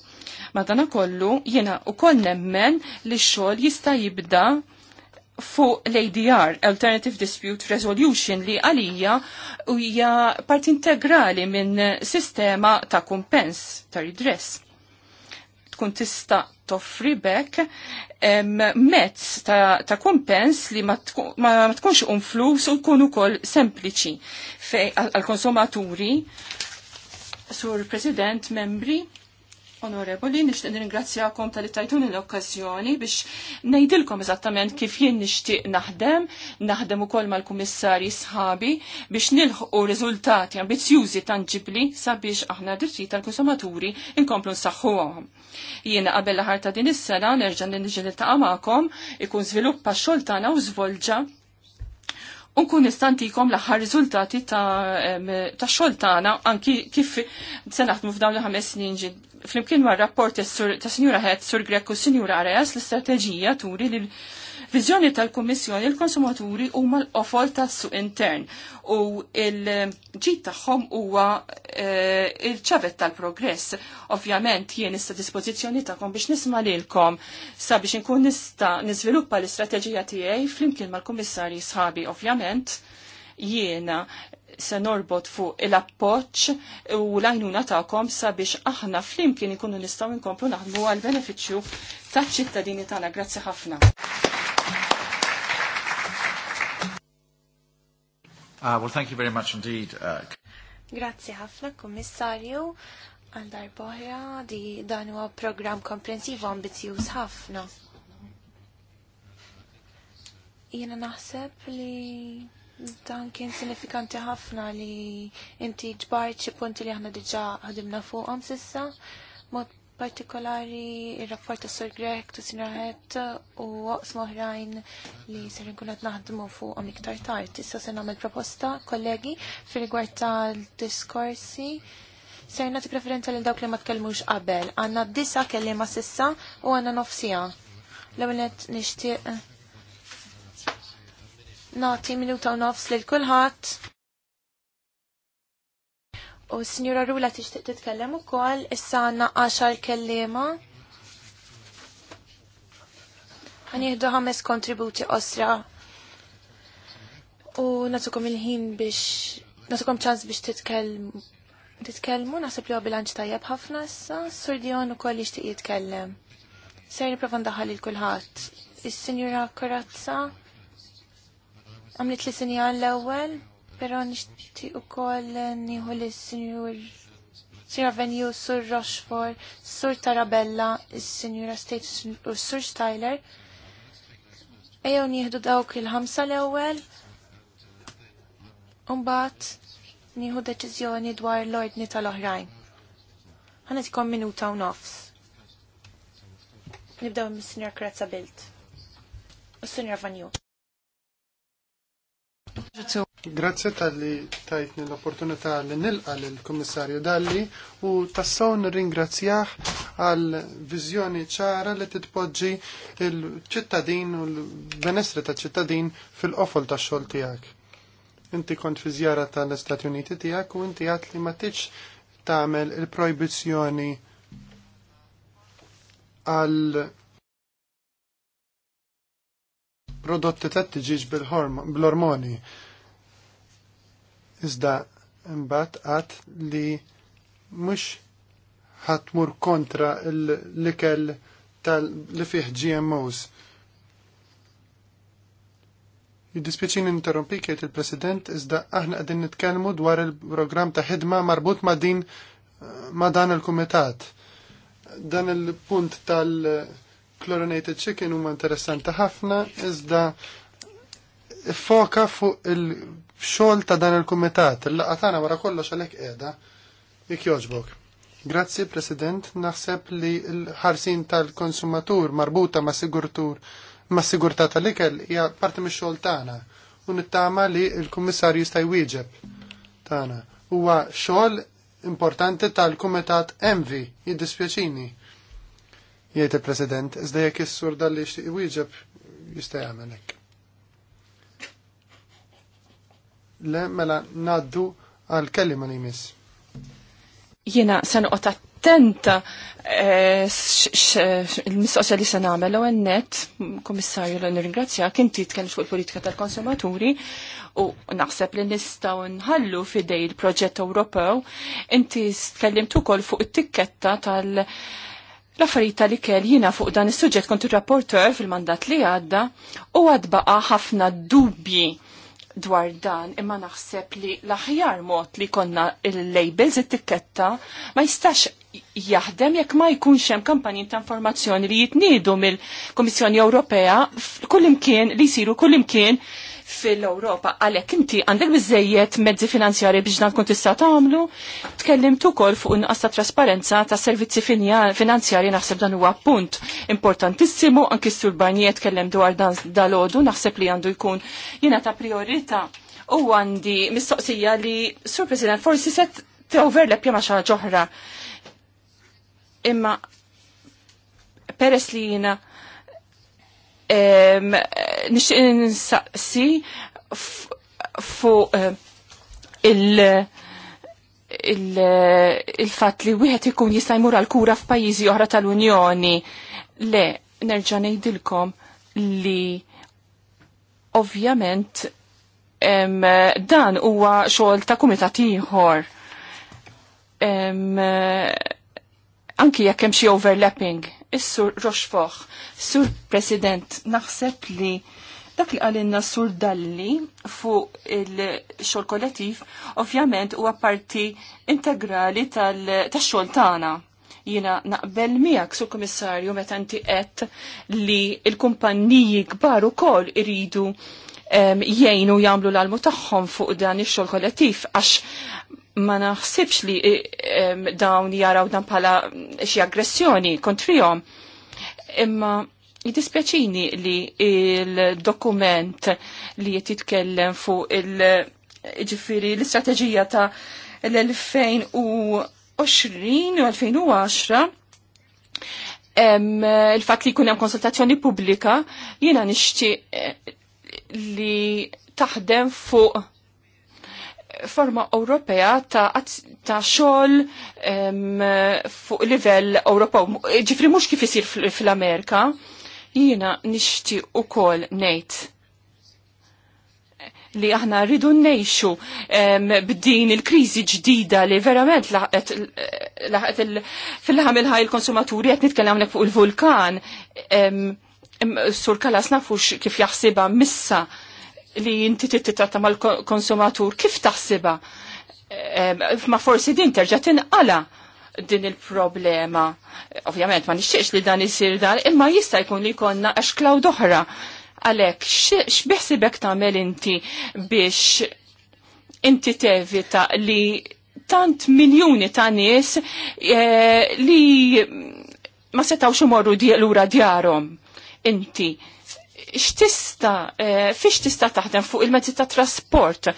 Madana kollu jiena ukoll nemmen li x-xogħol jista' jibda fuq l-ADR, Alternative Dispute Resolution, li għalija u hija part integrali minn sistema ta' kumpens, ta' redress. Tkun tista' toffri bekk mezz ta', ta kumpens li ma, tkunx flus u jkun ukoll sempliċi għal-konsumaturi, Sur President, membri, Onorevoli, nishtiq nirringrazzjakom tal tajtun tajtuni l-okkazjoni biex nejdilkom eżattament kif jien nishtiq naħdem, naħdem ukoll mal-kummissari sħabi biex nilħu riżultati ambizjużi tanġibli sabiex aħna dritti tal-konsumaturi inkomplu nsaħħuhom. Jien qabel l-ħar din is-sena nerġa' niġi niltaqa' ikun żviluppa xogħol tagħna u żvolġa unkun nistantikom l-aħħar riżultati ta', ta tagħna, anki kif se naħdmu f'dawn l-ħames snin ġid. Flimkien ma' rapport ta' Sinjura Het, Sur Grek u Sinjura Areas l-istrateġija turi li Viżjoni tal-Kummissjoni il-konsumaturi huma l-qofol tas-suq intern u l ġid tagħhom huwa eh, il-ċavet tal-progress. Ovvjament jien nista' dispożizzjoni tagħkom biex nisma' lilkom sabiex inkun nista' niżviluppa l-istrateġija tiegħi flimkien mal-kummissarji sħabi ovvjament jiena se norbot fuq il-appoċ u l-għajnuna ta'kom sabiex aħna flimkien ikunu nistaw inkomplu naħdmu għal-beneficju taċ ċittadini tagħna. Grazzi ħafna. Uh, well, thank you very much indeed. Uh... Grazie ħafna, Kommissarju, għal darbohra di dan huwa programm komprensiv ambizjuż ħafna. Jiena naħseb li dan kien sinifikanti ħafna li inti ġbarċi punti li aħna diġa ħadimna fuqom sissa mod partikolari il-rapport ta' Sir Grek ta' Sinraħet u waqs moħrajn li ser nkunet naħdmu fuq iktar tard. Issa se nagħmel proposta, kollegi, fil-rigward tal-diskorsi. Ser nagħti preferenza lil dawk li ma tkellmux qabel. Għandna disa kelliema sissa u għandna nofsija. L-ewwel qed nixtieq nagħti minuta u nofs lil kulħadd. U s-Sinjura Rula tixtieq titkellem ukoll issa għandna kellima. kelliema. jihdu ħames kontributi osra. U natukom il-ħin biex natukom ċans biex titkellmu. Titkellmu naħseb li huwa bilanċ tajjeb ħafna issa, Sur Dion ukoll jixtieq jitkellem. Ser profan daħal il kulħadd. Is-Sinjura Korazza Għamlit li sinjal l-ewwel Pero nishti u koll niħu li s-senjur Sira Venju, Sur Rochefort, Sur Tarabella, s-senjura States u s Sur Styler. Ejo nieħdu dawk il-ħamsa l-ewel. un-bat nieħu deċizjoni dwar l-ordni tal-oħrajn. Ħanetkom minuta u nofs. Nibdaw mis-senjur Kretza Bilt. U s-senjur Venju. Grazie tal-li tajtni l-opportunità li nilqa l-Kommissarju Dalli u tassaw nirringrazzjah għal vizjoni ċara li titpoġġi l-ċittadin u l-benessri ta' ċittadin fil-qofol ta' xogħol tiegħek. Inti kont fi żjara tal estati Uniti tiegħek u inti għat li ma tagħmel il projbizjoni għal prodotti tat-tiġiġ bil-ormoni. Iżda mbagħad qatt li mhux ħatmur kontra l-ikel li fih GMOs. Jiddispjaċin interrompi kiet il-President iżda aħna qegħdin nitkellmu dwar il-programm ta' ħidma marbut ma' din ma' dan il-Kumitat. Dan il-punt tal- chlorinated chicken huma interessanti ħafna iżda foka fuq il-xogħol ta' dan il-kumitat. Il-laqgħa tagħna wara kollox għalhekk qiegħda jekk jogħġbok. Grazzi President, naħseb li l-ħarsin tal-konsumatur marbuta ma' sigurtur ma' sigurtà tal-ikel hija parti mix-xogħol tagħna u nittama li l kummissar jista' jwieġeb tagħna. Huwa xogħol importanti tal-Kumitat Envi, jiddispjaċini jiet il-President, iżda jekk is-sur dalli jixtieq iwieġeb jista' jagħmel hekk. Le mela ngħaddu għal kellima li jmiss. Jiena se noqgħod attenta eh, il-mistoqsija li se nagħmel u għennet, komissarju l nirringrazzja, inti tkellem fuq il-politika tal-konsumaturi u naħseb li nistgħu nħallu fidej il-proġett Ewropew, inti tkellimt ukoll fuq it-tikketta tal- L-affarijiet li kell jina fuq dan is-suġġett kont ir-rapporter fil-mandat li għadda u għad baqa ħafna dubji dwar dan imma naħseb li l-aħjar mod li konna il-labels it-tikketta ma jistax jaħdem jekk ma jkunx hemm kampanji ta' informazzjoni li jitniedu mill-Kummissjoni Ewropea kullimkien li jsiru kullimkien fil-Europa. Għalek inti għandek bizzejiet mezzi finanzjari biex dan kont tista' tagħmlu, tkellimt ukoll fuq inqas ta' trasparenza ta' servizzi finanzjari naħseb dan huwa punt importantissimu anki s-Surbanijiet tkellem dwar dan dalodu naħseb li għandu jkun jiena ta' priorità. U għandi mistoqsija li, Sur President, forsi set t-overlap jema xaġa ġoħra. Imma peress li jina nix insaqsi fuq eh, il- il-fat li wieħed ikun jista' jmur għal kura f'pajjiżi oħra tal-Unjoni. Le, nerġa' ngħidilkom li ovvjament dan huwa xogħol ta' kumitat ieħor. Anki jekk hemm xi overlapping Is-Sur Rochefort, Sur President, naħseb li dak li għalinna Sur Dalli fuq il-xol kollettiv, ovvjament huwa parti integrali tal-xol tagħna jina naqbel miegħek sur komissarju meta inti qed li l-kumpanniji kbar ukoll iridu jgħinu jagħmlu l-almu tagħhom fuq dan ix-xogħol kollettiv għax ma naħsibx li um, dawn jaraw dan pala eh, xi aggressjoni kontrihom. Imma jitispjaċini li il-dokument li jett jitkellem fuq il-ġifiri l-istrateġija ta' l-2020 u 2010 il-fat li kunem konsultazzjoni pubblika jiena nishti eh, li taħdem fuq forma Ewropea ta', ta xogħol fuq livell Ewropew. Ġifri mhux kif isir fl-Amerika, jiena nixtieq ukoll ngħid li aħna rridu nnejxu b'din il-krizi ġdida li verament laħet fil il ħaj il-konsumaturi għet nitkellem fuq il-vulkan. Sur kalas nafux kif jaħsiba missa li inti titratta mal-konsumatur, kif taħsiba? Ma forsi din terġa' tinqala din il-problema. Ovvjament ma nixtieqx li dan isir dan, imma jista' jkun li konna klaw doħra. Għalek, x'beħsibek tagħmel inti biex inti tevita li tant miljuni ta' nies eh, li ma setawx imorru lura djarhom. Inti x'tista eh, fiex tista' taħdem fuq il-mezzi ta' trasport.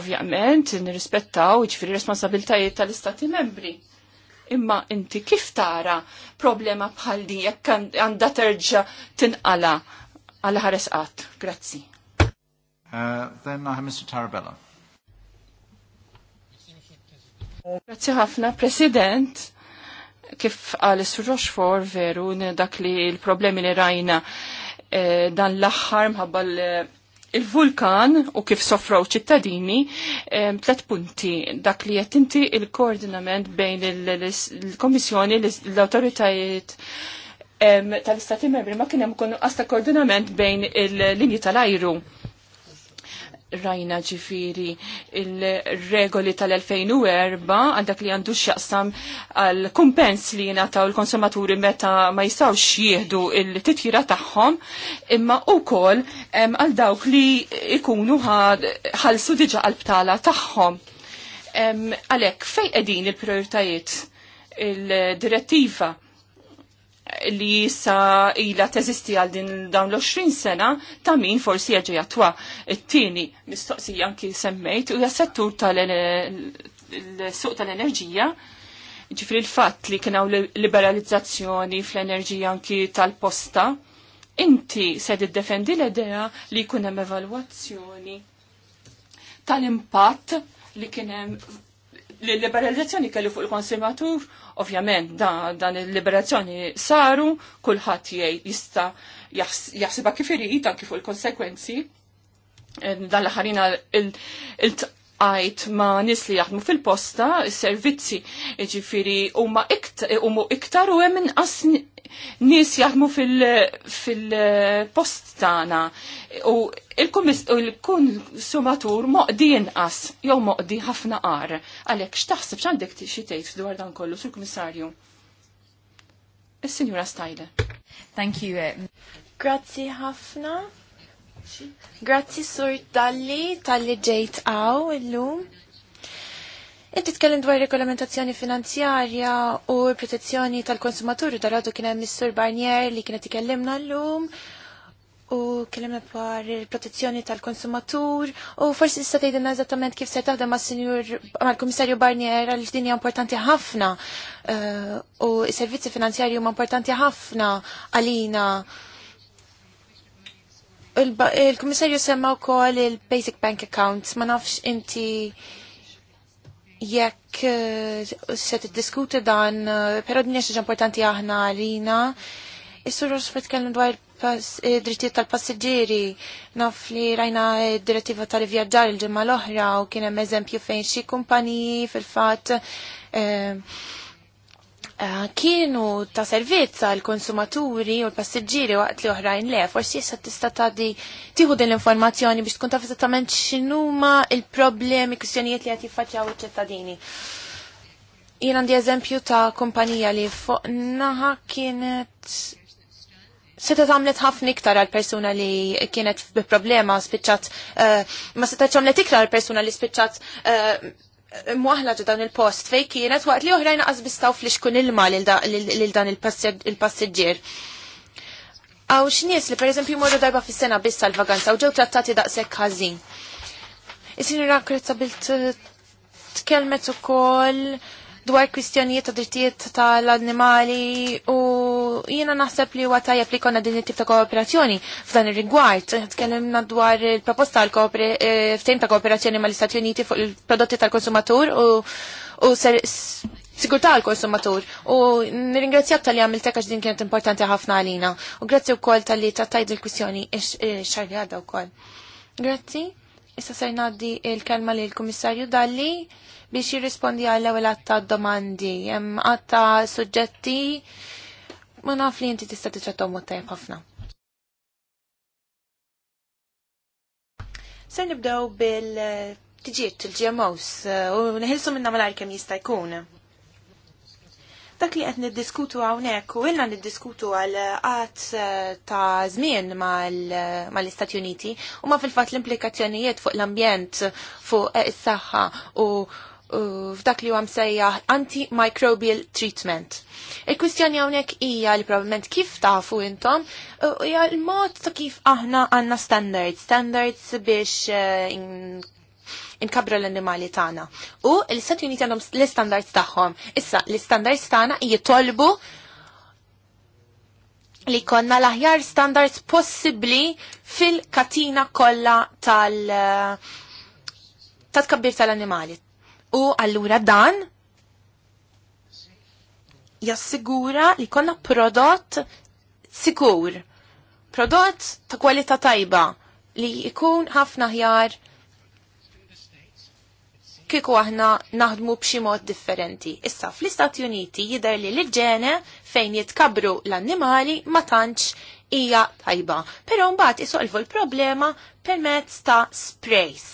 Ovvjament nirrispettaw ġifieri responsabiltajiet tal-Istati membri. Imma inti kif tara problema bħal din jekk għandha terġa' tinqala għal ħares qatt. Grazzi. Uh, then I have Mr. Tarabella. Grazzi ħafna, President kif għal Rochefort veru dak li l-problemi li rajna Eh, dan l-aħħar mħabba il-vulkan u kif sofraw ċittadini, eh, tlet punti dak li qed inti il-koordinament bejn il-Komissjoni l-awtoritajiet tal-Istati Membri ma kien hemm kun koordinament bejn il-linji tal-ajru rajna ġifiri il-regoli tal-2004 għandak li għandu xaqsam għal-kumpens li jenataw il-konsumaturi meta ma jistawx jieħdu il-titjira tagħhom imma u kol għal dawk li ikunu ħalsu diġa għal-btala tagħhom. Għalek, fej edin il-prioritajiet il-direttiva il prioritajiet il direttiva il direttiva li sa ila teżisti għal din dawn l-20 sena ta' min forsi jaġi għatwa. It-tieni mistoqsija janki semmejt u jassettur tal-suq tal-enerġija ġifri l-fatt li kienaw liberalizzazzjoni fl-enerġija anki tal-posta. Inti se tiddefendi l-idea li kunem evalwazzjoni tal-impatt li kienem l-liberalizzazzjoni kellu fuq il-konsumatur, ovvjament dan il-liberazzjoni saru, kulħadd jgħid jista' jaħsibha kif irid anki fuq il-konsekwenzi. Eh, dan l-ħarina il għajt ma' nis li jaħdmu fil-posta, servizzi ġifiri huma iktar u hemm inqas nis jaħdmu fil-post fil tagħna u il-konsumatur moqdi inqas jew moqdi ħafna qar. Għalhekk x'taħseb x'għandek xi tgħid dwar dan kollu sur kummissarju? Is-Sinjura Stajle. Thank you. Eh. Grazzi ħafna. Grazzi sur Dalli, Dalli ġejt għaw illum. Inti tkellem dwar regolamentazzjoni finanzjarja u protezzjoni tal-konsumaturi tal-għadu kienem Mr. Barnier li kienet ikellimna l-lum u kellimna dwar il-protezzjoni tal-konsumatur u forsi issa tgħidilna eżattament kif se taħdem mas-Sinjur mal-Kummissarju Barnier għal din hija importanti ħafna eh, u s-servizzi finanzjarji huma importanti ħafna għalina il-komissarju semma wkoll il-basic bank accounts, ma nafx inti jekk eh, se tiddiskuti dan, eh, però din xi importanti aħna għalina. Is-sur fit kellu dwar drittijiet tal-passiġġieri, naf li rajna d-direttiva tal-vjaġġar il-ġimgħa l-oħra u kien hemm eżempju fejn xi kumpaniji fil-fatt eh, Eh, kienu ta' servizza l konsumaturi u l-passiġġieri waqt li oħrajn le, forsi issa tista' tagħdi tieħu din l-informazzjoni biex tkun taf esattament x'inhuma il-problemi, kwistjonijiet li qed jiffaċċjaw iċ-ċittadini. Jien għandi eżempju ta' kumpanija li fuq naħa kienet seta tamlet ħafna iktar għal persuna li kienet bi problema spiċċat eh, ma seta ċamlet iktar għal persuna li spiċċat eh, muħla ġu dan il-post fej kienet waqt li oħrajn għazbistaw fl-iskun il-ma lil dan il-passiġġier. Għaw x'nies li eżempju morru darba fis-sena biss tal-vaganza u ġew trattati daqshekk ħażin. Is-sinjura Krezza bil tkellmet ukoll dwar kwistjonijiet ta' drittijiet tal-annimali u jiena naħseb li huwa tajjeb li konna din it-tip ta' kooperazzjoni f'dan ir-rigward. Tkellimna dwar il-proposta tal-ftehim eh, ta' kooperazzjoni mal-Istati Uniti fuq il-prodotti tal-konsumatur u, u ser sigurta għal konsumatur u nirringrazzjak tal-li għamil tekax din kienet importanti ħafna għalina u grazzi u kol tal-li tattajt il-kwissjoni eh, xarri għadda u kol. Grazzi, issa sajnaddi il-kelma li l-komissarju dalli biex jirrispondi għall ewwel għatta domandi. Hemm għatta suġġetti ma naf li inti tista' tiċċattom tajjeb ħafna. Sen nibdew bil-tiġiet il-GMOs u neħilsu minna malar kem jista' jkun. Dak li qed niddiskutu hawnhekk u ilna niddiskutu għal qatt eh, ta' żmien eh, mal-Istati Uniti u ma fil-fatt l-implikazzjonijiet fuq l-ambjent, fuq eh, is-saħħa u f'dak li huwa sejja antimicrobial treatment. Il-kwistjoni hawnhekk hija li probabbilment kif tafu intom ija l-mod ta' kif aħna għandna standards, standards biex eh, inkabru l-animali tagħna. U l-Istati Uniti għandhom l-istandards tagħhom. Issa l-istandards tagħna jitolbu li konna l-aħjar standards possibli fil-katina kollha tal- eh, tkabbir tal-animali U allura dan jassigura li konna prodott sikur, prodott ta' kwalità tajba li jkun ħafna ħjar kieku aħna naħdmu b'xi mod differenti. Issa fl-Istati Uniti jidher li l-ġene fejn jitkabru l-annimali ma tantx hija tajba. Però mbagħad isolvu l-problema permezz ta' sprays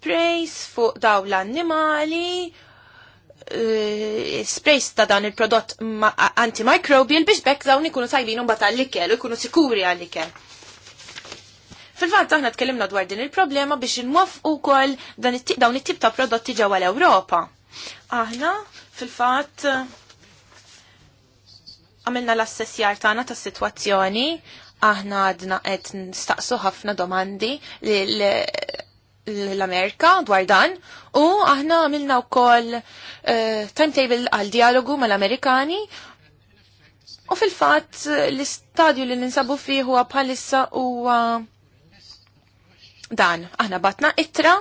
sprays fuq daw l-annimali, uh, sprays ta' dan il-prodott antimicrobial biex bekk dawn ikunu tajbinu bata għall-ikel, ikunu sikuri għall-ikel. Fil-fatt aħna tkellimna dwar din il-problema biex nwaffqu kol dawn it-tip ta' prodotti ġewwa l-Ewropa. Aħna fil-fatt għamilna l-assessjar tagħna tas-sitwazzjoni, aħna għadna qed nistaqsu ħafna domandi li l-Amerika dwar dan u aħna għamilna wkoll uh, timetable għal dialogu mal-Amerikani u fil-fatt l-istadju li ninsabu fih huwa bħalissa huwa dan. Aħna batna itra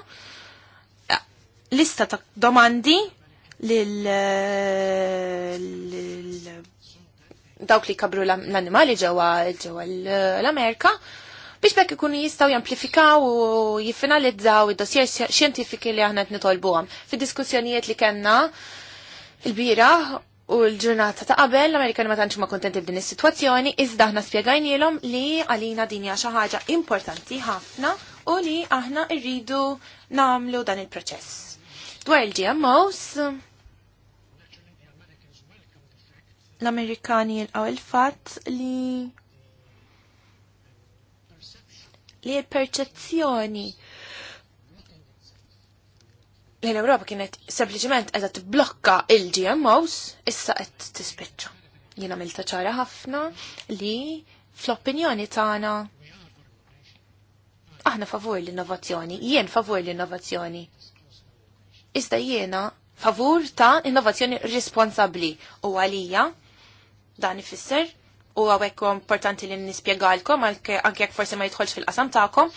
lista ta' domandi lil, lil dawk li kabru l-animali ġewwa l-Amerika biex bekk ikunu jistaw jamplifikaw u jiffinalizzaw id-dossier xjentifiki li aħna nitolbuhom. Fid-diskussjonijiet li kellna il-bira u l-ġurnata ta' qabel l-Amerikani ma tantx ma kontenti b'din is-sitwazzjoni, iżda aħna spjegajnielhom li għalina din hija xi ħaġa importanti ħafna u li aħna rridu nagħmlu dan il-proċess. Dwar il-GMOs, l-Amerikani l-għaw il-fat li li l-perċezzjoni li l-Europa kienet sempliciment għedha t-blokka il-GMOs, issa qed tispiċċa. Jina milta ċara ħafna li fl-opinjoni tagħna aħna favur l-innovazzjoni, jien favur l-innovazzjoni. Iżda jiena favur ta' innovazzjoni responsabli u għalija dan ifisser u għawek importanti li nispiegalkom anke jekk forsi ma jidħolx fil-qasam tagħkom.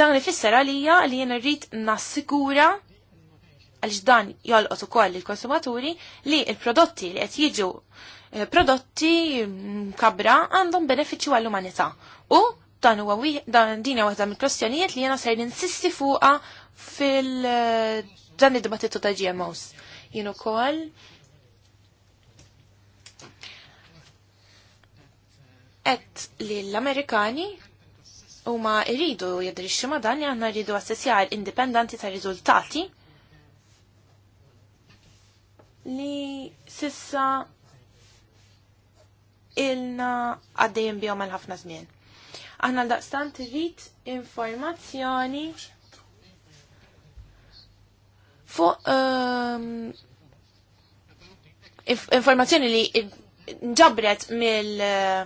Dan ifisser għalija li jien rrid nassigura għaliex dan jolqot ukoll il-konsumaturi li il-prodotti li qed jiġu eh, prodotti mm, kabra għandhom benefiċċju għall-umanità. U dan għawi, dan din waħda mill kostjonijiet li jiena ser ninsisti fuqha fil eh, dan id-dibattitu ta' GMOs. Jien ukoll et li l-Amerikani u ma iridu jadrixxu ma dan li għanna rridu assessjar indipendenti ta' rizultati li sissa ilna għaddejn bjom għal ħafna żmien. Aħna l-daqstant rrit informazzjoni fuq um, informazzjoni li ġabret mill uh,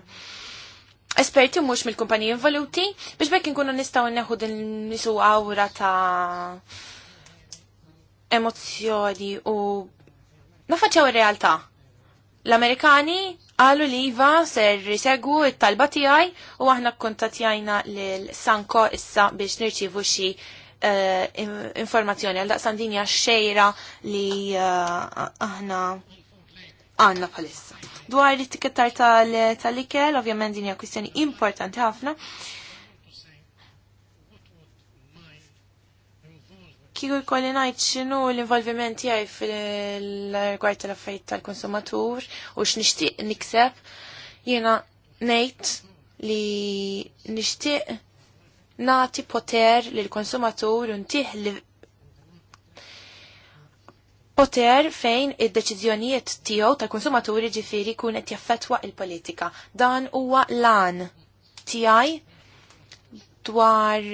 esperti mhux mill-kumpaniji involuti biex bekk inkunu nistgħu neħu din nisu awra ta' emozzjoni u nafaċċew ir-realtà. L-Amerikani qalu li iva ser risegu it-talba tiegħi u aħna kkuntattjajna lil Sanko issa biex nirċivu xi uh, informazzjoni għal daqsan dinja xejra li uh, aħna għanna palissa. Dwar l-tikettar tal-ikel, ovvjament din hija kwistjoni importanti ħafna. Kiku jkolli ngħid x'inhu l-involviment tiegħi fil-rigward tal-affarijiet tal-konsumatur u x'nixtieq nikseb jiena ngħid li nixtieq nagħti poter lill konsumatur u li poter fejn id-deċiżjonijiet tiegħu tal-konsumaturi ġifieri kun qed jaffettwa il-politika. Dan huwa lan tiegħi dwar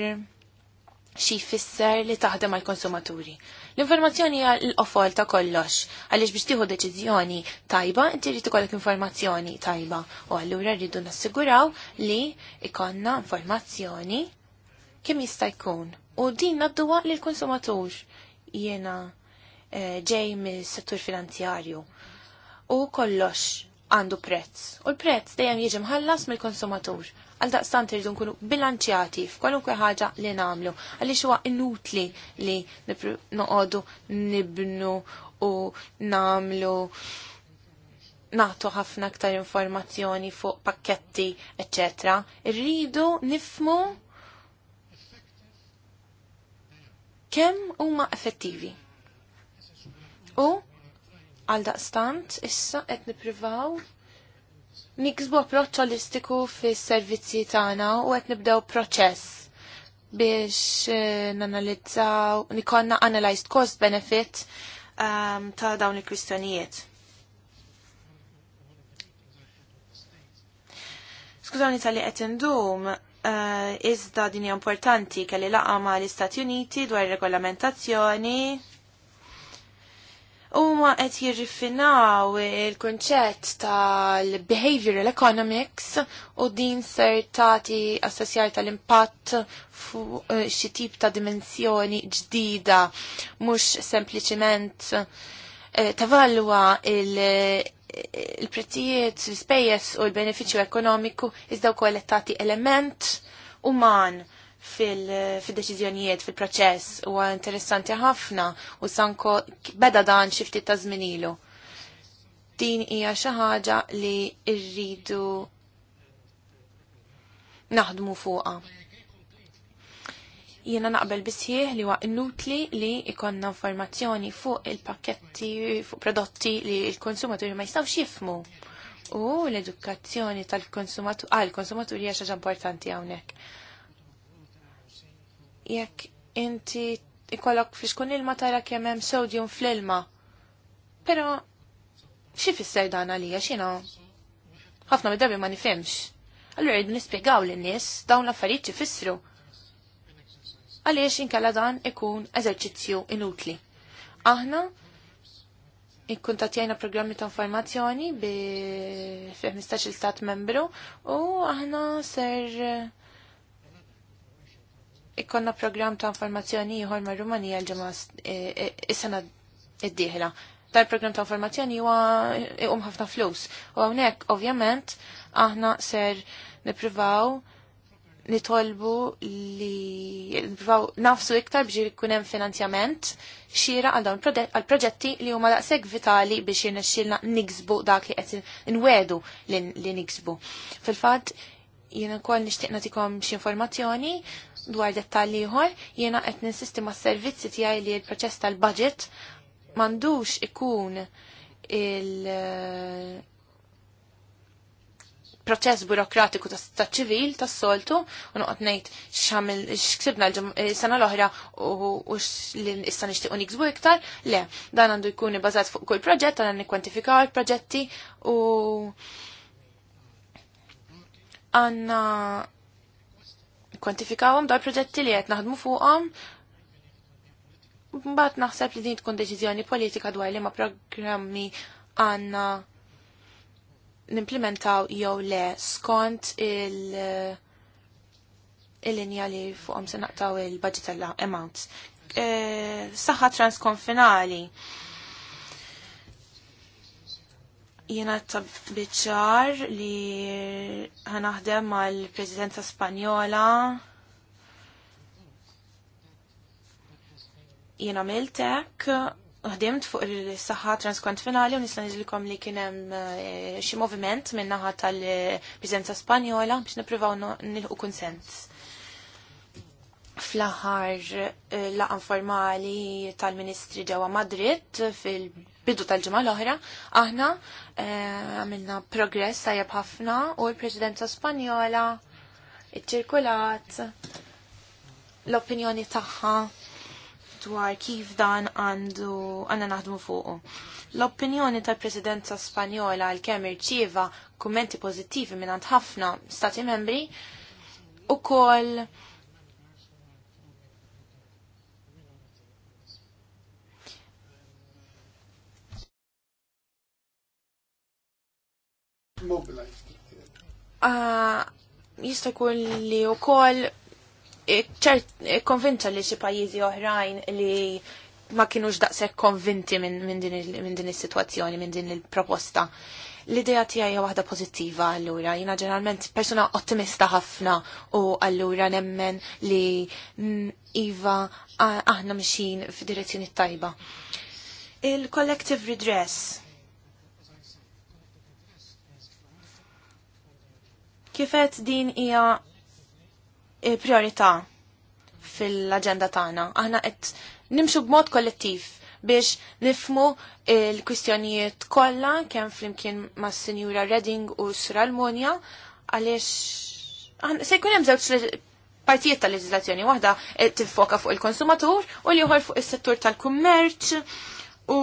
xi jfisser li taħdem għal konsumaturi L-informazzjoni hija l-qofol ta' kollox, għaliex biex tieħu deċiżjoni tajba, inti trid ikollok informazzjoni tajba, u allura rridu nassiguraw li ikonna informazzjoni kemm jista' jkun. U din nadduwa lill-konsumatur. Jiena Eh, ġej mis-settur finanzjarju u kollox għandu prezz. U l-prezz dejjem jiġi mħallas mill-konsumatur. Għal daqstant irridu nkunu bilanċjati f'kwalunkwe ħaġa li nagħmlu għaliex huwa inutli li noqogħdu nibnu u nagħmlu nagħtu ħafna aktar informazzjoni fuq pakketti, eċċetera. Irridu nifmu kemm huma effettivi. U għal daqstant issa qed nippruvaw niksbu approċċ olistiku fis-servizzi tagħna u qed nibdew proċess biex eh, nanalizzaw, nikonna analyzed cost benefit um, ta' dawn il-kwistjonijiet. Skużani tal-li qed indum, uh, iżda din importanti kelli laqa ma' l-Istati Uniti dwar regolamentazzjoni huma qed jirrifinaw il-konċett tal-behavioral economics u din ser tagħti assessjar tal-impatt fuq eh, xi tip ta' dimensjoni ġdida mhux sempliċiment eh, tavalwa eh, il-prezzijiet, l-ispejjeż u l-benefiċċju ekonomiku iżda wkoll qed tagħti element uman fil-deċizjonijiet, fil-proċess u interessanti ħafna u sanko beda dan xifti ta' zminilu. Din hija xi ħaġa li rridu naħdmu fuqha. Jiena naqbel bisħieħ li huwa inutli li ikonna informazzjoni fuq il-pakketti, fuq prodotti li l-konsumaturi ma jistgħux jifmu. U l-edukazzjoni tal-konsumaturi għal-konsumaturi hija xi ħaġa importanti hawnhekk jekk inti ikollok fl-xkun ilma tara kemm hemm sodium fl-ilma. Però xi fisser dan għalija x'inhu? Ħafna mid-drabi ma nifhimx. Allura jridu nispjegaw lin-nies dawn l-affarijiet x'ifissru. Għaliex inkella dan ikun eżerċizzju inutli. Aħna ikkuntatjajna programmi ta' informazzjoni bi 15 stat membru u aħna ser ikkonna program ta' informazzjoni jħor ma' Rumanija l ġemma e- e- is-sena id-dieħla. Dal-program ta' informazzjoni huwa iqum ħafna flus. U hawnhekk ovvjament aħna ser nipruvaw nitolbu li nafsu iktar biex ikun hemm finanzjament xira għal dawn proġetti li huma daqshekk vitali biex jirnexxilna niksbu dak li qed inwedu li niksbu. Fil-fatt jiena wkoll nixtieq nagħtikom xi informazzjoni dwar dettalli ieħor, jiena qed ninsisti mas-servizzi tiegħi li l-proċess tal-budget m'għandux ikun il- eh, proċess burokratiku ta' ċivil ta' soltu u noqgħod ngħid x'għamil x'ksibna l-sena eh, l-oħra u issa nixtiequ niksbu iktar, le, dan għandu jkun ibbażat fuq kull proġett għandna nikkwantifikaw il-proġetti u għandna kwantifikawhom dal proġetti li qed naħdmu fuqhom. Mbagħad naħseb li din tkun deċiżjoni politika dwar li ma programmi għandna nimplementaw jew le skont il- il-linja li fuqhom se naqtaw il-budget tal-amounts. E, eh, Saħħa transkonfinali Jena biċar li ħanaħdem mal presidenza Spanjola. Jena miltek, ħdimt fuq il-saħħa transkonfinali u nista' niżilkom li kien hemm eh, xi moviment minn naħa tal-Preżenza Spanjola biex nippruvaw nilħu kunsens. Fl-aħħar eh, laqa formali tal-Ministri ġewwa Madrid fil bidu tal-ġimgħa l-oħra, aħna eh, għamilna progress tajjeb ħafna u l-Presidenza Spanjola iċ-ċirkulat l-opinjoni tagħha dwar kif dan għandu għanna naħdmu fuqu. L-opinjoni tal-Presidenza Spanjola għal-kemm irċieva kummenti pożittivi minn ħafna stati membri u koll Ah, jista' jkun li wkoll eh, eh, konvinċa li xi pajjiżi oħrajn li ma kienux daqshekk konvinti minn din is-sitwazzjoni, minn din il-proposta. L-idea tiegħi hija waħda pożittiva allura. Jiena ġeneralment persuna ottimista ħafna u allura nemmen li mm, iva aħna mixin f'direzzjoni tajba. Il-collective redress Kifet din hija eh, priorità fil-agenda tagħna. Aħna qed nimxu b'mod kollettiv biex nifmu il-kwistjonijiet kollha kemm flimkien mas sinjura Redding u s-Sur Almonja għaliex se jkun hemm żewġ partijiet tal leġislazzjoni waħda tiffoka fuq il-konsumatur u li fuq is-settur tal-kummerċ u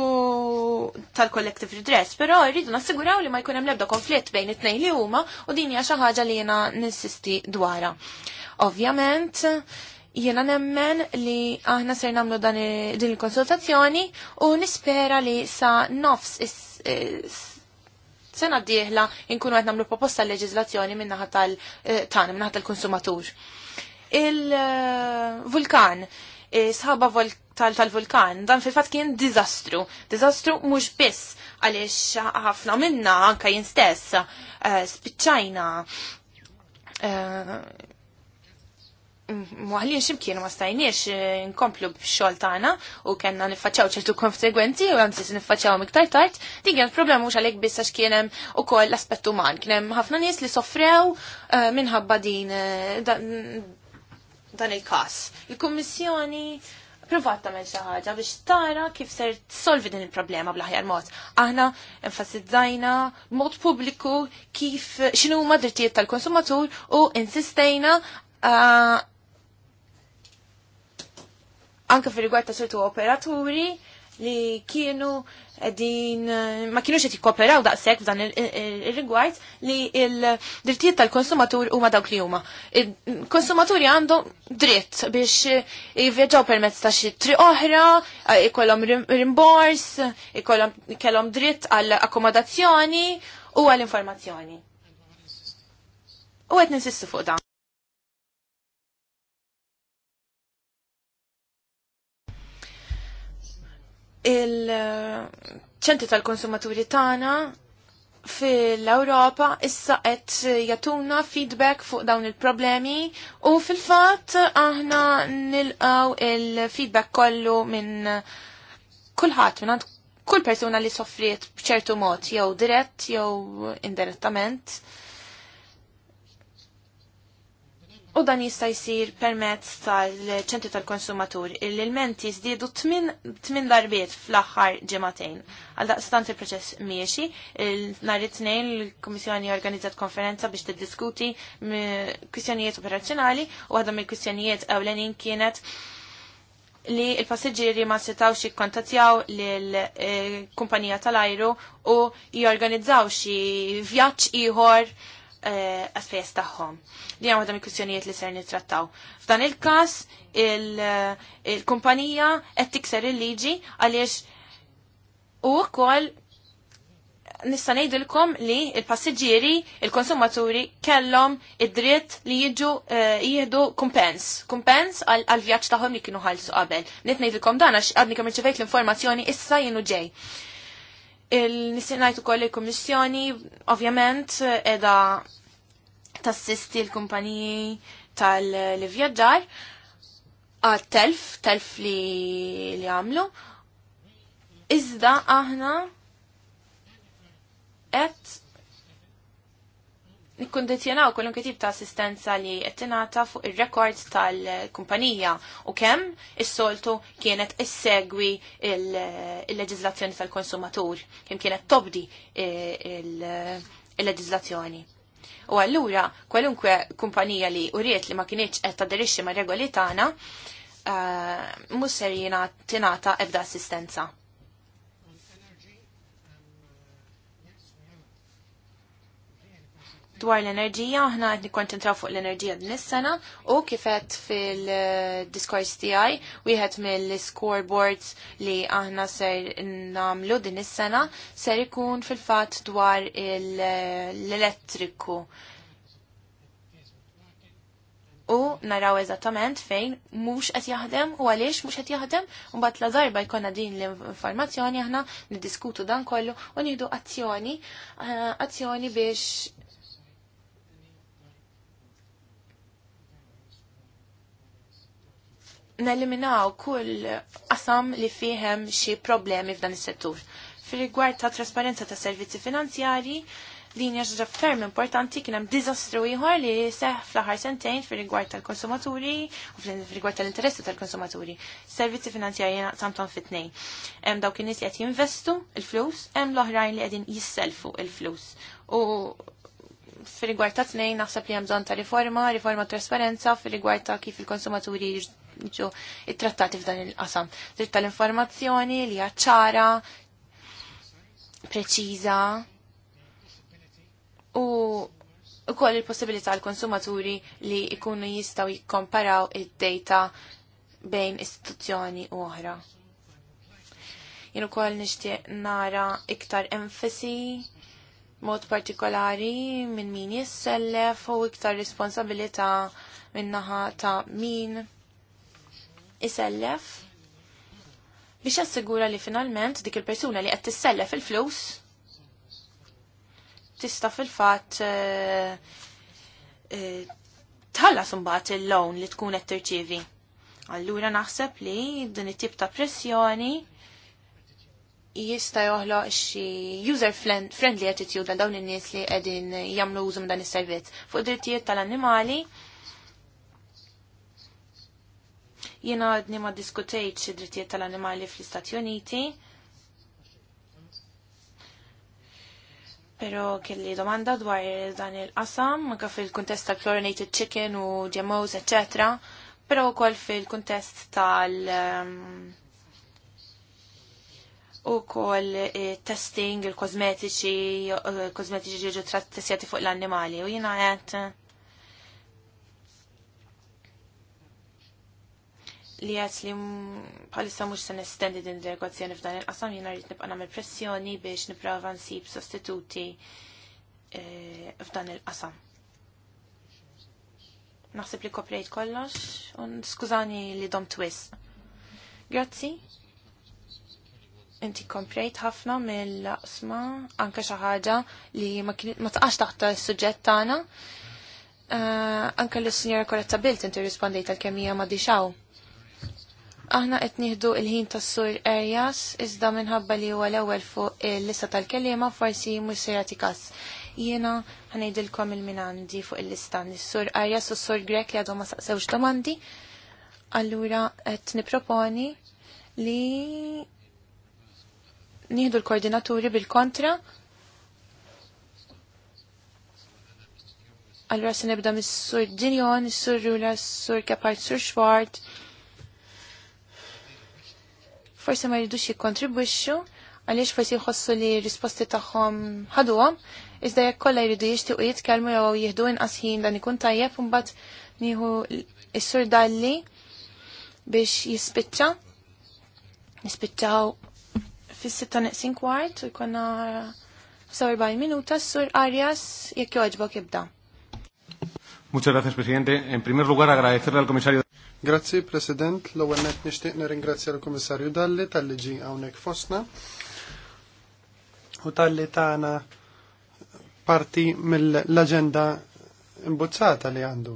tal-collective redress, però rridu nassiguraw li ma jkun hemm konflitt bejn it-tnejn li huma u din hija xi ħaġa li jiena ninsisti dwarha. Ovvjament, jiena nemmen li aħna ser nagħmlu dan din il-konsultazzjoni u nispera li sa nofs sena d-dieħla inkunu għet namlu proposta l-leġizlazzjoni minnaħa tal-tan, eh, minnaħa tal-konsumatur. Il-vulkan, eh, E, sħaba tal-vulkan. Dan fil-fat kien dizastru. Dizastru mux biss għalix ħafna minna anka jien stess e, spiċċajna e, Muħallin ximkien ma stajniex nkomplu b'xol tagħna u kellna niffaċċaw ċertu konsegwenzi u għamsi niffaċċaw miktar tard, din kienet problema mhux għalhekk biss għax kien hemm ukoll l-aspett uman. Kien hemm ħafna nies li sofrew minħabba din dan il-kas. Il-Kummissjoni provat tagħmel xi ħaġa biex tara kif ser tsolvi din il-problema bl-aħjar mod. Aħna enfasizzajna mod pubbliku kif x'inhu huma drittijiet tal-konsumatur u insistejna uh, anke fir rigward ta' certu operaturi li kienu din ma kienux qed jikkoperaw daqshekk f'dan il rigward li il drittijiet tal-konsumatur huma dawk li huma. Il-konsumaturi għandu dritt biex jivvjaġġaw permezz ta' xi tri oħra, ikollhom rimbors, ikollhom kellhom dritt għall akkomodazzjoni u għall informazzjoni. U qed ninsisti fuq dan. il-ċentri tal-konsumaturi tagħna fil-Europa issa qed jatuna feedback fuq dawn il-problemi u fil-fatt aħna nilqaw il-feedback kollu minn kulħadd minn kull persuna li soffriet b'ċertu mod jew dirett jew indirettament. u dan jista' jsir permezz tal-ċentri tal-konsumatur. Il-menti żdiedu tmin darbiet fl-aħħar ġematejn. Għal daqstant il-proċess miexi, nhar it-tnejn il-Kummissjoni organizzat konferenza biex tiddiskuti kwistjonijiet operazzjonali u għadha mill-kwistjonijiet ewlenin kienet li l passiġġieri ma setawx jikkontattjaw lill-kumpanija eh, tal-ajru u jorganizzaw xi vjaġġ ieħor għasfejs eh, taħħom. Din għu għadam il kussjonijiet li ser nitrattaw. F'dan il-kas, il-kumpanija qed tikser il-liġi għaliex u wkoll nista' ngħidilkom li il-passiġġieri, il-konsumaturi kellhom id-dritt li jiġu eh, jieħdu kumpens, kumpens għal vjaġġ tagħhom li kienu ħallsu qabel. Nitnejdilkom ngħidilkom dan għax għadni kemm l-informazzjoni issa jienu ġej. Il-nisinajtu koll il-Komissjoni, ovvjament, edha tassisti l-kumpaniji tal-vjaġġar għat-telf, telf li li għamlu. Iżda aħna et nikkondizjonaw kolunke tip ta' assistenza li qed fuq ir-rekord tal-kumpanija u kemm is-soltu kienet issegwi il-leġiżlazzjoni il tal-konsumatur, kemm kienet tobdi il leġizlazzjoni u allura kwalunkwe kumpanija li uriet li ma kienieċ qed ma' regoli tagħna uh, mhux ser ebda assistenza. dwar l-enerġija, aħna qed nikkonċentraw fuq l-enerġija din is-sena u kifet fil-diskors tiegħi wieħed mill-scoreboards li aħna ser nagħmlu din is-sena ser ikun fil-fatt dwar l-elettriku. U naraw eżattament fejn mhux qed jaħdem u għaliex mhux qed jaħdem u mbagħad la darba jkollna din l-informazzjoni aħna niddiskutu dan kollu u nieħdu azzjoni azzjoni biex neliminaw kull qasam li fihem xi problemi f'dan is-settur. Fir-rigward ta' trasparenza ta' servizzi finanzjari, din hija ferm importanti kien hemm diżastru ieħor li seħ fl-aħħar sentejn fir-rigward tal-konsumaturi u fir-rigward tal-interessi tal-konsumaturi. Servizzi finanzjari samtom fit-tnejn. Hemm dawk in-nies li qed jinvestu il-flus, hemm l-oħrajn li qegħdin jisselfu il-flus. U fil-rigward ta' tnejn naħseb li hemm bżonn ta' riforma, riforma trasparenza fil-rigward ta' kif il-konsumaturi ġo it-trattati f'dan il-qasam. Dritt tal-informazzjoni li ċara, preċiża u ukoll il-possibilità għal konsumaturi li ikunu jistaw jikkomparaw id-data bejn istituzzjoni u oħra. Jien ukoll nixtieq nara iktar enfasi mod partikolari minn min jissellef u iktar responsabilità min-naħa ta' min isellef biex assigura li finalment dik il-persuna li qed tissellef il-flus tista' fil-fatt eh, eh, tħallas imbagħad il lown li tkun qed tirċievi. Allura naħseb li din it-tip ta' pressjoni jista' joħloq xi user friendly attitude għal dawn in-nies li qegħdin jagħmlu użu dan is-servizz. Fuq id-drittijiet tal-annimali, Jiena għadni ma diskutejt id-drittijiet tal-animali fl-Istati Uniti. Pero kelli domanda dwar dan il-qasam, anka fil-kuntest tal-chlorinated chicken u GMOs, etc. Pero kol fil-kuntest tal- um, u kol eh, testing il-kozmetiċi, eh, kosmetiċi ġiġu trattessjati fuq l-annimali. U jina għet li għet li palissa mux se nestendi din delegazzjoni f'dan il-qasam jena rrit nibqa namel pressjoni biex niprafa nsib sostituti e, f'dan il-qasam. Naħseb li koprejt kollox, un skużani li dom twis. Grazzi. Inti komprejt ħafna mill-qasma, anka xaħġa li ma taqax taħt il-sujġett tagħna. E, anka l-Sinjora korretta Bilt inti rispondejt għal-kemija ma dixaw Aħna qed nieħdu il-ħin tas-sur Arias iżda minħabba li huwa l-ewwel fuq il-lista tal-kelliema forsi mhux se jagħti każ. Jiena ħnejdilkom il-min għandi fuq il-lista nis-sur Arias u s-sur Grek li għadhom ma saqsewx domandi. Allura qed niproponi li nieħdu l-koordinaturi bil-kontra. Allura se nibda mis-sur Dinjon, is-sur Rula, s-sur Kepard, s-sur Schwartz, forse ma jridux jikkontribwixxu għaliex forsi jħossu li risposti tagħhom ħaduhom, iżda jekk kollha jridu jixtiequ jitkellmu jew jieħdu inqas ħin dan ikun tajjeb u mbagħad nieħu s-sur dalli biex jispiċċa. Nispiċċaw fis-sitta neqsin kwart u jkollna 45 minuta sur Arias jekk joġbok jibda. Muchas gracias, presidente. En primer lugar, agradecerle al comisario. Grazzi, President. L-ewwel net nixtieq nirringrazzja l-Kummissarju Dalli tal-li ġi hawnhekk fostna u tal-li tagħna parti mill-aġenda imbuzzata li għandu.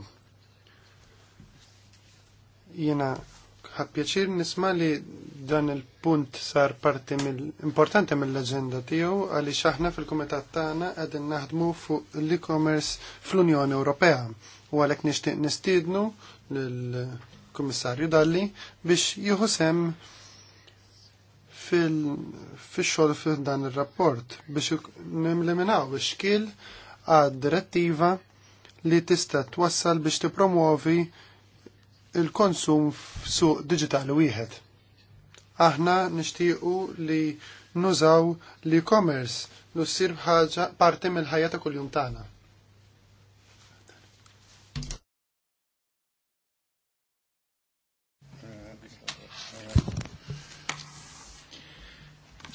Jiena ħad pjaċir nisma li dan il-punt sar parti importanti mill-aġenda tiegħu għaliex aħna fil-kumitat tagħna qegħdin naħdmu fuq l-e-commerce fl-Unjoni Ewropea u għalhekk nixtieq nistiednu lil Kummissarju Dalli biex jieħu sem fil-xogħol fil dan ir-rapport biex nimliminaw biex xkil għad direttiva li tista' twassal biex tippromuovi il-konsum f'suq digitali wieħed. Aħna nixtiequ li nużaw li commerce lu ssir parti mill-ħajja ta' kuljum tagħna.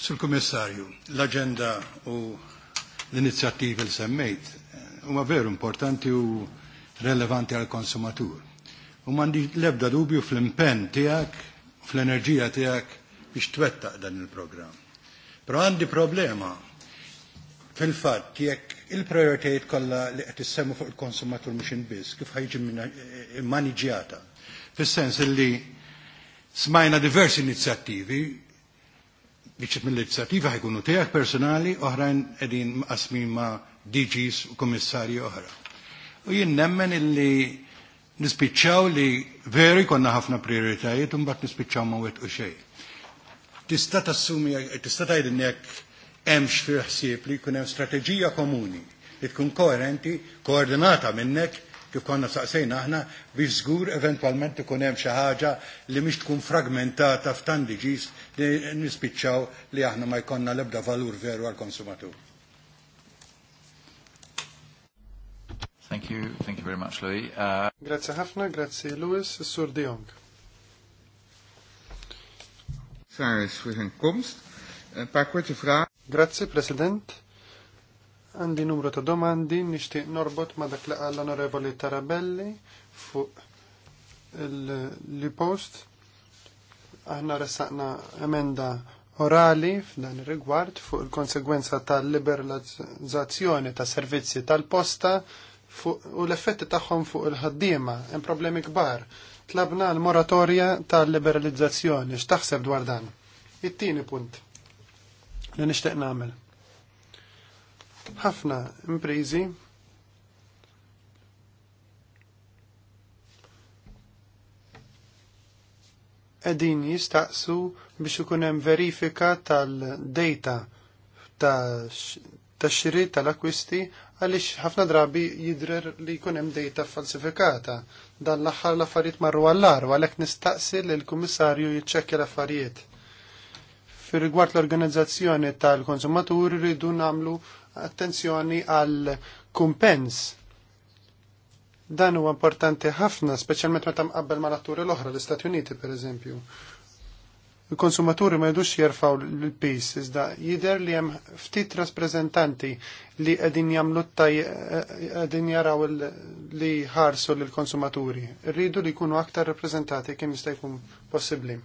Sul Kummissarju, l-agenda u l-inizjattivi li semmejt eh, huma veru importanti u relevanti għal konsumatur. U mandi lebda dubju fl-impenn tiegħek, fl-enerġija tiegħek biex twettaq dan il-programm. Però għandi problema fil fat jekk il-prioritajiet kollha li qed issemmu fuq il-konsumatur mhux biss kif ħajġi eh, maniġjata. Fis-sens li smajna diversi inizjattivi biex mill-leġislativa ħajkunu tiegħek personali oħrajn qegħdin qasmin ma' DGs u kummissarji oħra. U jien nemmen illi nispiċċaw li veri konna ħafna prioritajiet u mbagħad nispiċċaw ma wetqu xejn. Tista' tassumi tista' tgħidilni hekk hemmx fi ħsieb li jkun hemm strateġija komuni li tkun koerenti, koordinata minnek kif konna saqsejna aħna biex żgur eventwalment ikun hemm xi ħaġa li mhix tkun fragmentata f'tandiġis li nispiċċaw li aħna ma jkonna lebda valur veru għal-konsumatur. Thank you, thank you very much, Louis. Uh... Grazie ħafna, grazie Louis, Sur De Jong. Saris, voor hun komst. Een paar Grazie, president. Għandi numru ta' domandi, nishti norbot ma' dak li għall onorevoli Tarabelli fuq il-li post Aħna ressaqna emenda orali f'dan ir-rigward fuq il-konsegwenza tal-liberalizzazzjoni ta' servizzi tal-posta u l-effetti tagħhom fuq il-ħaddiema hemm problemi kbar. Tlabna l-moratorja tal-liberalizzazzjoni x'taħseb dwar dan. It-tieni punt li nixtieq nagħmel. Ħafna imprizi qegħdin jistaqsu biex ikun hemm verifika tal-data tax-xiri tal-akwisti għaliex ħafna drabi jidrer li jkun hemm data falsifikata. Dan l-aħħar l-affarijiet marru għall-ar għalhekk nistaqsi li l-kummissarju jiċċekkja l-affarijiet. Fir rigward l-organizzazzjoni tal-konsumatur rridu nagħmlu attenzjoni għal kumpens Dan huwa importanti ħafna, speċjalment meta mqabbel mal-atturi l-oħra, l-Istati Uniti pereżempju. Il-konsumaturi ma jdux jerfaw l-pis, iżda jider li hemm ftit rappreżentanti li qegħdin jagħmlu qegħdin jaraw li ħarsu lil konsumaturi. Rridu li jkunu aktar rappreżentati kemm jista' jkun possibbli.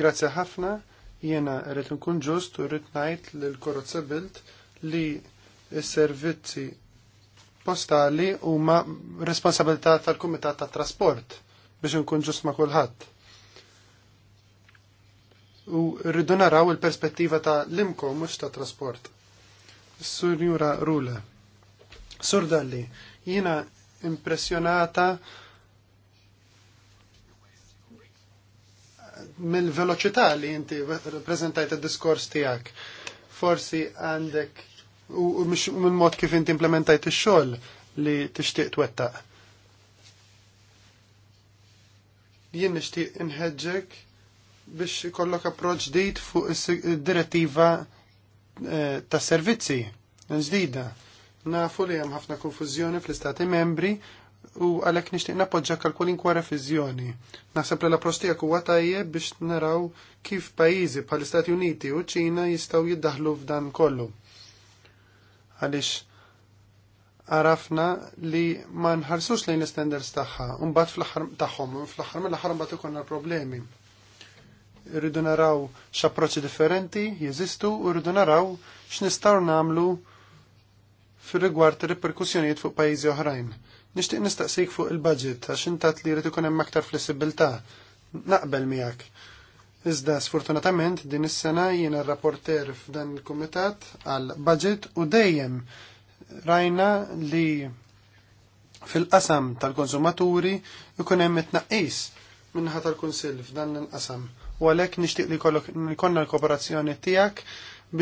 Grazzi ħafna, jiena rrid nkun ġust u rrid ngħid lil Korozza Bilt li s-servizzi postali huma responsabilità tal-Kumitat tat-Trasport biex nkun ġust ma' kulħadd. U rridu naraw il-perspettiva ta' l imko mhux ta' trasport. Surjura Rule. Sur Dalli, jiena impressjonata mill-veloċità li inti prezentajt id-diskors tiegħek. Forsi għandek u minn mod kif inti implementajt ix-xogħol li tixtieq twettaq. Jien nixtieq inħeġġek biex ikollok approċ ġdid fuq id-direttiva eh, tas servizzi ġdida. Nafu li hemm ħafna konfużjoni fl-istati membri u għalhekk nixtieq napoġġa għal kwalinkwa reviżjoni. Naħseb li l-approċ tiegħek huwa tajjeb biex naraw kif pajjiżi bħall-Istati Uniti u Ċina jistgħu jiddaħlu f'dan kollu għaliex arafna li ma nħarsux lejn l-standards tagħha, mbagħad fl-aħħar tagħhom, fl-aħħar l aħħar bat ikonna problemi. Rridu naraw x'approċċi differenti jeżistu u rridu naraw x'nistgħu nagħmlu fir-rigward ir-reperkussjonijiet fuq pajjiżi oħrajn. Nixtieq nistaqsik fuq il-budget għax intat li jrid ikun hemm aktar flessibilità. Naqbel miegħek Iżda sfortunatament din is-sena jiena rapporter f'dan il-kumitat għal budget u dejjem rajna li fil-qasam tal-konsumaturi ikun hemm itnaqqis minħa tal-Kunsill f'dan il-qasam. U għalhekk nixtieq li jkollna l-kooperazzjoni tiegħek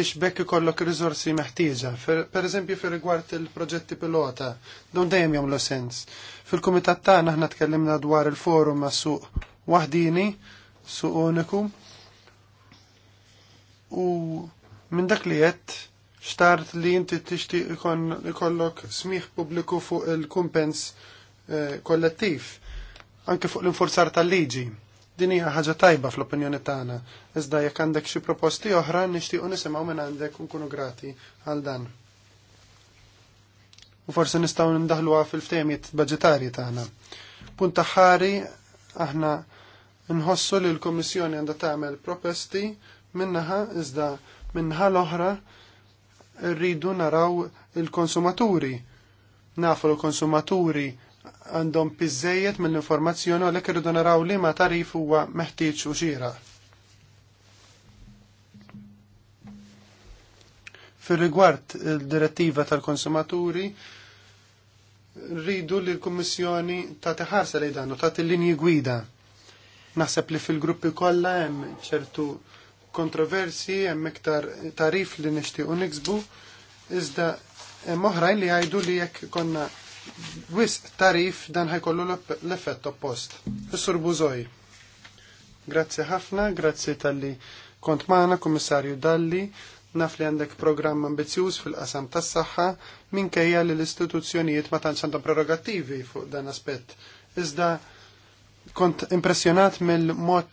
biex bekk ikollok riżorsi meħtieġa. Per eżempju fir rigward il-proġetti pilota, dawn dejjem jagħmlu sens. Fil-kumitat tagħna aħna tkellimna dwar il-forum għas suq waħdini suq u minn dak li jett xtart li inti tixti ikollok smiħ publiku fuq il-kumpens eh, kollettiv, anke fuq l inforzar tal-liġi. Din hija ħaġa tajba fl-opinjoni tagħna. Iżda jekk għandek xi proposti oħra nixtiequ nisimgħu minn għandek nkunu grati għal dan. U forsi nistgħu nindaħluha fil-ftehmiet budġetarji tagħna. Punt aħħari aħna Nħossu li l-Komissjoni għandha tagħmel proposti minnaħa iżda minnaħa l-oħra rridu naraw il-konsumaturi. Nafu l-konsumaturi għandhom piżejjed mill-informazzjoni għalhekk irridu naraw li ma tarif huwa meħtieġ u xira. fil rigward il-direttiva tal-konsumaturi, rridu li l-Kummissjoni ta' teħarsa li dan u ta' linji gwida Naħseb li fil-gruppi kollha hemm ċertu kontroversi, hemm iktar tarif li nixtiequ niksbu, iżda hemm oħrajn li jgħidu li jekk konna wisq tarif dan ħajkollu l-effett oppost. Is-sur Buzoj. Grazzi ħafna, grazzi tal-li kont magħna, Kummissarju Dalli, naf li għandek programm ambizjuż fil-qasam tas-saħħa minkejja li l-istituzzjonijiet ma tantx għandhom prerogattivi fuq dan aspett. Iżda kont impressjonat mill-mod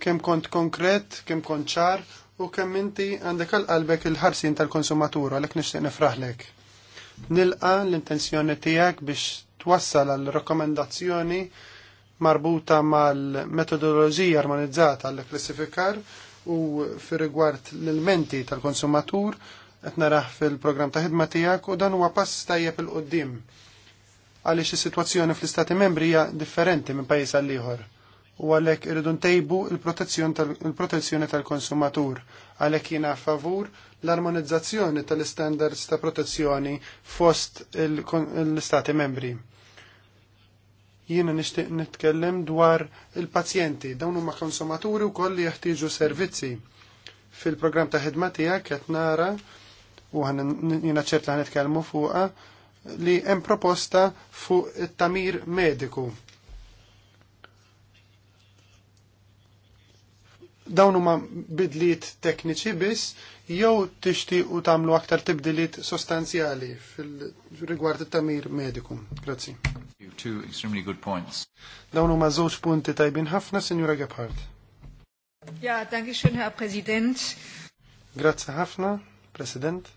kemm kont konkret, kemm kont ċar u kemm inti għandek għalbek qalbek il-ħarsin tal-konsumatur għalhekk nixtieq nifraħlek. Nilqa l-intenzjoni tiegħek biex twassal għal rakkomendazzjoni marbuta mal-metodoloġija armonizzata għall klassifikar u fir rigward l-elementi tal-konsumatur qed raħ fil-programm ta' ħidma tiegħek u dan huwa pass tajjeb il-qudiem għaliex is-sitwazzjoni fl-Istati membri hija differenti minn pajjiż għal ieħor u għalhekk irridu ntejbu l-protezzjoni tal-konsumatur għalhekk jiena favur l-armonizzazzjoni tal-istandards ta' protezzjoni fost l-Istati membri. Jiena nixtieq nitkellem dwar il-pazjenti, dawn huma konsumaturi wkoll li jeħtieġu servizzi. Fil-programm ta' ħidma tiegħek qed nara u jiena ċert li ħanitkellmu fuqha li hemm proposta fuq it-tamir mediku. Dawn huma bidliet tekniċi biss jew tixtiequ tagħmlu aktar tibdiliet sostanzjali fil-rigward it-tamir mediku. Grazzi. Two extremely good points. Dawn huma żewġ punti tajbin ħafna, Sinjura Gebhardt. Ja, danke schön, Herr Präsident. Grazie ħafna, President.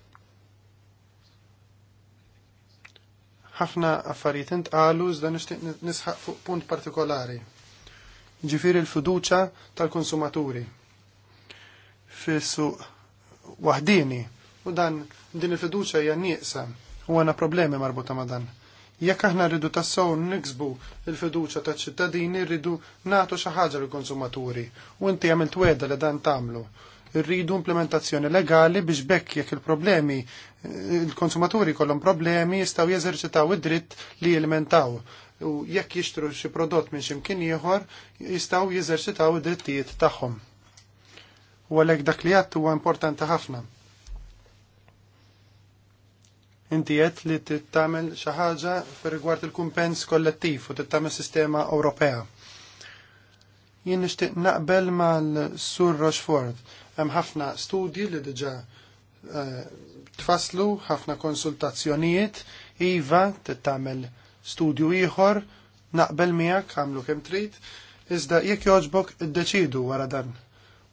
ħafna affarijiet intqalu iżda nixtieq nisħaq fuq punt partikolari. Ġifieri l-fiduċja tal-konsumaturi fis-suq waħdini u dan din il-fiduċja hija nieqsa u għandna problemi marbuta ma' dan. Jekk aħna rridu tassew niksbu il-fiduċja taċ-ċittadini rridu nagħtu xi ħaġa lill-konsumaturi u inti għamilt weda li dan tagħmlu rridu implementazzjoni legali biex bekk jekk il-problemi il-konsumaturi kollhom problemi jistgħu jeżerċitaw id-dritt li jilmentaw. U jekk jixtru xi prodott minn x'imkien ieħor jistgħu jeżerċitaw id-drittijiet tagħhom. U għalhekk dak li għattu huwa importanti ħafna. Inti qed li tagħmel xi ħaġa rigward il-kumpens kollettiv u tittamel sistema Ewropea jien nixtieq naqbel mal-Sur Rochefort. Hemm ħafna studji li diġà eh, tfaslu, ħafna konsultazzjonijiet, iva tagħmel studju ieħor, naqbel miegħek għamlu kemm trid, iżda jekk joġbok iddeċidu wara dan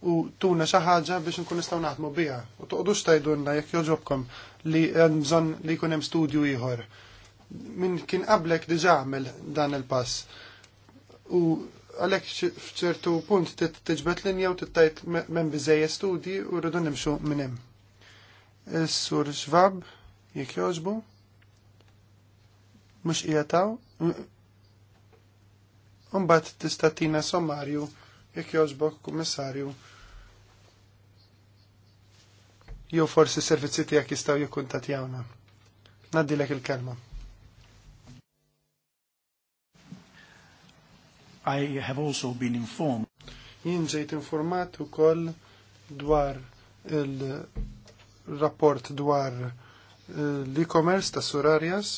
u tuna xi ħaġa biex nkun nistgħu naħdmu biha. U toqgħdux tgħidulna jekk joġobkom li hemm bżonn li jkun hemm studju ieħor. Min kien qablek diġà għamel dan il-pass. U għalek fċertu punt tiġbet linja u t-tajt men bizzeja studi u rridu nimxu minnem. Is-sur xvab, jek joġbu, mux ijataw, t-istatina sommarju, jek joġbu kummissarju. Jew forsi servizzi tijak jistaw jikun tatjawna. Naddilek il-kelma. I have also been informed. Jien ġejt informat ukoll dwar il-rapport dwar eh, l-e-commerce ta' Surarias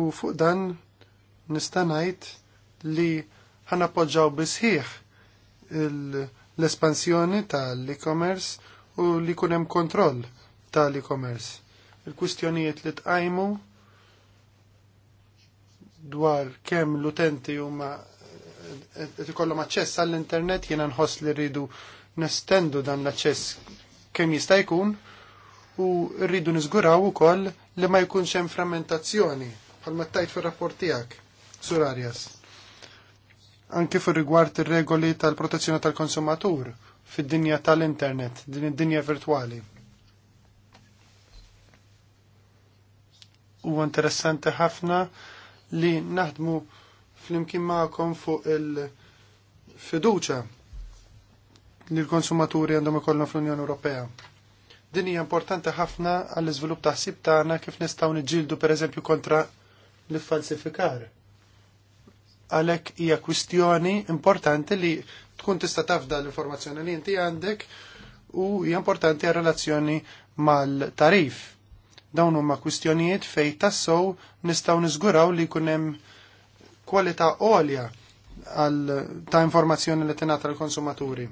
u fuq dan nista' ngħid li ħanappoġġaw bisħiħ l-espansjoni tal-e-commerce u li kunem kontroll tal-e-commerce. Il-kwistjonijiet li tqajmu dwar kemm l-utenti huma eh, qed ikollhom aċċess għall-internet jiena nħoss li rridu nestendu dan l-aċċess kemm jista' jkun u rridu niżguraw ukoll li ma jkunx hemm frammentazzjoni ma tajt fir-rapport tiegħek Sur Arias. Anke fir-rigward ir-regoli tal-protezzjoni tal-konsumatur fid-dinja tal-internet, din id-dinja virtwali. Huwa interessanti ħafna li naħdmu flimkien magħkom fuq il-fiduċa li l-konsumaturi għandhom ikollna fl-Unjoni Ewropea. Din hija importanti ħafna għall iżvilupp taħsib tagħna kif nistgħu niġġieldu pereżempju kontra l iffalsifikar Għalhekk hija kwistjoni importanti li tkun tista' tafda l-informazzjoni li inti għandek u hija importanti għar relazzjoni mal-tarif Dawn huma kwistjonijiet fej tassow nistgħu niżguraw li jkun hemm kwalità għolja ta' informazzjoni li tingħata l-konsumaturi.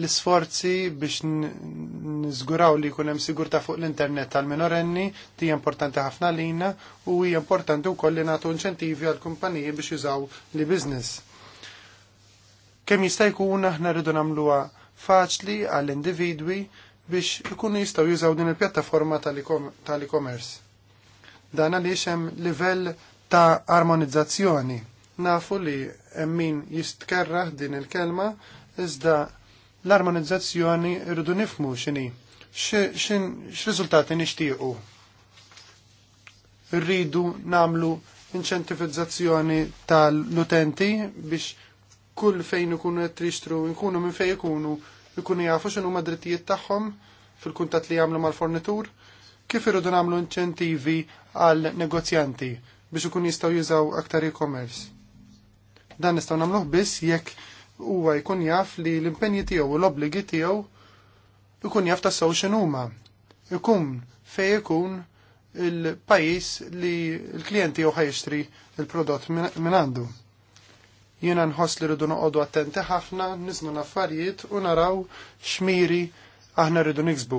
L-isforzi biex niżguraw li jkun hemm sigurtà fuq l-internet tal-minorenni ti importanti ħafna lina u hija importanti wkoll li nagħtu inċentivi għall kumpaniji biex jużaw li business. Kemm jista' jkun aħna rridu nagħmluha faċli għall individwi biex ikunu jistgħu jużaw din il-pjattaforma tal-e-commerce. Dan għaliex hemm livell ta' armonizzazzjoni. Nafu li hemm min jistkerraħ din il-kelma iżda l-armonizzazzjoni rridu nifmu x'inhi. rizultati nixtiequ? Rridu namlu inċentivizzazzjoni tal-utenti biex kull fejn ikunu qed ikunu nkunu minn fejn ikunu ikunu jafu xinu drittijiet tagħhom fil-kuntat li jagħmlu mal-fornitur, kif irridu nagħmlu inċentivi għal negozjanti biex ikun jistgħu jużaw aktar e-commerce. Dan nistgħu nagħmluh biss jekk huwa jkun jaf li l-impenji tiegħu u l-obbligi tiegħu ikun jaf tassew x'inhuma. Ikun fej ikun il-pajis li l klijenti jew ħajxtri il-prodott minn għandu. Min Jiena nħoss li rridu noqogħdu attenti ħafna, nisnu affarijiet u naraw x'miri aħna rridu niksbu.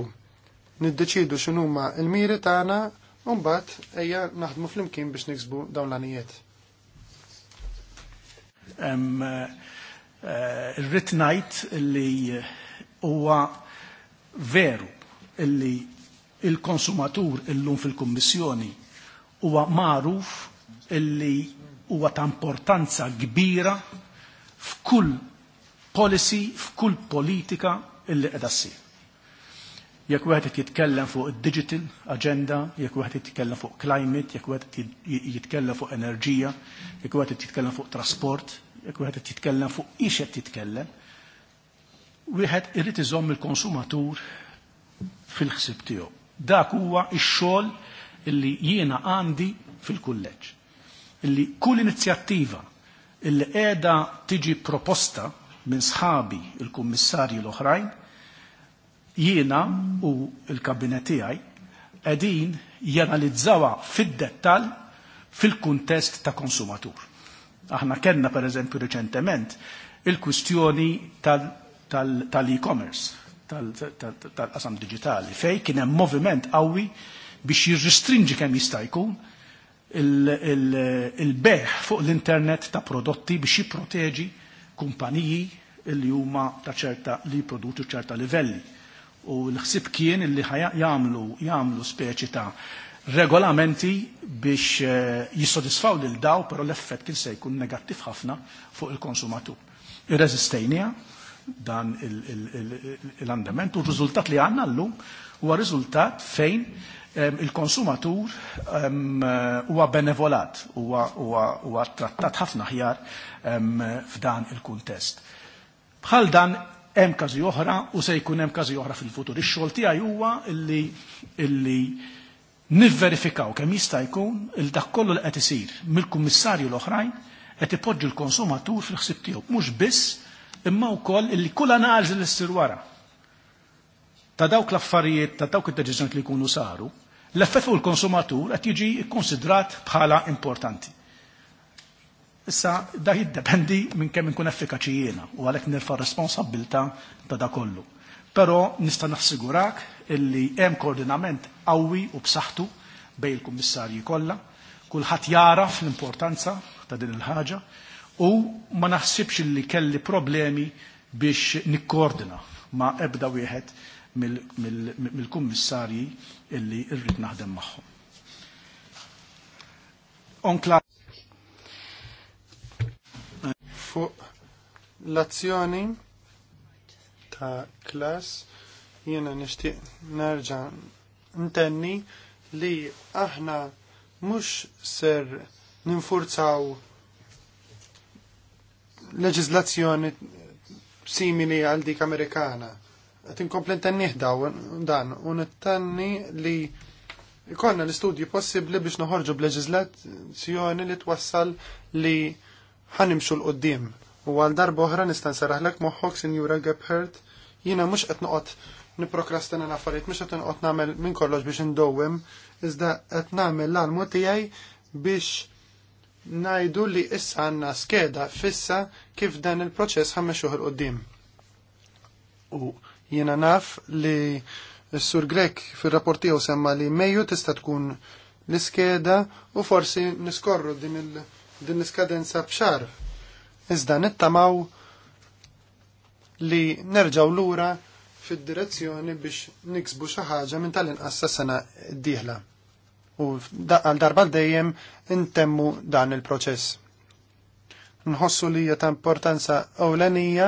Niddeċidu x'inhuma l-miri tagħna u mbagħad ejja naħdmu flimkien biex niksbu dawn l-anijiet. Eh, eh, Rrit ngħid li huwa veru li il-konsumatur illum fil-Kummissjoni huwa magħruf illi huwa ta' importanza kbira f'kull policy, f'kull politika illi qed ssir. Jekk wieħed qed jitkellem fuq id-digital agenda, jekk wieħed jitkellem fuq climate, jekk wieħed jitkellem fuq enerġija, jekk wieħed jitkellem fuq trasport, jekk wieħed jitkellem fuq ix qed jitkellem, wieħed irid iżomm il-konsumatur fil-ħsib tiegħu. Dak huwa x-xogħol illi jiena għandi fil-kulleġġ illi kull inizjattiva illi qiegħda tiġi proposta minn sħabi il-kummissarji l-oħrajn jiena u l-kabinet tiegħi qegħdin janalizzawa fid-dettall fil-kuntest ta' konsumatur. Aħna kellna per eżempju reċentement il-kwistjoni tal-e-commerce, tal, tal tal-qasam tal, digitali, fej kien hemm moviment qawwi biex jirristringi kemm jista' jkun il-beħ fuq l-internet ta' prodotti biex jipproteġi kumpaniji li huma ta' ċerta li jipproduċu ċerta livelli. U l-ħsib kien li jgħamlu jagħmlu speċi ta' regolamenti biex jissodisfaw lil daw, però l-effett kien se jkun negattiv ħafna fuq il-konsumatur. Ir-rezistenja dan l-andament u r-riżultat li għandna llum huwa riżultat fejn Ehm, il-konsumatur ehm, huwa benevolat, huwa trattat ħafna ħjar ehm, f'dan il-kuntest. Bħal dan hemm każi oħra u se jkun hemm każi oħra fil-futur. Ix-xogħol tiegħi huwa illi nivverifikaw kemm jista' jkun il dak kollu li qed isir mill-kummissarju l-oħrajn qed ipoġġu l-konsumatur fil-ħsieb tiegħu. Mhux biss imma wkoll illi kull analiżi li ssir wara ta' dawk l-affarijiet, ta' dawk id-deċiżjoni li jkunu saru, l-effett fuq il-konsumatur qed jiġi konsidrat bħala importanti. Issa da jiddependi minn kemm inkun effikaċi jiena u għalhekk nirfa' responsabbilta ta' da kollu. Però nista' nassigurak illi hemm koordinament qawwi u b'saħħtu bejn il-kummissarji kollha, kulħadd jaraf l-importanza ta' din il-ħaġa u ma naħsibx li kelli problemi biex nikkoordina ma ebda wieħed mill-kummissarji illi rrid naħdem magħhom. Onkla fuq l-azzjoni ta' klas jiena nixtieq nerġa' ntenni li aħna mhux ser ninfurzaw leġizlazzjoni simili għal dik Amerikana tinkompli ntenniħ dan u nittenni li ikonna l-istudji possibli biex noħorġu b'leġizlazzjoni li twassal li ħanimxu l-qoddim. U għal darba oħra nistan saraħlek moħħok Sinjura Gebhardt jina mux qed noqgħod niprokrastina l-affarijiet, mhux qed noqgħod nagħmel minn kollox biex indowwem, iżda qed nagħmel l-almu tiegħi biex najdu li issa għanna skeda fissa kif dan il-proċess ħamme xuħur qoddim. U Jiena naf li s-sur Grek fil-rapportijaw semma li Mejju tista' tkun l-iskeda u forsi niskorru din l-iskadenza bxar. Iżda nittamaw li nerġaw lura fid-direzzjoni biex niksbu xi ħaġa minn tal-inqas sena d-dieħla. U għal darba dejjem intemmu dan il-proċess nħossu li hija ta' importanza ewlenija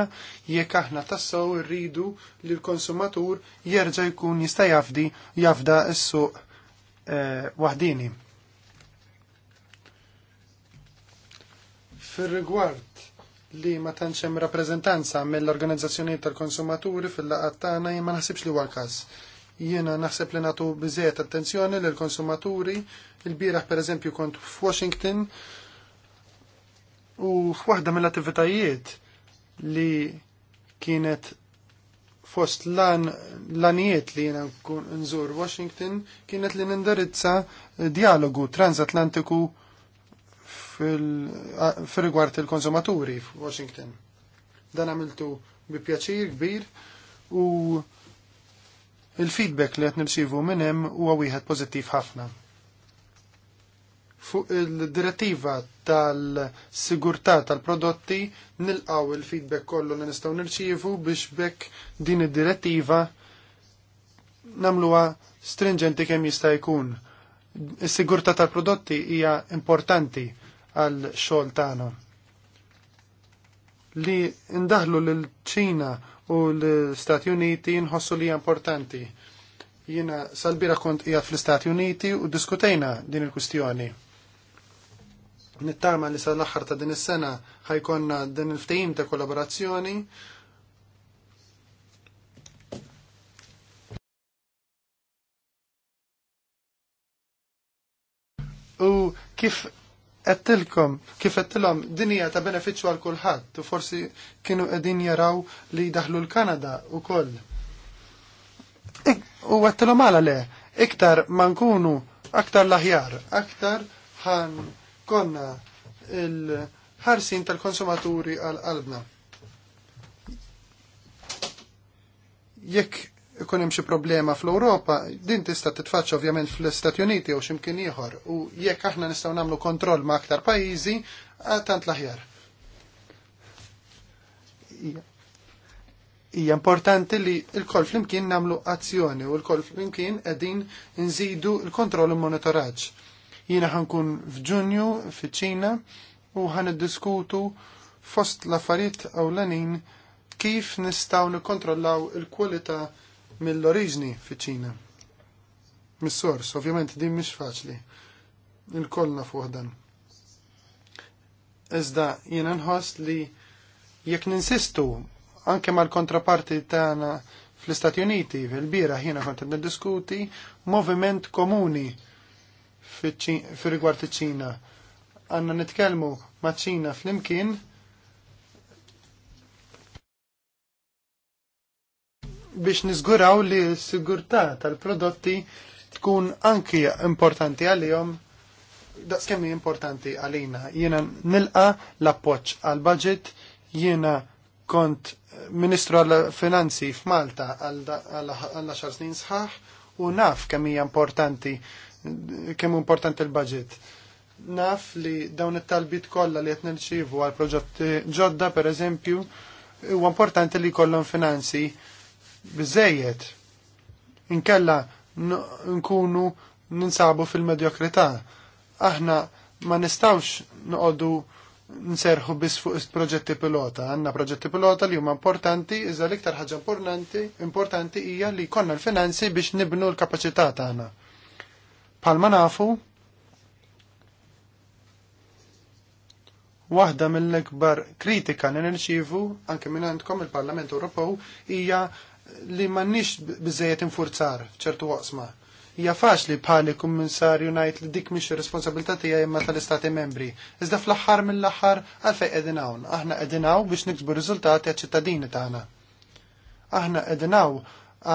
jekk aħna tassew irridu li l-konsumatur jerġa' jkun jista' jafdi jafda s-suq eh, waħdini. Fir-rigward li ma tantx hemm rappreżentanza mill-organizzazzjonijiet tal-konsumaturi fil laqat tagħna jien ma naħsibx li huwa każ. Jiena naħseb li nagħtu biżejjed attenzjoni lill konsumaturi Il-bieraħ pereżempju kont f'Washington U waħda mill-attivitajiet li kienet fost l lanijiet li jena nżur Washington kienet li nindirizza dialogu transatlantiku fil-rigward il-konsumaturi f'Washington. Dan għamiltu bi pjaċir kbir u il-feedback li għet nirċivu minnem u għawihet pozittiv ħafna fuq il-direttiva tal-sigurtà tal-prodotti nilqaw il-feedback kollu li nistgħu nirċievu biex bekk din id-direttiva namluha stringenti kemm jista' jkun. Is-sigurtà tal-prodotti hija importanti għal xogħol tagħna. Li ndaħlu lil ċina u l-Stati Uniti nħossu li importanti. Jiena salbira kont qiegħed fl-Istati Uniti u diskutejna din il-kwistjoni Nittama li sa l-axar ta' din is-sena ħajkonna din il-ftehim ta' kollaborazzjoni U kif għettilkom, kif għettilom, dinija ta' beneficju għal kulħadd u forsi kienu qegħdin jaraw li daħlu l-Kanada u koll. U għettilom għala le, iktar ma nkunu aktar laħjar, aktar ħan konna il-ħarsin tal-konsumaturi għal-qalbna. Jekk ikun hemm xi problema fl-Ewropa, din tista' titfaċċa ovvjament fl-Istati Uniti jew x'imkien ieħor u jekk aħna nistgħu nagħmlu kontroll ma' aktar pajjiżi, tant l-aħjar. Hija importanti li l fl flimkien nagħmlu azzjoni u l fl flimkien qegħdin nżidu l-kontroll u monitoraġġ. Jiena ħankun f'Ġunju fiċ-Ċina u ħan diskutu fost l-affarijiet ewlenin kif nistgħu nikkontrollaw il-kwalità mill-oriġni fiċ-Ċina. Mis-sors, ovvjament din mhix faċli. il kolna nafuh dan. Iżda jiena nħoss li jekk ninsistu anke mal-kontraparti tagħna fl-Istati Uniti, fil-bira jiena kont niddiskuti moviment komuni fi rigward iċ-Ċina. Għanna nitkellmu ma' ċina fl-imkien biex niżguraw li s-sigurtà tal-prodotti tkun anki importanti da skemmi importanti għalina. Jiena nilqa l-appoġġ għal-budget, jiena kont Ministru għall-Finanzi f'Malta għal xar snin sħaħ u naf kemm hija importanti kemm importanti l-budget. Naf li dawn it-talbit kollha li qed nirċievu għal proġetti ġodda pereżempju huwa importanti li jkollhom finanzi biżejjed. Inkella nkunu ninsabu fil-medjokrità. Aħna ma nistawx noqogħdu nserħu biss fuq proġetti pilota. Għanna proġetti pilota li huma importanti, iżda l-iktar ħaġa importanti, importanti hija li konna l-finanzi biex nibnu l-kapaċità tagħna. Palma nafu, Waħda mill-ikbar kritika li nirċivu anke minn il-Parlament Ewropew hija li m'għandniex biżejjed infurzar ċertu waqsma. Hija faċli bħali kummissarju ngħid li dik mhix responsabilità tiegħi imma tal-Istati Membri. Iżda fl-aħħar mill-aħħar għalfejn qegħdin hawn. Aħna qegħdin biex niksbu riżultati għaċ-ċittadini tagħna. Aħna qegħdin hawn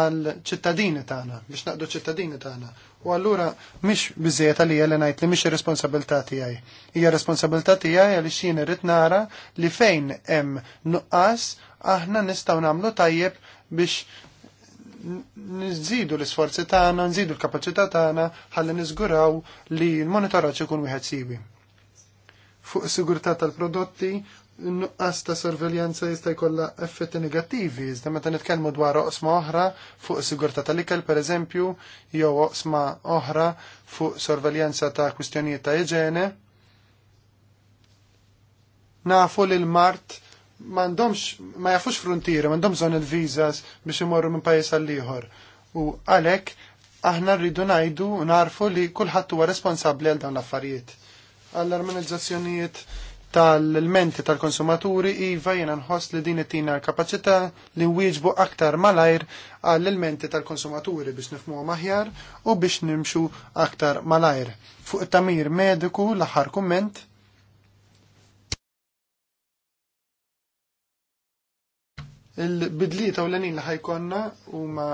għal ċittadini tagħna biex naqdu ċittadini tagħna. U allura mhix biżejjed għalija li ngħid li mhix ir-responsabilità tiegħi. Hija responsabilità tiegħi għaliex jien irid nara li fejn hemm nuqqas aħna nistgħu nagħmlu tajjeb biex nżidu l-isforzi tagħna, nżidu l-kapaċità tagħna ħalli niżguraw li l-monitoraġġ ikun wieħed sibi. Fuq sigurtà tal-prodotti nuqqas ta' sorveljanza jista' jkollha effetti negattivi, iżda meta nitkellmu dwar oqsma oħra fuq sigurtà tal-ikel pereżempju, jew oqsma oħra fuq sorveljanza ta' kwistjonijiet ta' iġene. Nafu li l-mart m'għandhomx ma jafux frontiera, m'għandhomx żon il-viżas biex imorru minn pajjiż għal ieħor. U għalhekk aħna rridu ngħidu narfu li kulħadd huwa responsabbli għal dawn l-affarijiet. Għall-armonizzazzjonijiet tal-menti tal-konsumaturi iva jena nħoss li din it-tina kapacita li wieġbu aktar malajr għall-elementi tal-konsumaturi biex nifmu maħjar u biex nimxu aktar malajr. Fuq it-tamir mediku l-aħħar kumment il-bidliet ta' l-għanin li ħajkonna ma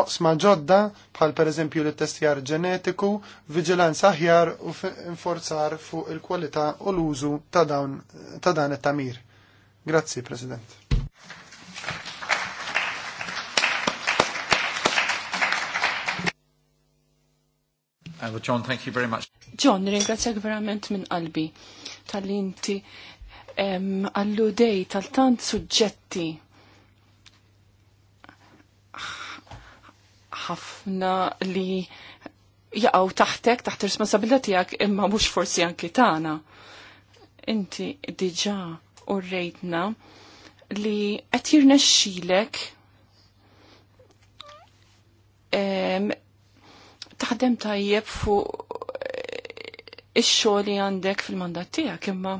oqsma ġodda bħal per eżempju l-testjar ġenetiku, vigilanza aħjar u inforzar fuq il-kwalità u l-użu ta' dan it-tamir. Grazzi, President. Uh, John, thank you very much. John, ringrazzjak verament minn qalbi tal-inti alludej tal-tant suġġetti ħafna li jaqgħu taħtek, taħt responsabilità tiegħek imma mhux forsi anki tagħna. Inti diġà u rejtna li qed jirnexxilek taħdem tajjeb fuq ix-xogħol li għandek fil-mandat tiegħek imma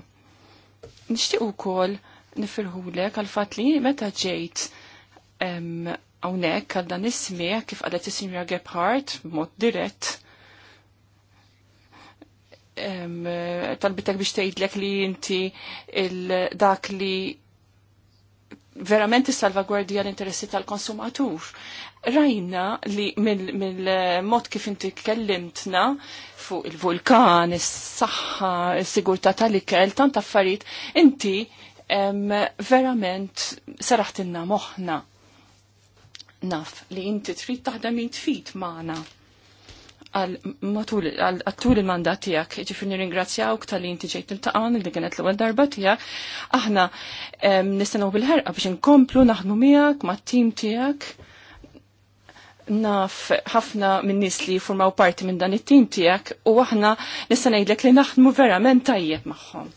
nixtieq ukoll nifirħulek għal fatt li meta ġejt hawnhekk għal dan ismieħ kif qalet is-Sinjora Gebhardt b'mod dirett talbitek biex tgħidlek li inti dak li verament salvagwardja l-interessi tal-konsumatur. Rajna li mill-mod kif inti kellimtna fuq il-vulkan, is-saħħa, is-sigurtà tal-ikel, tant affarijiet, inti verament saraħtinna moħħna naf li inti trid taħdem jitfit maħna għal tul il-mandat tijak, ġifir nir-ingrazzjawk tal-li inti ġejt il-taqan li kienet l għal darba tijak, aħna nistanaw bil-ħerqa biex nkomplu naħdmu miegħek ma' tim tijak. Naf ħafna minn nis li formaw parti minn dan it-tim tijak u aħna nista' ngħidlek li naħdmu verament tajjeb magħhom.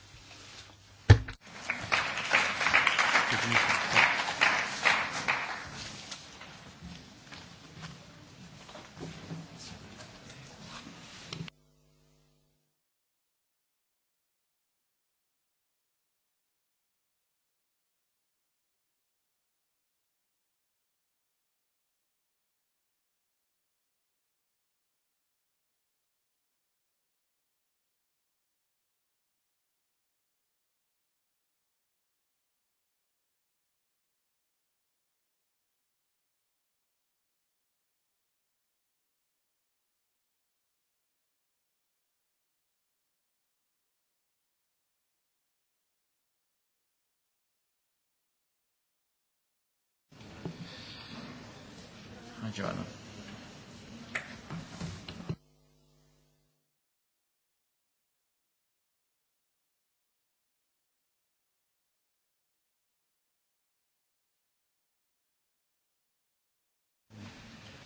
Hi,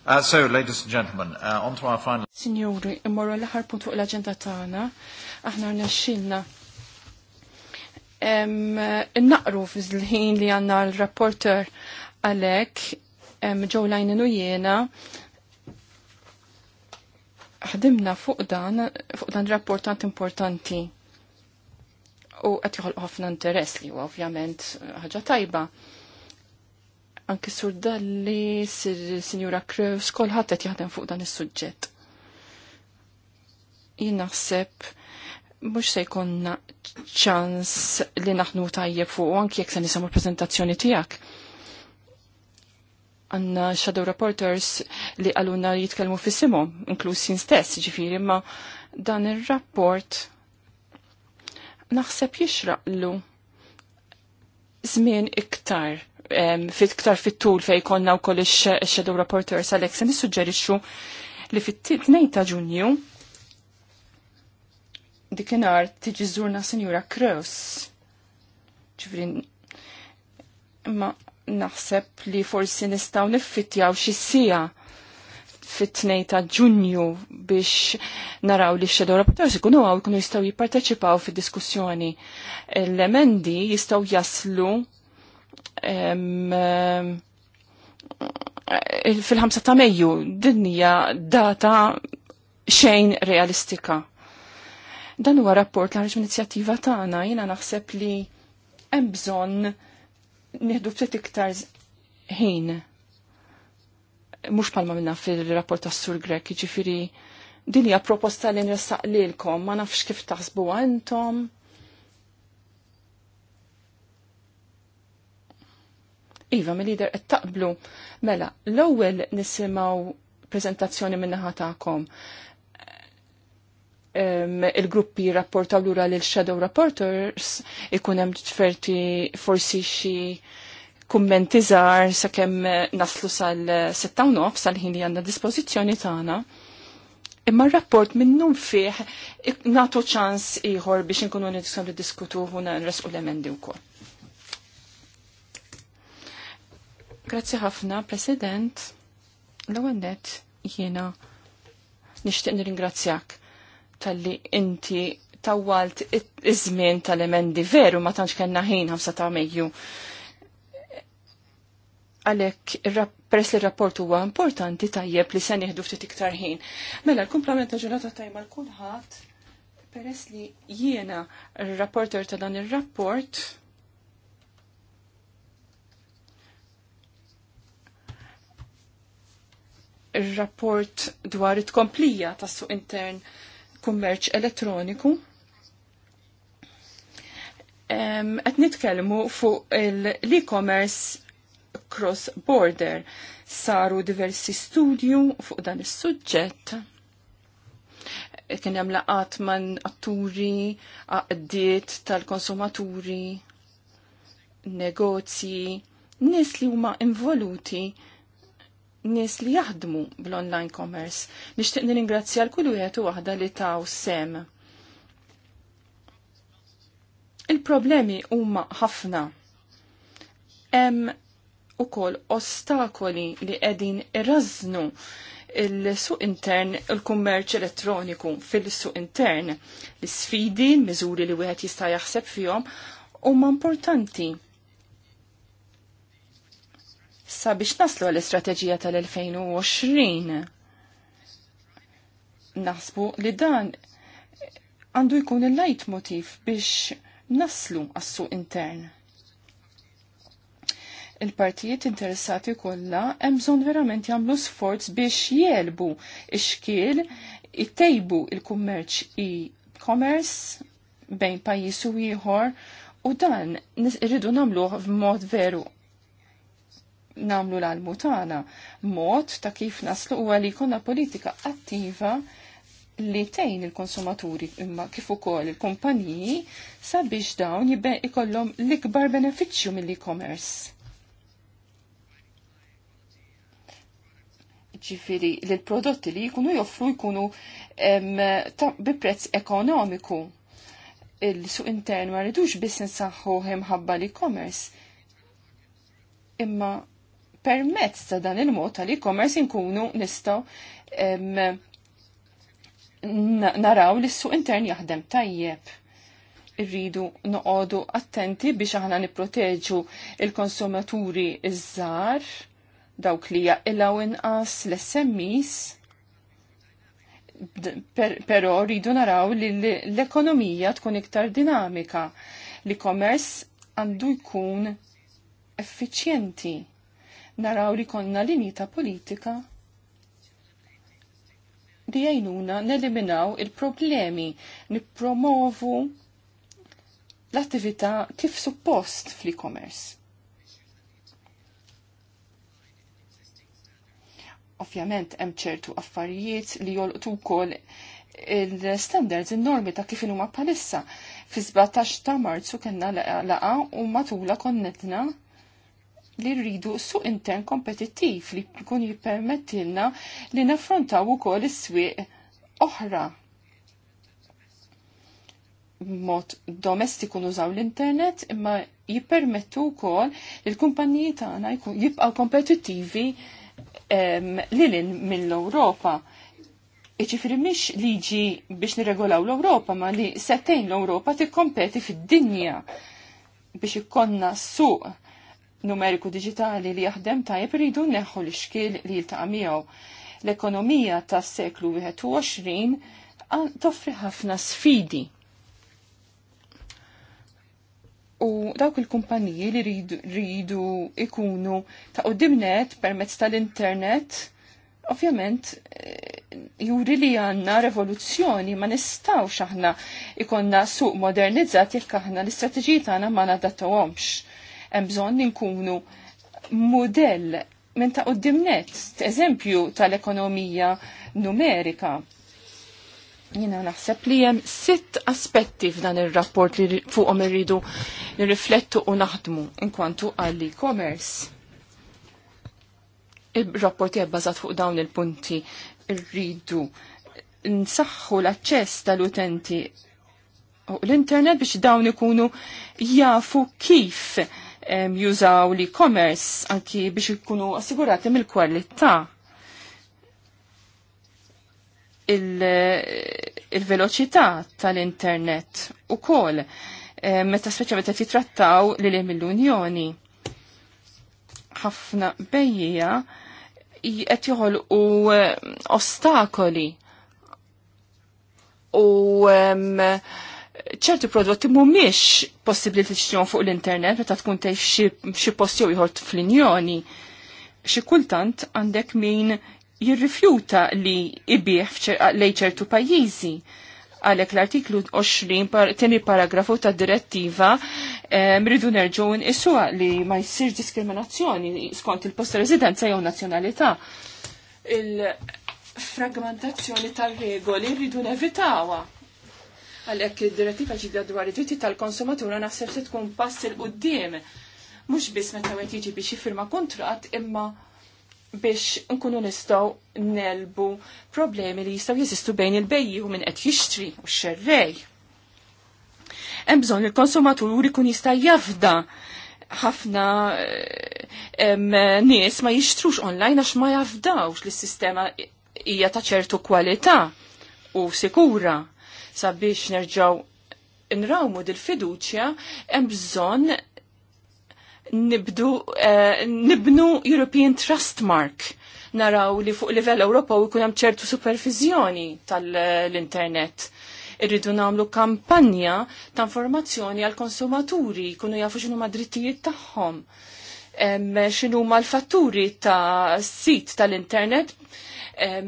Uh, so, ladies and gentlemen, uh, on to our final... Signori, immorru l-ħar punt fuq l-agenda tana, aħna nexxilna naqru fil-ħin li għanna l-rapporter għalek ġew lajninu u jiena ħdimna fuq dan fuq dan rapportant importanti u qed joħolq ħafna interess li huwa ovvjament ħaġa tajba. Anki sur dalli, sinjura Krews, kolħadd qed jaħdem fuq dan is-suġġett. Jien naħseb mhux se jkollna ċans li naħnu tajjeb fuq anki jekk se nisamu l-preżentazzjoni tiegħek għanna shadow reporters li għaluna jitkelmu fissimu, inklus stess, ġifiri, ma dan il-rapport naħseb jixraqlu zmin iktar fit-iktar fit-tul fej konna u koll shadow reporters għalek se nissuġġerixxu li fit-2 ta' ġunju dikinar tiġi żurna Sinjura Kreus. Ġifri, imma naħseb li forsi nistaw niffittjaw xi sija fit tnejn ta' ġunju biex naraw li x-shadow rapporteurs ikunu għaw kunu jistaw jipparteċipaw fi diskussjoni. L-emendi jistaw jaslu fil-5 ta' Mejju din hija data xejn realistika. Dan huwa rapport l-ħarġ inizjattiva tagħna jiena naħseb li hemm bżonn nieħdu ftit iktar ħin. Mhux palma minna fil-rapport tas Sur Grek, jiġifieri din hija proposta li nressaq lilkom, ma nafx kif taħsbu intom. Iva, mill-lider qed taqblu. Mela, l-ewwel nisimgħu prezentazzjoni naħa tagħkom um, il-gruppi rapportaw lura l shadow rapporters ikun hemm ferti forsi xi kummenti żgħar sakemm eh, naslu sal-6 nofs sal-ħin li għandna dispożizzjoni tagħna. Imma r-rapport minnum fih natu ċans ieħor biex inkunu nidisam li diskutu u nresqu l-emendi wkoll. Grazzi ħafna, President. L-ewwel net jiena nixtieq nirringrazzjak tal-li inti ta'walt iż-żmien tal-emendi veru ma tantx kellna ħin ħamsa ta' Mejju. Għalhekk peress li r-rapport huwa importanti tajjeb li se nieħdu ftit iktar ħin. Mela l-kumplament ta' ġurnata tajma l kulħadd peress li jiena r-rapporter ta' dan ir-rapport ir-rapport dwar it-komplija tas-suq intern kummerċ elettroniku. Qed nitkellmu fuq l-e-commerce cross-border. Saru diversi studju fuq dan is-suġġett kien hemm laqat man atturi, għaqdiet tal-konsumaturi, negozji, nies li huma involuti nies li jaħdmu bl-online commerce. Nixtieq nirringrazzja l-kull wieħed u waħda li taw sem. Il-problemi huma ħafna. Hemm ukoll ostakoli li qegħdin irrażnu il-suq intern, il-kummerċ elettroniku fil-suq intern, l-sfidi, l-miżuri li wieħed jista' jaħseb fihom huma importanti sabiex naslu għall-istrateġija tal-2020. Nasbu li dan għandu jkun il-lajt motiv biex naslu għassu intern. Il-partijiet interessati kollha hemm bżonn verament jagħmlu sforz biex jelbu ix-xkiel ittejbu il-kummerċ e-commerce bejn pajjiż u ieħor u dan irridu nagħmluh f'mod veru namlu l-almutana. Mod ta' kif naslu u għalli konna politika attiva li tejn il-konsumaturi imma kif ukoll il-kumpaniji sabiex dawn jibben ikollhom l-ikbar benefiċċju mill-e-commerce. Ġifiri, li l-prodotti li jkunu joffru jkunu bi prezz ekonomiku. Il-suq intern ma rridux biss nsaħħu ħabba l-e-commerce, imma permezz ta' dan il-mod tal-e-commerce inkunu nistgħu naraw li s-suq intern jaħdem tajjeb. Irridu noqogħdu attenti biex aħna nipproteġu il-konsumaturi iż-żar dawk li jaqilgħu inqas l-SMEs però rridu naraw li l-ekonomija tkun iktar dinamika li komers għandu jkun effiċjenti naraw li konna linji ta' politika li jajnuna neliminaw il-problemi, nipromovu l-attività kif suppost fl-e-commerce. Ovvjament hemm ċertu affarijiet li jolqtu wkoll il-standards, il-normi ta' kif huma bħalissa. Fi 17 ta' Marzu kellna laqa u matula konnetna li rridu suq intern kompetittiv li kun jippermettilna li naffrontaw ukoll is-swieq oħra mod domestiku nużaw l-internet imma jippermettu wkoll li l-kumpaniji tagħna jibqgħu kompetittivi lil mill-Ewropa. Iġifri mhix liġi biex nirregolaw l-Ewropa, ma li setejn l-Ewropa tikkompeti fid-dinja biex ikkonna suq numeriku digitali li jaħdem tajjeb iridu neħu l-xkil li jiltaqa' miegħu. L-ekonomija tas-seklu 21 toffri ħafna sfidi. U dawk il-kumpaniji li rridu ikunu ta' qudimnet permezz tal-internet, ovvjament eh, juri li għanna revoluzzjoni ma nistaw aħna ikonna suq modernizzat jekk aħna l-istrateġiji tagħna ma nadattawhomx hemm bżonn inkunu modell minn ta' qoddimnet, eżempju tal-ekonomija numerika. Jina naħseb li hemm sitt aspetti f'dan ir-rapport li fuqhom irridu nirriflettu u naħdmu inkwantu għall-e-commerce. Ir-rapport jebbażat fuq dawn il-punti rridu nsaħħu l-aċċess tal-utenti u l-internet biex dawn ikunu jafu kif jużaw l-e-commerce anki biex ikunu assigurati mill-kwalità il-veloċità il tal-internet u kol meta meta qed li li mill-Unjoni. Ħafna bejjija qed joħolqu ostakoli u um, ċerti prodotti mhumiex possibbli tixtrihom fuq l-internet meta tkun tgħix xi post jew ieħor fl injoni Xi kultant għandek min jirrifjuta li ibieħ lejn ċertu pajjiżi. Għalhekk l-artiklu 20 par, paragrafu ta' direttiva mridu ehm, nerġgħu nqisuha li ma jissir diskriminazzjoni skont il-post residenza jew nazzjonalità. Il-fragmentazzjoni tar-regoli rridu nevitawa Għalhekk id-direttiva ġidda dwar id-dritti tal-konsumatura naħseb se tkun pass il qudiem mhux biss meta wieħed jiġi biex jiffirma kuntratt imma biex nkunu nistgħu nelbu problemi li jistgħu jesistu bejn il-bejji u minn qed jixtri u x-xerrej. Hemm bżonn il-konsumatur ikun jista' jafda ħafna eh, nies ma jixtrux online għax ma jafdawx li s-sistema hija ta' ċertu kwalità u sikura sabiex nerġaw nrawmu dil-fiduċja hemm bżonn nibdu uh, nibnu European Trust Mark naraw li fuq livell Ewropa jkun hemm ċertu supervizjoni tal-internet. Irridu nagħmlu kampanja ta' informazzjoni għal konsumaturi jkunu jafu x'inhu drittijiet tagħhom. X'inhu l-fatturi ta' sit tal-internet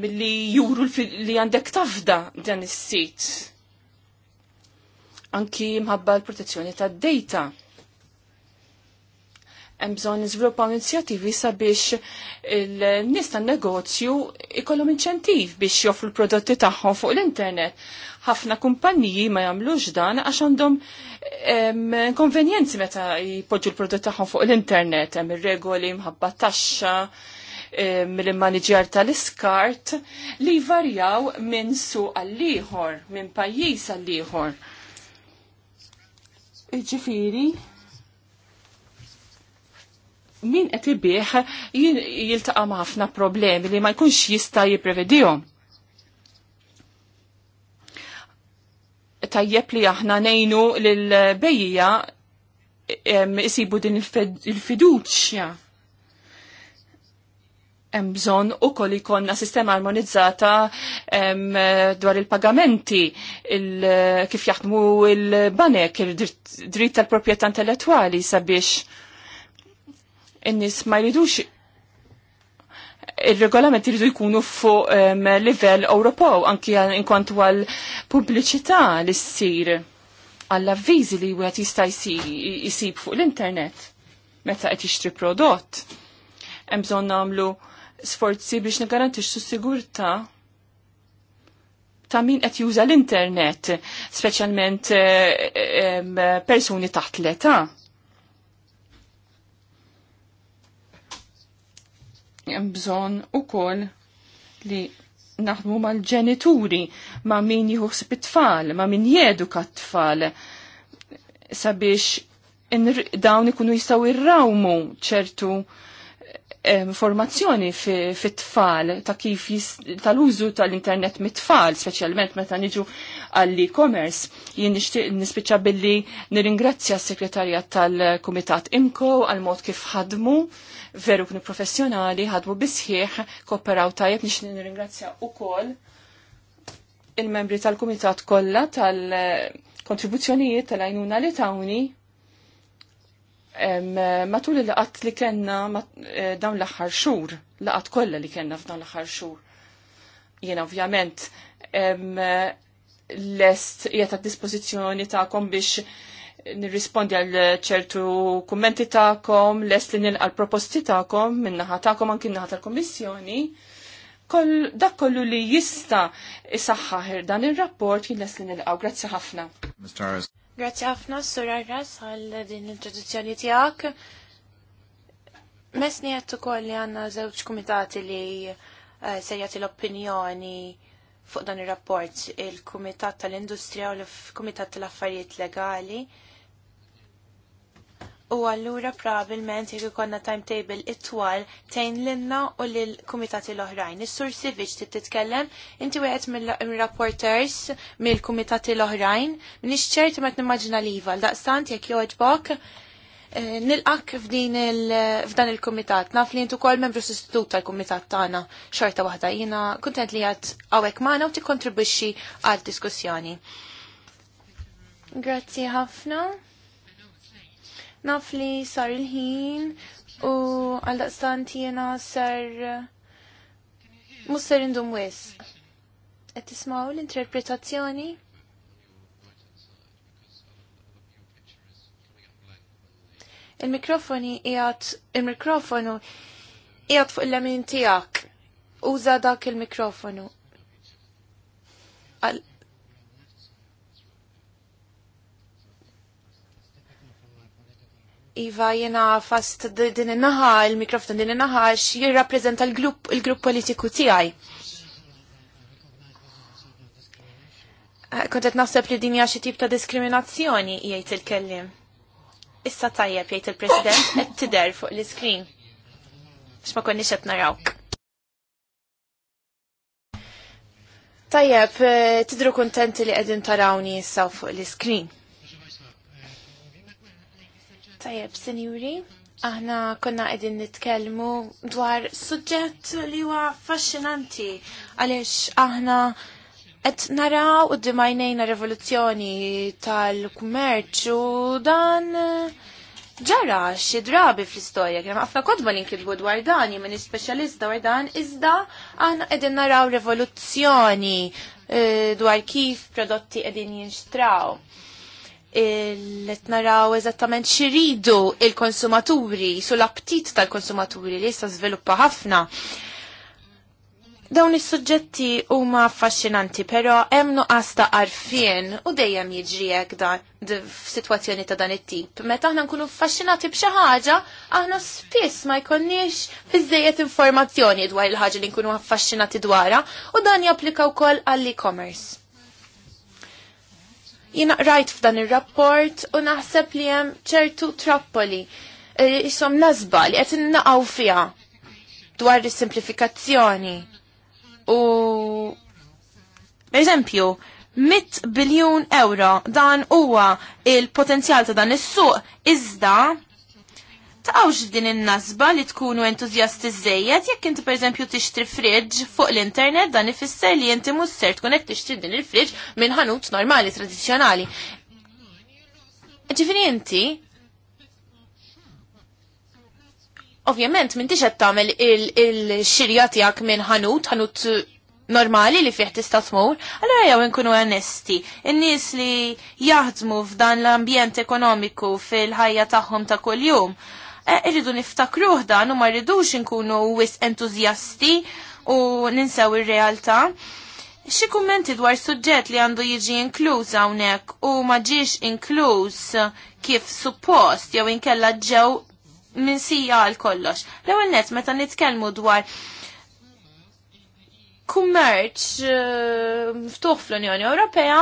li juru li għandek tafda dan is-sit anki mħabba l-protezzjoni tad-data. Hemm bżonn inizjativi inizjattivi sabiex il-nies tan-negozju ikollhom inċentiv biex joffru l-prodotti tagħhom fuq l-internet. Ħafna kumpaniji ma jagħmlux dan għax għandhom konvenjenzi meta jpoġġu l-prodotti tagħhom fuq l-internet, hemm ir-regoli mħabba taxxa, mill-manager tal-iskart li varjaw minn su għall ieħor minn pajjiż għall ieħor. Ġifiri, min qed ibih jiltaqa' ma' ħafna problemi li ma jkunx jista' jipprevedihom. Tajjeb li aħna nejnu lil bejja isibu din il-fiduċja hemm bżonn ukoll ikonna sistema armonizzata dwar il-pagamenti il kif jaħdmu il-banek il-dritt tal-proprjetà intellettwali sabiex in-nies ma jridux il-regolamenti jridu jkunu fuq livell Ewropew anki inkontu għal pubbliċità li ssir għall avviżi li wieħed jista' jsib fuq l-internet meta qed jixtri prodott. Hemm bżonn nagħmlu sforzi biex su sigurtà ta' min qed juża l-internet, speċjalment eh, persuni taħt l-età. bżonn ukoll li naħdmu mal-ġenituri, ma' min jħuħsib it-tfal, ma' min jeduka t-tfal, sabiex dawn ikunu jistaw irrawmu ċertu formazzjoni fit-tfal ta' kif tal-użu tal-internet mit-tfal, speċjalment meta niġu għall-e-commerce. Jien nixtieq nispiċċa billi nirringrazzja s-sekretarjat tal-Kumitat Imko għal mod kif ħadmu, veru kni professjonali, ħadmu bisħieħ, kooperaw tajjeb nix nirringrazzja kol il-membri tal-Kumitat kollha tal-kontribuzzjonijiet tal-għajnuna li tawni Eh, matul il-laqat li kena eh, dawn l-axar xur, laqat kolla li kena f'dawn l-axar xur. Jena ovvjament eh, lest jiet għad dispozizjoni kom biex nirrispondi għal ċertu kummenti l-est li nil għal proposti ta'kom, minnaħa kom anki minnaħa tal-Komissjoni. dak kollu li jista isaħħaħir dan il-rapport jien lest nilqgħu. Grazzi ħafna. Grazzi ħafna Sur Arras għal din l-introduzzjoni tiegħek. Mesni għattu ukoll li għandna żewġ kumitati li eh, se jagħti l-opinjoni fuq dan ir-rapport il-Kumitat tal-Industrija u l-Kumitat tal-Affarijiet Legali u allura probabilment jek ikonna timetable it-twal tejn l-inna u l-komitati l-oħrajn. Is-sur Sivic titkellem, inti wieħed mill-rapporters mill-komitati l-oħrajn, minix ċert ma t-nimmaġina li jival, daqstant jek eh, nil-ak f'dan il-komitat. Naf li jintu kol membru sistitut tal-komitat tagħna xorta waħda. Jiena kuntent li għad għawek maħna u kontribuċi għal diskussjoni. Grazzi ħafna. Naf li sar il-ħin u għaldaqstant jena sar musser indum wis. Et tismaw l-interpretazzjoni? Il-mikrofoni jgħat, il-mikrofonu jgħat fuq l lemin tijak. Uża dak il-mikrofonu Iva jena fast din naħa il-mikrofon din naħa jirrapprezenta l-grupp grupp politiku tiegħi. Eh, Kontet naħseb li dinja xi tip ta' diskriminazzjoni jgħid il-kellim. Issa tajjeb jgħid il-President qed tidher fuq l-iskrin. X'ma konniex qed narawk. Tajjeb, eh, tidru kuntenti li qegħdin tarawni issa fuq l-iskrin. Tajjeb, senjuri, aħna konna qegħdin nitkellmu dwar suġġett li huwa affaxxinanti għaliex aħna qed naraw u dimajnejna rivoluzzjoni tal-kummerċ u dan eh, ġara xi drabi fl-istorja kien ħafna kodba li nkitbu dwar dan jien minn ispeċjalist dwar dan iżda aħna qegħdin naraw rivoluzzjoni eh, dwar kif prodotti qegħdin jinxtraw il-naraw eżattament xiridu il-konsumaturi, su l-aptit tal-konsumaturi li jista sviluppa ħafna. Dawn is-suġġetti huma affaxxinanti, però hemm nuqqas ta' arfien u dejjem jiġri hekk dan f'sitwazzjoni ta' dan it-tip. Meta aħna nkunu affaxxinati b'xi ħaġa, aħna spiss ma jkollniex biżejjed informazzjoni dwar il-ħaġa li nkunu affaxxinati dwarha u dan japplika wkoll għall-e-commerce. Jina rajt f'dan il-rapport u naħseb li hemm ċertu trappoli jisom eh, nazba li n-naqaw fiha dwar is-simplifikazzjoni. U eżempju, 100 biljun euro dan huwa il-potenzjal ta' dan is-suq iżda taqawx din in-nasba li tkunu entuzjasti żejjed jekk inti eżempju tixtri friġġ fuq l-internet dan ifisser li inti mhux ser tkun qed tixtri din il-friġġ minn ħanut normali tradizzjonali. Ġifieri inti Ovvjament m'intix qed tagħmel il-xirja tiegħek minn ħanut, ħanut normali li fih tista' tmur, allora jew inkunu onesti. In-nies li jaħdmu f'dan l-ambjent ekonomiku fil-ħajja tagħhom ta' kuljum Eh, irridu niftakruh dan u ma rridux inkunu wis entuzjasti u ninsew ir-realtà. Xi kummenti dwar suġġett li għandu jiġi inkluż hawnhekk u ma ġiex inkluż kif suppost jew inkella ġew minn sija għal kollox. L-ewwel nett meta nitkellmu dwar kummerċ eh, ftuħ fl-Unjoni Ewropea,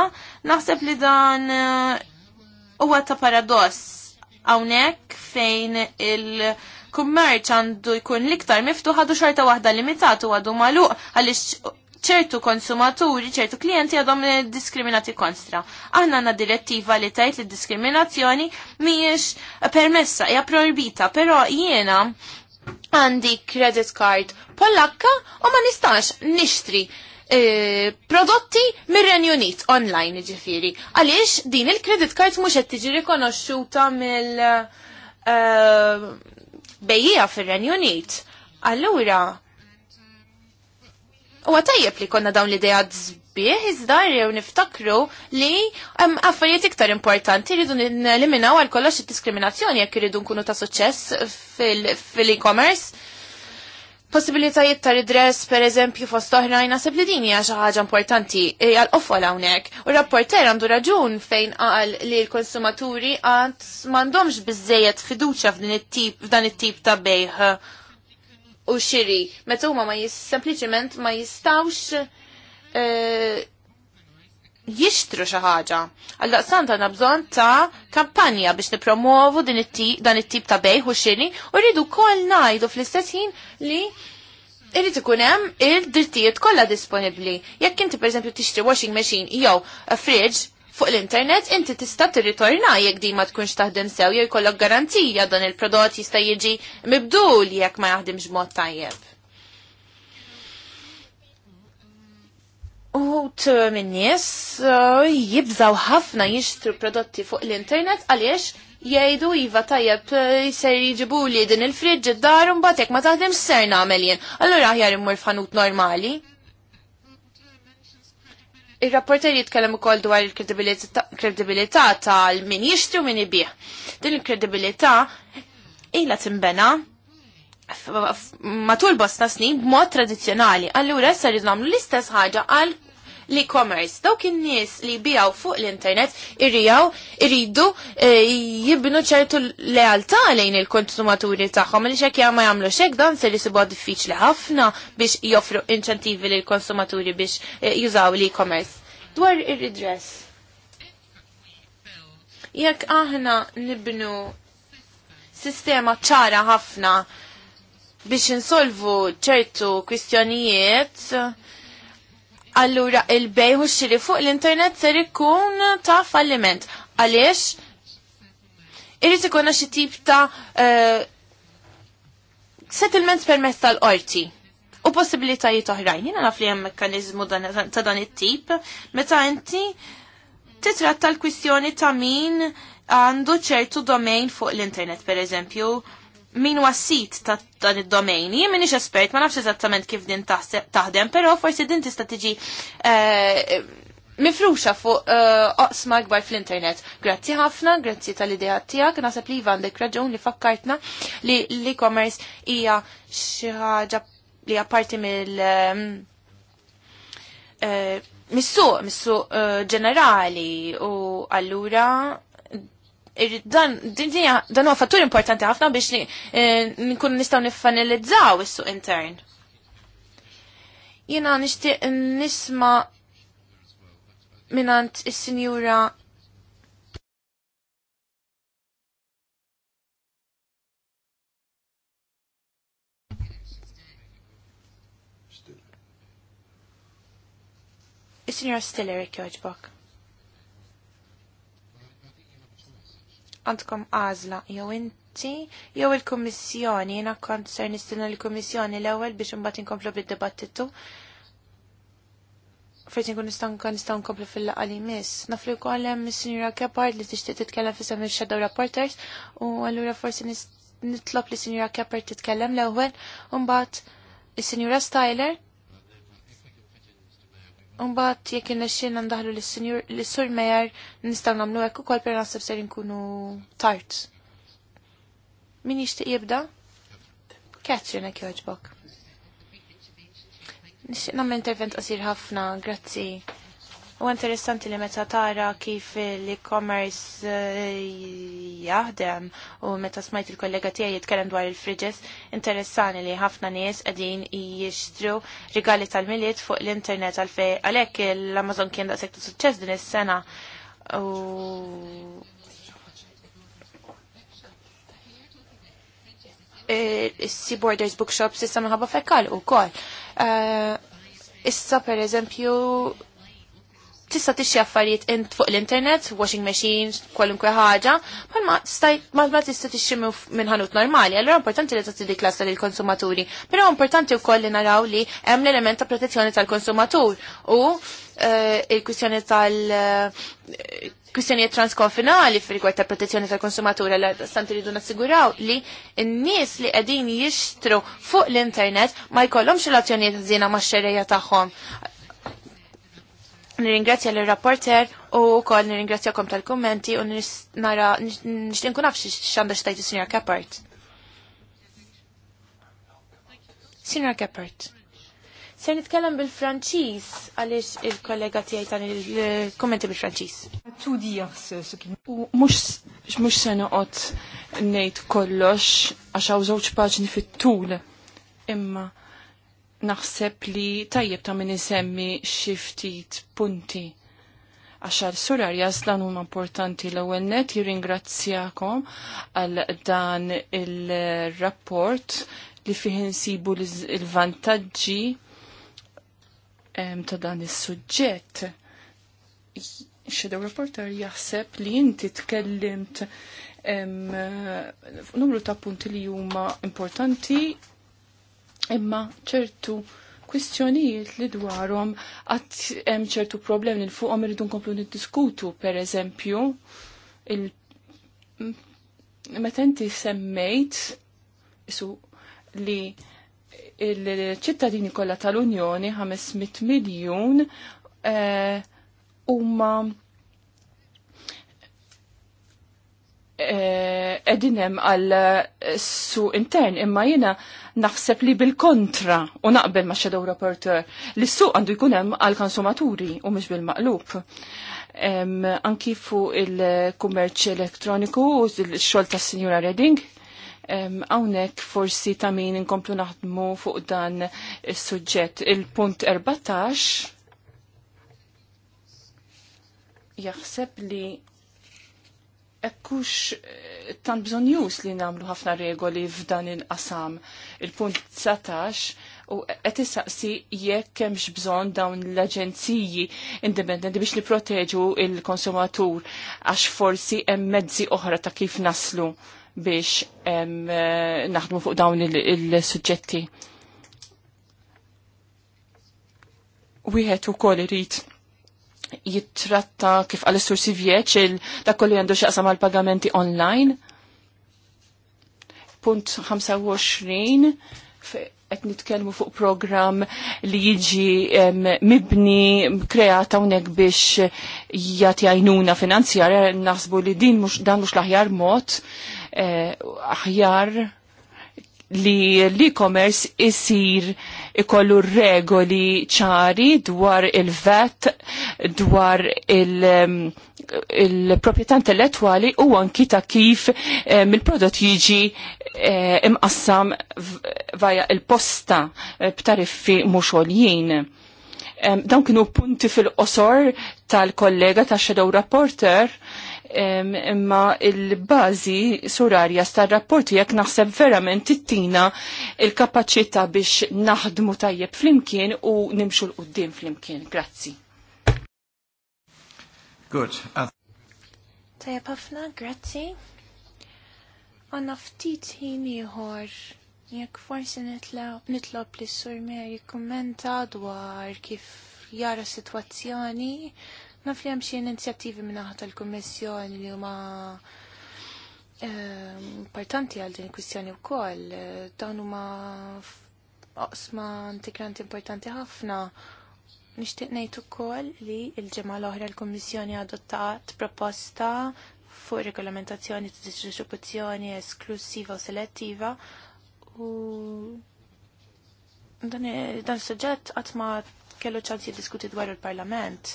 naħseb li dan eh, huwa ta' paradoss hawnhekk fejn il-kummerċ għandu jkun liktar miftuħ għadu xorta waħda limitatu għadu maluq għaliex ċertu konsumaturi, ċertu klienti għadhom diskriminati kontra. Aħna għandna direttiva li tajt li diskriminazzjoni mhijiex permessa, hija prorbita, però jiena għandi credit card pollakka u ma nistax nixtri E, prodotti mir-Renju Unit online ġifiri. Għaliex din il-credit card mhux qed tiġi rikonoxxuta mill e, bejija fir-Renju Unit. Allura u tajjeb li konna dawn l-idea bih jew niftakru li affarijiet iktar importanti rridu neliminaw għal kollox id-diskriminazzjoni jekk irridu nkunu ta' suċċess fil-e-commerce. Fil possibilitajiet ta' ridress per eżempju fost oħrajn naħseb li din hija xi ħaġa importanti e, għal qofol hawnhekk. U rapporter għandu raġun fejn qal li l-konsumaturi għad m'għandhomx bizzejet fiduċja f'dan it-tip ta' bejħ u xiri. Meta huma ma jis sempliċement ma jistawx e, jixtru xi ħaġa. santa nabżon bżonn ta' kampanja biex nippromovu dan it-tip ta' bej u xini u rridu wkoll ngħidu fl-istess ħin li irrid ikun hemm il-drittijiet kollha disponibbli. Jekk inti pereżempju tixtri washing machine jew fridge fuq l-internet inti tista' tirritorna jekk di ma tkunx taħdem sew jew jkollok garanzija dan il-prodott jista' jiġi mibdul jekk ma jaħdimx mod tajjeb. Uħut eh, minnis uh, eh, jibżaw ħafna jixtru prodotti fuq l-internet għaliex jgħidu iva tajjeb jisser eh, jġibu li din il fridġ id darum batek ma taħdem ser namel jien. Allura aħjar immur f'ħanut normali. Il-rapporter jitkellem ukoll dwar il-kredibilità tal-min jishtru min ibih. Din il-kredibilità ila timbena matul bosta snin b'mod tradizzjonali. Allura issa sar nagħmlu l-istess ħaġa għal l-e-commerce. Dawk in-nies li bijaw fuq l-internet irrijaw irridu e, jibnu ċertu lealtà lejn il-konsumaturi tagħhom li xekk ma jagħmlu xek dan se jisibuha diffiċli ħafna biex joffru inċentivi lil konsumaturi biex e, jużaw l-e-commerce. Dwar ir-redress. Jekk aħna nibnu sistema ċara ħafna biex insolvu ċertu kwistjonijiet, allura il-bej u xiri fuq l-internet ser ikun ta' falliment. Għaliex? Irrit ikun xi tip ta' uh, settlement permess tal-qorti u possibilitajiet oħrajn. Jiena naf li hemm mekkaniżmu ta' dan it-tip meta inti titratta l-kwistjoni ta' min għandu ċertu domain fuq l-internet, per eżempju, min wasit sit ta' dan id-domain. Jien minix espert, ma nafx eżattament kif din taħdem, però forsi din tista' tiġi eh, mifruxa fuq eh, oqsma gbar fl-internet. Grazzi ħafna, grazzi tal-idea tiegħek, naħseb li għandek raġun li fakkartna li l-e-commerce hija xi ħaġa li apparti mill Missu, eh, missu ġenerali u allura dan dan huwa fattur importanti ħafna biex eh, nkunu nistgħu niffanilizzaw is-suq intern. Jiena nixtieq nisma' minant is-sinjura Is-sinjura Stiller jekk għandkom għażla jew inti jew il-Kummissjoni, jiena kont ser nistenna l-Kummissjoni l-ewwel biex imbagħad inkomplu bid-dibattitu. Forsi nkun nistgħu nistgħu nkomplu fil-laqgħa li miss. Naflu li wkoll hemm is-Sinjura Kepard li tixtieq titkellem fisem il-Shadow Reporters u allura forsi nitlob li Sinjura Kepard titkellem l-ewwel u mbagħad is-Sinjura Styler Umbat jek il-nexxin ndaħlu l-sur mejar nistaw namlu għekku kol per nasib serin kunu tart. Min jishtiq jibda? Katrin għek joġbok. Nixtiq namlu intervent qasir ħafna, grazzi U interessanti li meta tara kif l-e-commerce eh, jaħdem u meta smajt il-kollega tiegħi jitkellem dwar il-fridges, interessani li ħafna nies qegħdin jixtru rigali tal-miliet fuq l-internet għalfej għalhekk l-Amazon kien daqshekk ta' suċċess din is-sena. Eh, sea Borders Bookshops issa minħabba fekkal u kol. Eh, issa per eżempju tista' tixxi affarijiet int fuq l-internet, washing machines, kwalunkwe ħaġa, ma ma tista' tixxi minn ħanut normali. Allora importanti li tati dik lasta lill-konsumaturi, però importanti wkoll li naraw li hemm l-element ta' protezzjoni tal-konsumatur u eh, il-kwistjoni tal- eh, kwistjonijiet transkonfinali fil-rigward ta' protezzjoni tal-konsumatura l stant iridu nassiguraw li n-nies li qegħdin jixtru fuq l-internet ma jkollhomx relazzjonijiet żiena max-xerejja tagħhom. Nirringrazzja l-rapporter u kol kom tal-kommenti u nara nishtin kunaf xandax tajtu xtajt Keppert. Sinjor Keppert. Ser nitkellem bil franċis għalix il-kollega tijaj tani l kommenti bil franċis Tu dijas mhux mux se noqgħod nejt kollox għaxa hawn żewġ paġni fit-tul. Imma naħseb li tajjeb ta' min isemmi xi ftit punti. Għaxar surar jazlan huma importanti l ewwel net jirringrazzjakom għal dan il-rapport li fih insibu l-vantaġġi ta' dan is-suġġett. Shadow Reporter jaħseb li inti tkellimt numru ta' punti li huma importanti imma ċertu kwistjonijiet li dwarhom għat hemm ċertu problemi li fuqhom irridu nkomplu niddiskutu pereżempju il meta inti semmejt isu li il-ċittadini kollha tal-Unjoni 500 miljun eh, huma uh, edinem għal eh, su intern imma jina naħseb li bil-kontra u naqbel ma' Shadow Rapporteur, li su għandu jkunem għal konsumaturi u mhux bil-maqlub. Anki fu il-kummerċ elektroniku u xol ta' Signora Redding għawnek forsi ta' min inkomplu naħdmu fuq dan il-sujġet. Il-punt 14 jaħseb li ekkux eh, tan bżonjus li namlu ħafna regoli f'dan il-qasam. Il-punt 19 u qed issaqsi jekk hemmx bżonn dawn l-aġenziji indipendenti biex niproteġu il-konsumatur għax forsi hemm mezzi oħra ta' kif naslu biex eh, naħdmu fuq dawn il-suġġetti. Wieħed ukoll irid jittratta kif għal sur Sivjeċ dak kollu għandu xaqsam għal pagamenti online. Punt 25 qed nitkellmu fuq program li jiġi mibni kreata hawnhekk biex jagħti għajnuna finanzjar naħsbu li din mux, dan mhux l-aħjar mod eh, aħjar li l-e-commerce isir ikollu regoli ċari dwar il-vet, dwar il-proprietà il um, intellettuali u anki ta' kif eh, il-prodott jiġi eh, imqassam vaja il-posta eh, b'tariffi mhux għoljien. Dawn kienu punti fil-qosor tal-kollega ta' Shadow Rapporter imma il-bazi surarja sta' rapporti jek naħseb verament tittina il kapacita biex naħdmu tajjeb flimkien u nimxu l-qoddim flimkien. Grazzi. Good. Uh, tajjeb ħafna, grazzi. Għanna ftit ħin ieħor jekk forsi nitlob li sur Mary kommenta dwar kif jara situazzjoni Naf li hemm xi inizjattivi minna aħħar tal-Kummissjoni li huma ehm, importanti għal din il-kwistjoni wkoll. Eh, dawn huma oqsma integranti importanti ħafna. Nixtieq ngħid ukoll li l-ġimgħa l-oħra l-Kummissjoni adottat proposta fuq regolamentazzjoni ta' distribuzzjoni esklusiva u selettiva u dan, dan suġġett qatt ma kellu ċans jiddiskuti dwar il-Parlament.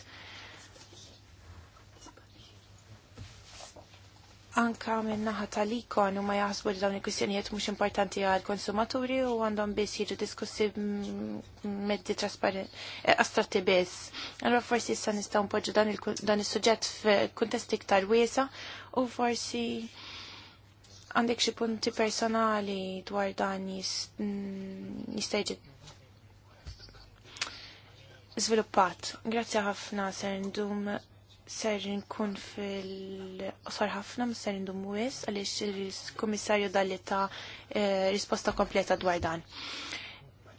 anka minn naħa tal-ikon u ma jaħsbu li dawn il-kwistjonijiet mhux importanti għal konsumaturi u għandhom biss jiġu diskussi trasparent, eh, astrati biss. Allora forsi issa nistgħu npoġġu dan is-suġġett f'kuntest iktar wiesa u forsi għandek xi punti personali dwar dan mm, jista' Sviluppat. Grazzi ħafna ser ndum ser nkun fil-qosor ħafna ma ser ndumu wis għaliex il-Kummissarju dalli ta' eh, risposta kompleta dwar dan.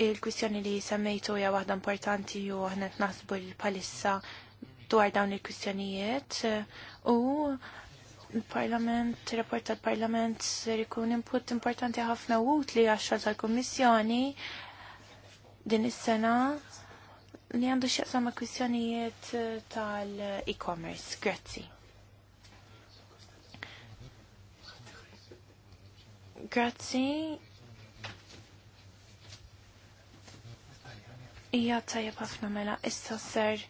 Il-kwistjoni li semmejtu hija waħda importanti u aħna naħsbu l-palissa dwar dawn il-kwistjonijiet eh, u il-Parlament, rapport tal-Parlament ser ikun input importanti ħafna u li għaxħal tal-Kummissjoni din is-sena li għandu xieqsam ma' kwistjonijiet eh, tal-e-commerce. Grazzi. Grazzi. Ija tajja ħafna mela, issa ser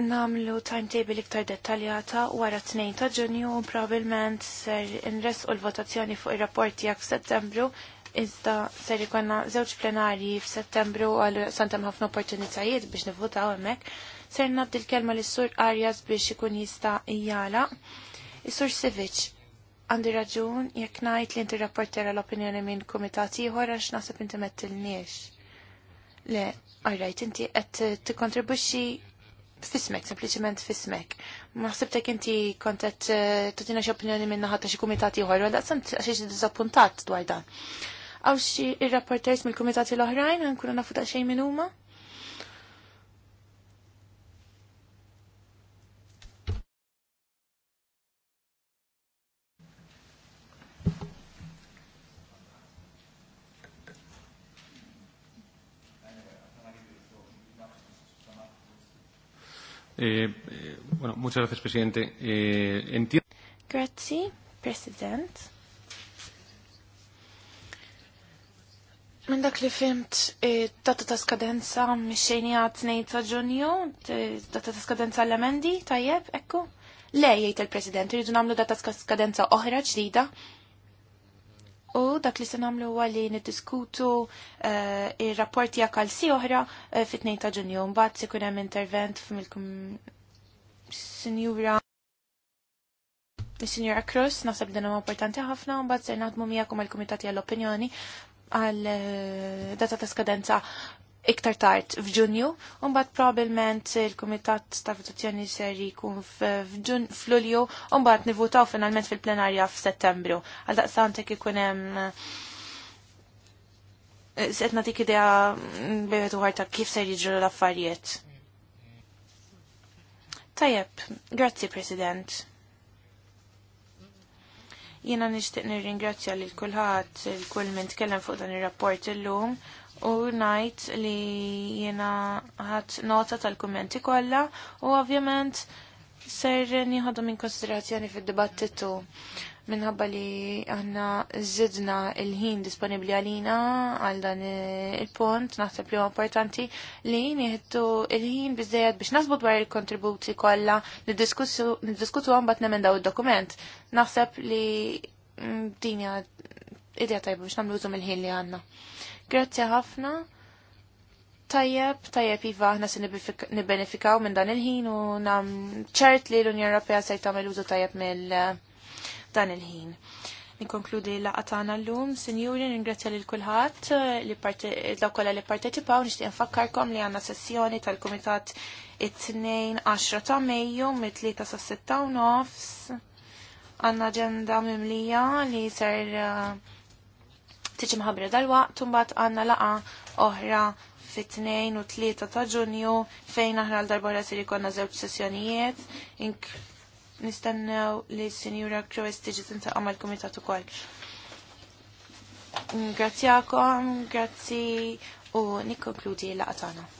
namlu timetable iktar dettaljata wara 2 ta' ġunju u probabilment ser inres u l-votazzjoni fuq ir-rapport għak f'Settembru Iżda ser ikonna żewġ plenarji f'Settembru għal santem ħafna opportunitajiet biex nivvotaw hemmhekk. Ser nabdi l-kelma lis-Sur Arias biex ikun jista' jala. Is-Sur Sivic għandi raġun jekk ngħid li inti rapportera l-opinjoni minn kumitat ieħor għax naħseb inti mettilniex. Le, għarrajt, inti qed tikkontribwixxi fismek, sempliciment fismek. Ma ħsibtek inti kontet tutina xopinjoni minna ħatta xie kumitati uħor, għal daqsan għaxiex dizappuntat dwar dan. Għaw xie il rapporters mil-komitati l-oħrajn nkunu nafu ta' xejn minn eh, eh, bueno, muchas gracias, presidente. Eh, Grazie, president. Minn dak li fimt e, data ta' skadenza mixxejni għad 2 ta' ġunju, e, data ta' skadenza l-emendi, tajjeb, ekku. Le, jgħid il-President, rridu namlu data ta' skadenza oħra ġdida. U dak li se namlu għalli li niddiskutu e, ir-rapporti għal si oħra fit-2 ta' ġunju. Mbagħad se jkun hemm intervent f'milkom sinjura Signora Cruz, nasab dan huwa importanti ħafna, mbagħad se naħdmu kum għall-Kumitati għall-Opinjoni għal eh, data ta' skadenza iktar tard f'Ġunju, unbat probabbilment il-Kumitat ta' Votazzjoni ser jkun f'Lulju, u mbagħad nivutaw finalment fil-plenarja f'Settembru. Għal daqsan hekk ikun hemm eh, Set natik idea mm, bejħet uħarta kif ser jiġru l-affarijiet. Tajjeb, grazzi President. Jiena nixtieq nirringrazzja lil kulħadd l kull min tkellem fuq dan ir-rapport l-lum, u ngħid li jiena ħadd nota tal-kummenti kollha u ovvjament ser nieħodhom in konsiderazzjoni fil dibattitu minħabba li aħna zidna il-ħin disponibli għalina għal dan il-pont, naħseb li importanti li nieħdu il-ħin bizzejed biex nasbu dwar il-kontributi kollha niddiskutu għan bat nemendaw il-dokument. Naħseb li mm, dinja idea tajba biex namlu użum il-ħin li għanna. Grazzi ħafna. Tajjeb, tajjeb Iva, aħna se nibbenefikaw minn dan il-ħin u nam ċert li l-Unjon Ewropea se jtagħmel użu tajjeb mill- uh, dan il-ħin. Nikonkludi laqa tagħna llum, sinjuri ningrazzja lil kulħadd eh, li dawk kollha li partecipaw, nixtieq nfakkarkom li għandna sessjoni tal-Kumitat it-tnejn 10 ta' Mejju mit-tlieta sa' sitta u nofs. Għandna aġenda mimlija li ser eh, tiġi mħabra dal-waqt mbagħad għandna laqa oħra fit-2 u 3 ta' Ġunju fejn aħna l-darbora sir ikonna żewġ sessjonijiet nistennew li s-Sinjura Crowes tiġi tintaqa' mal-Kumitat ukoll. għakom, grazzi u nikkonkludi laqatana.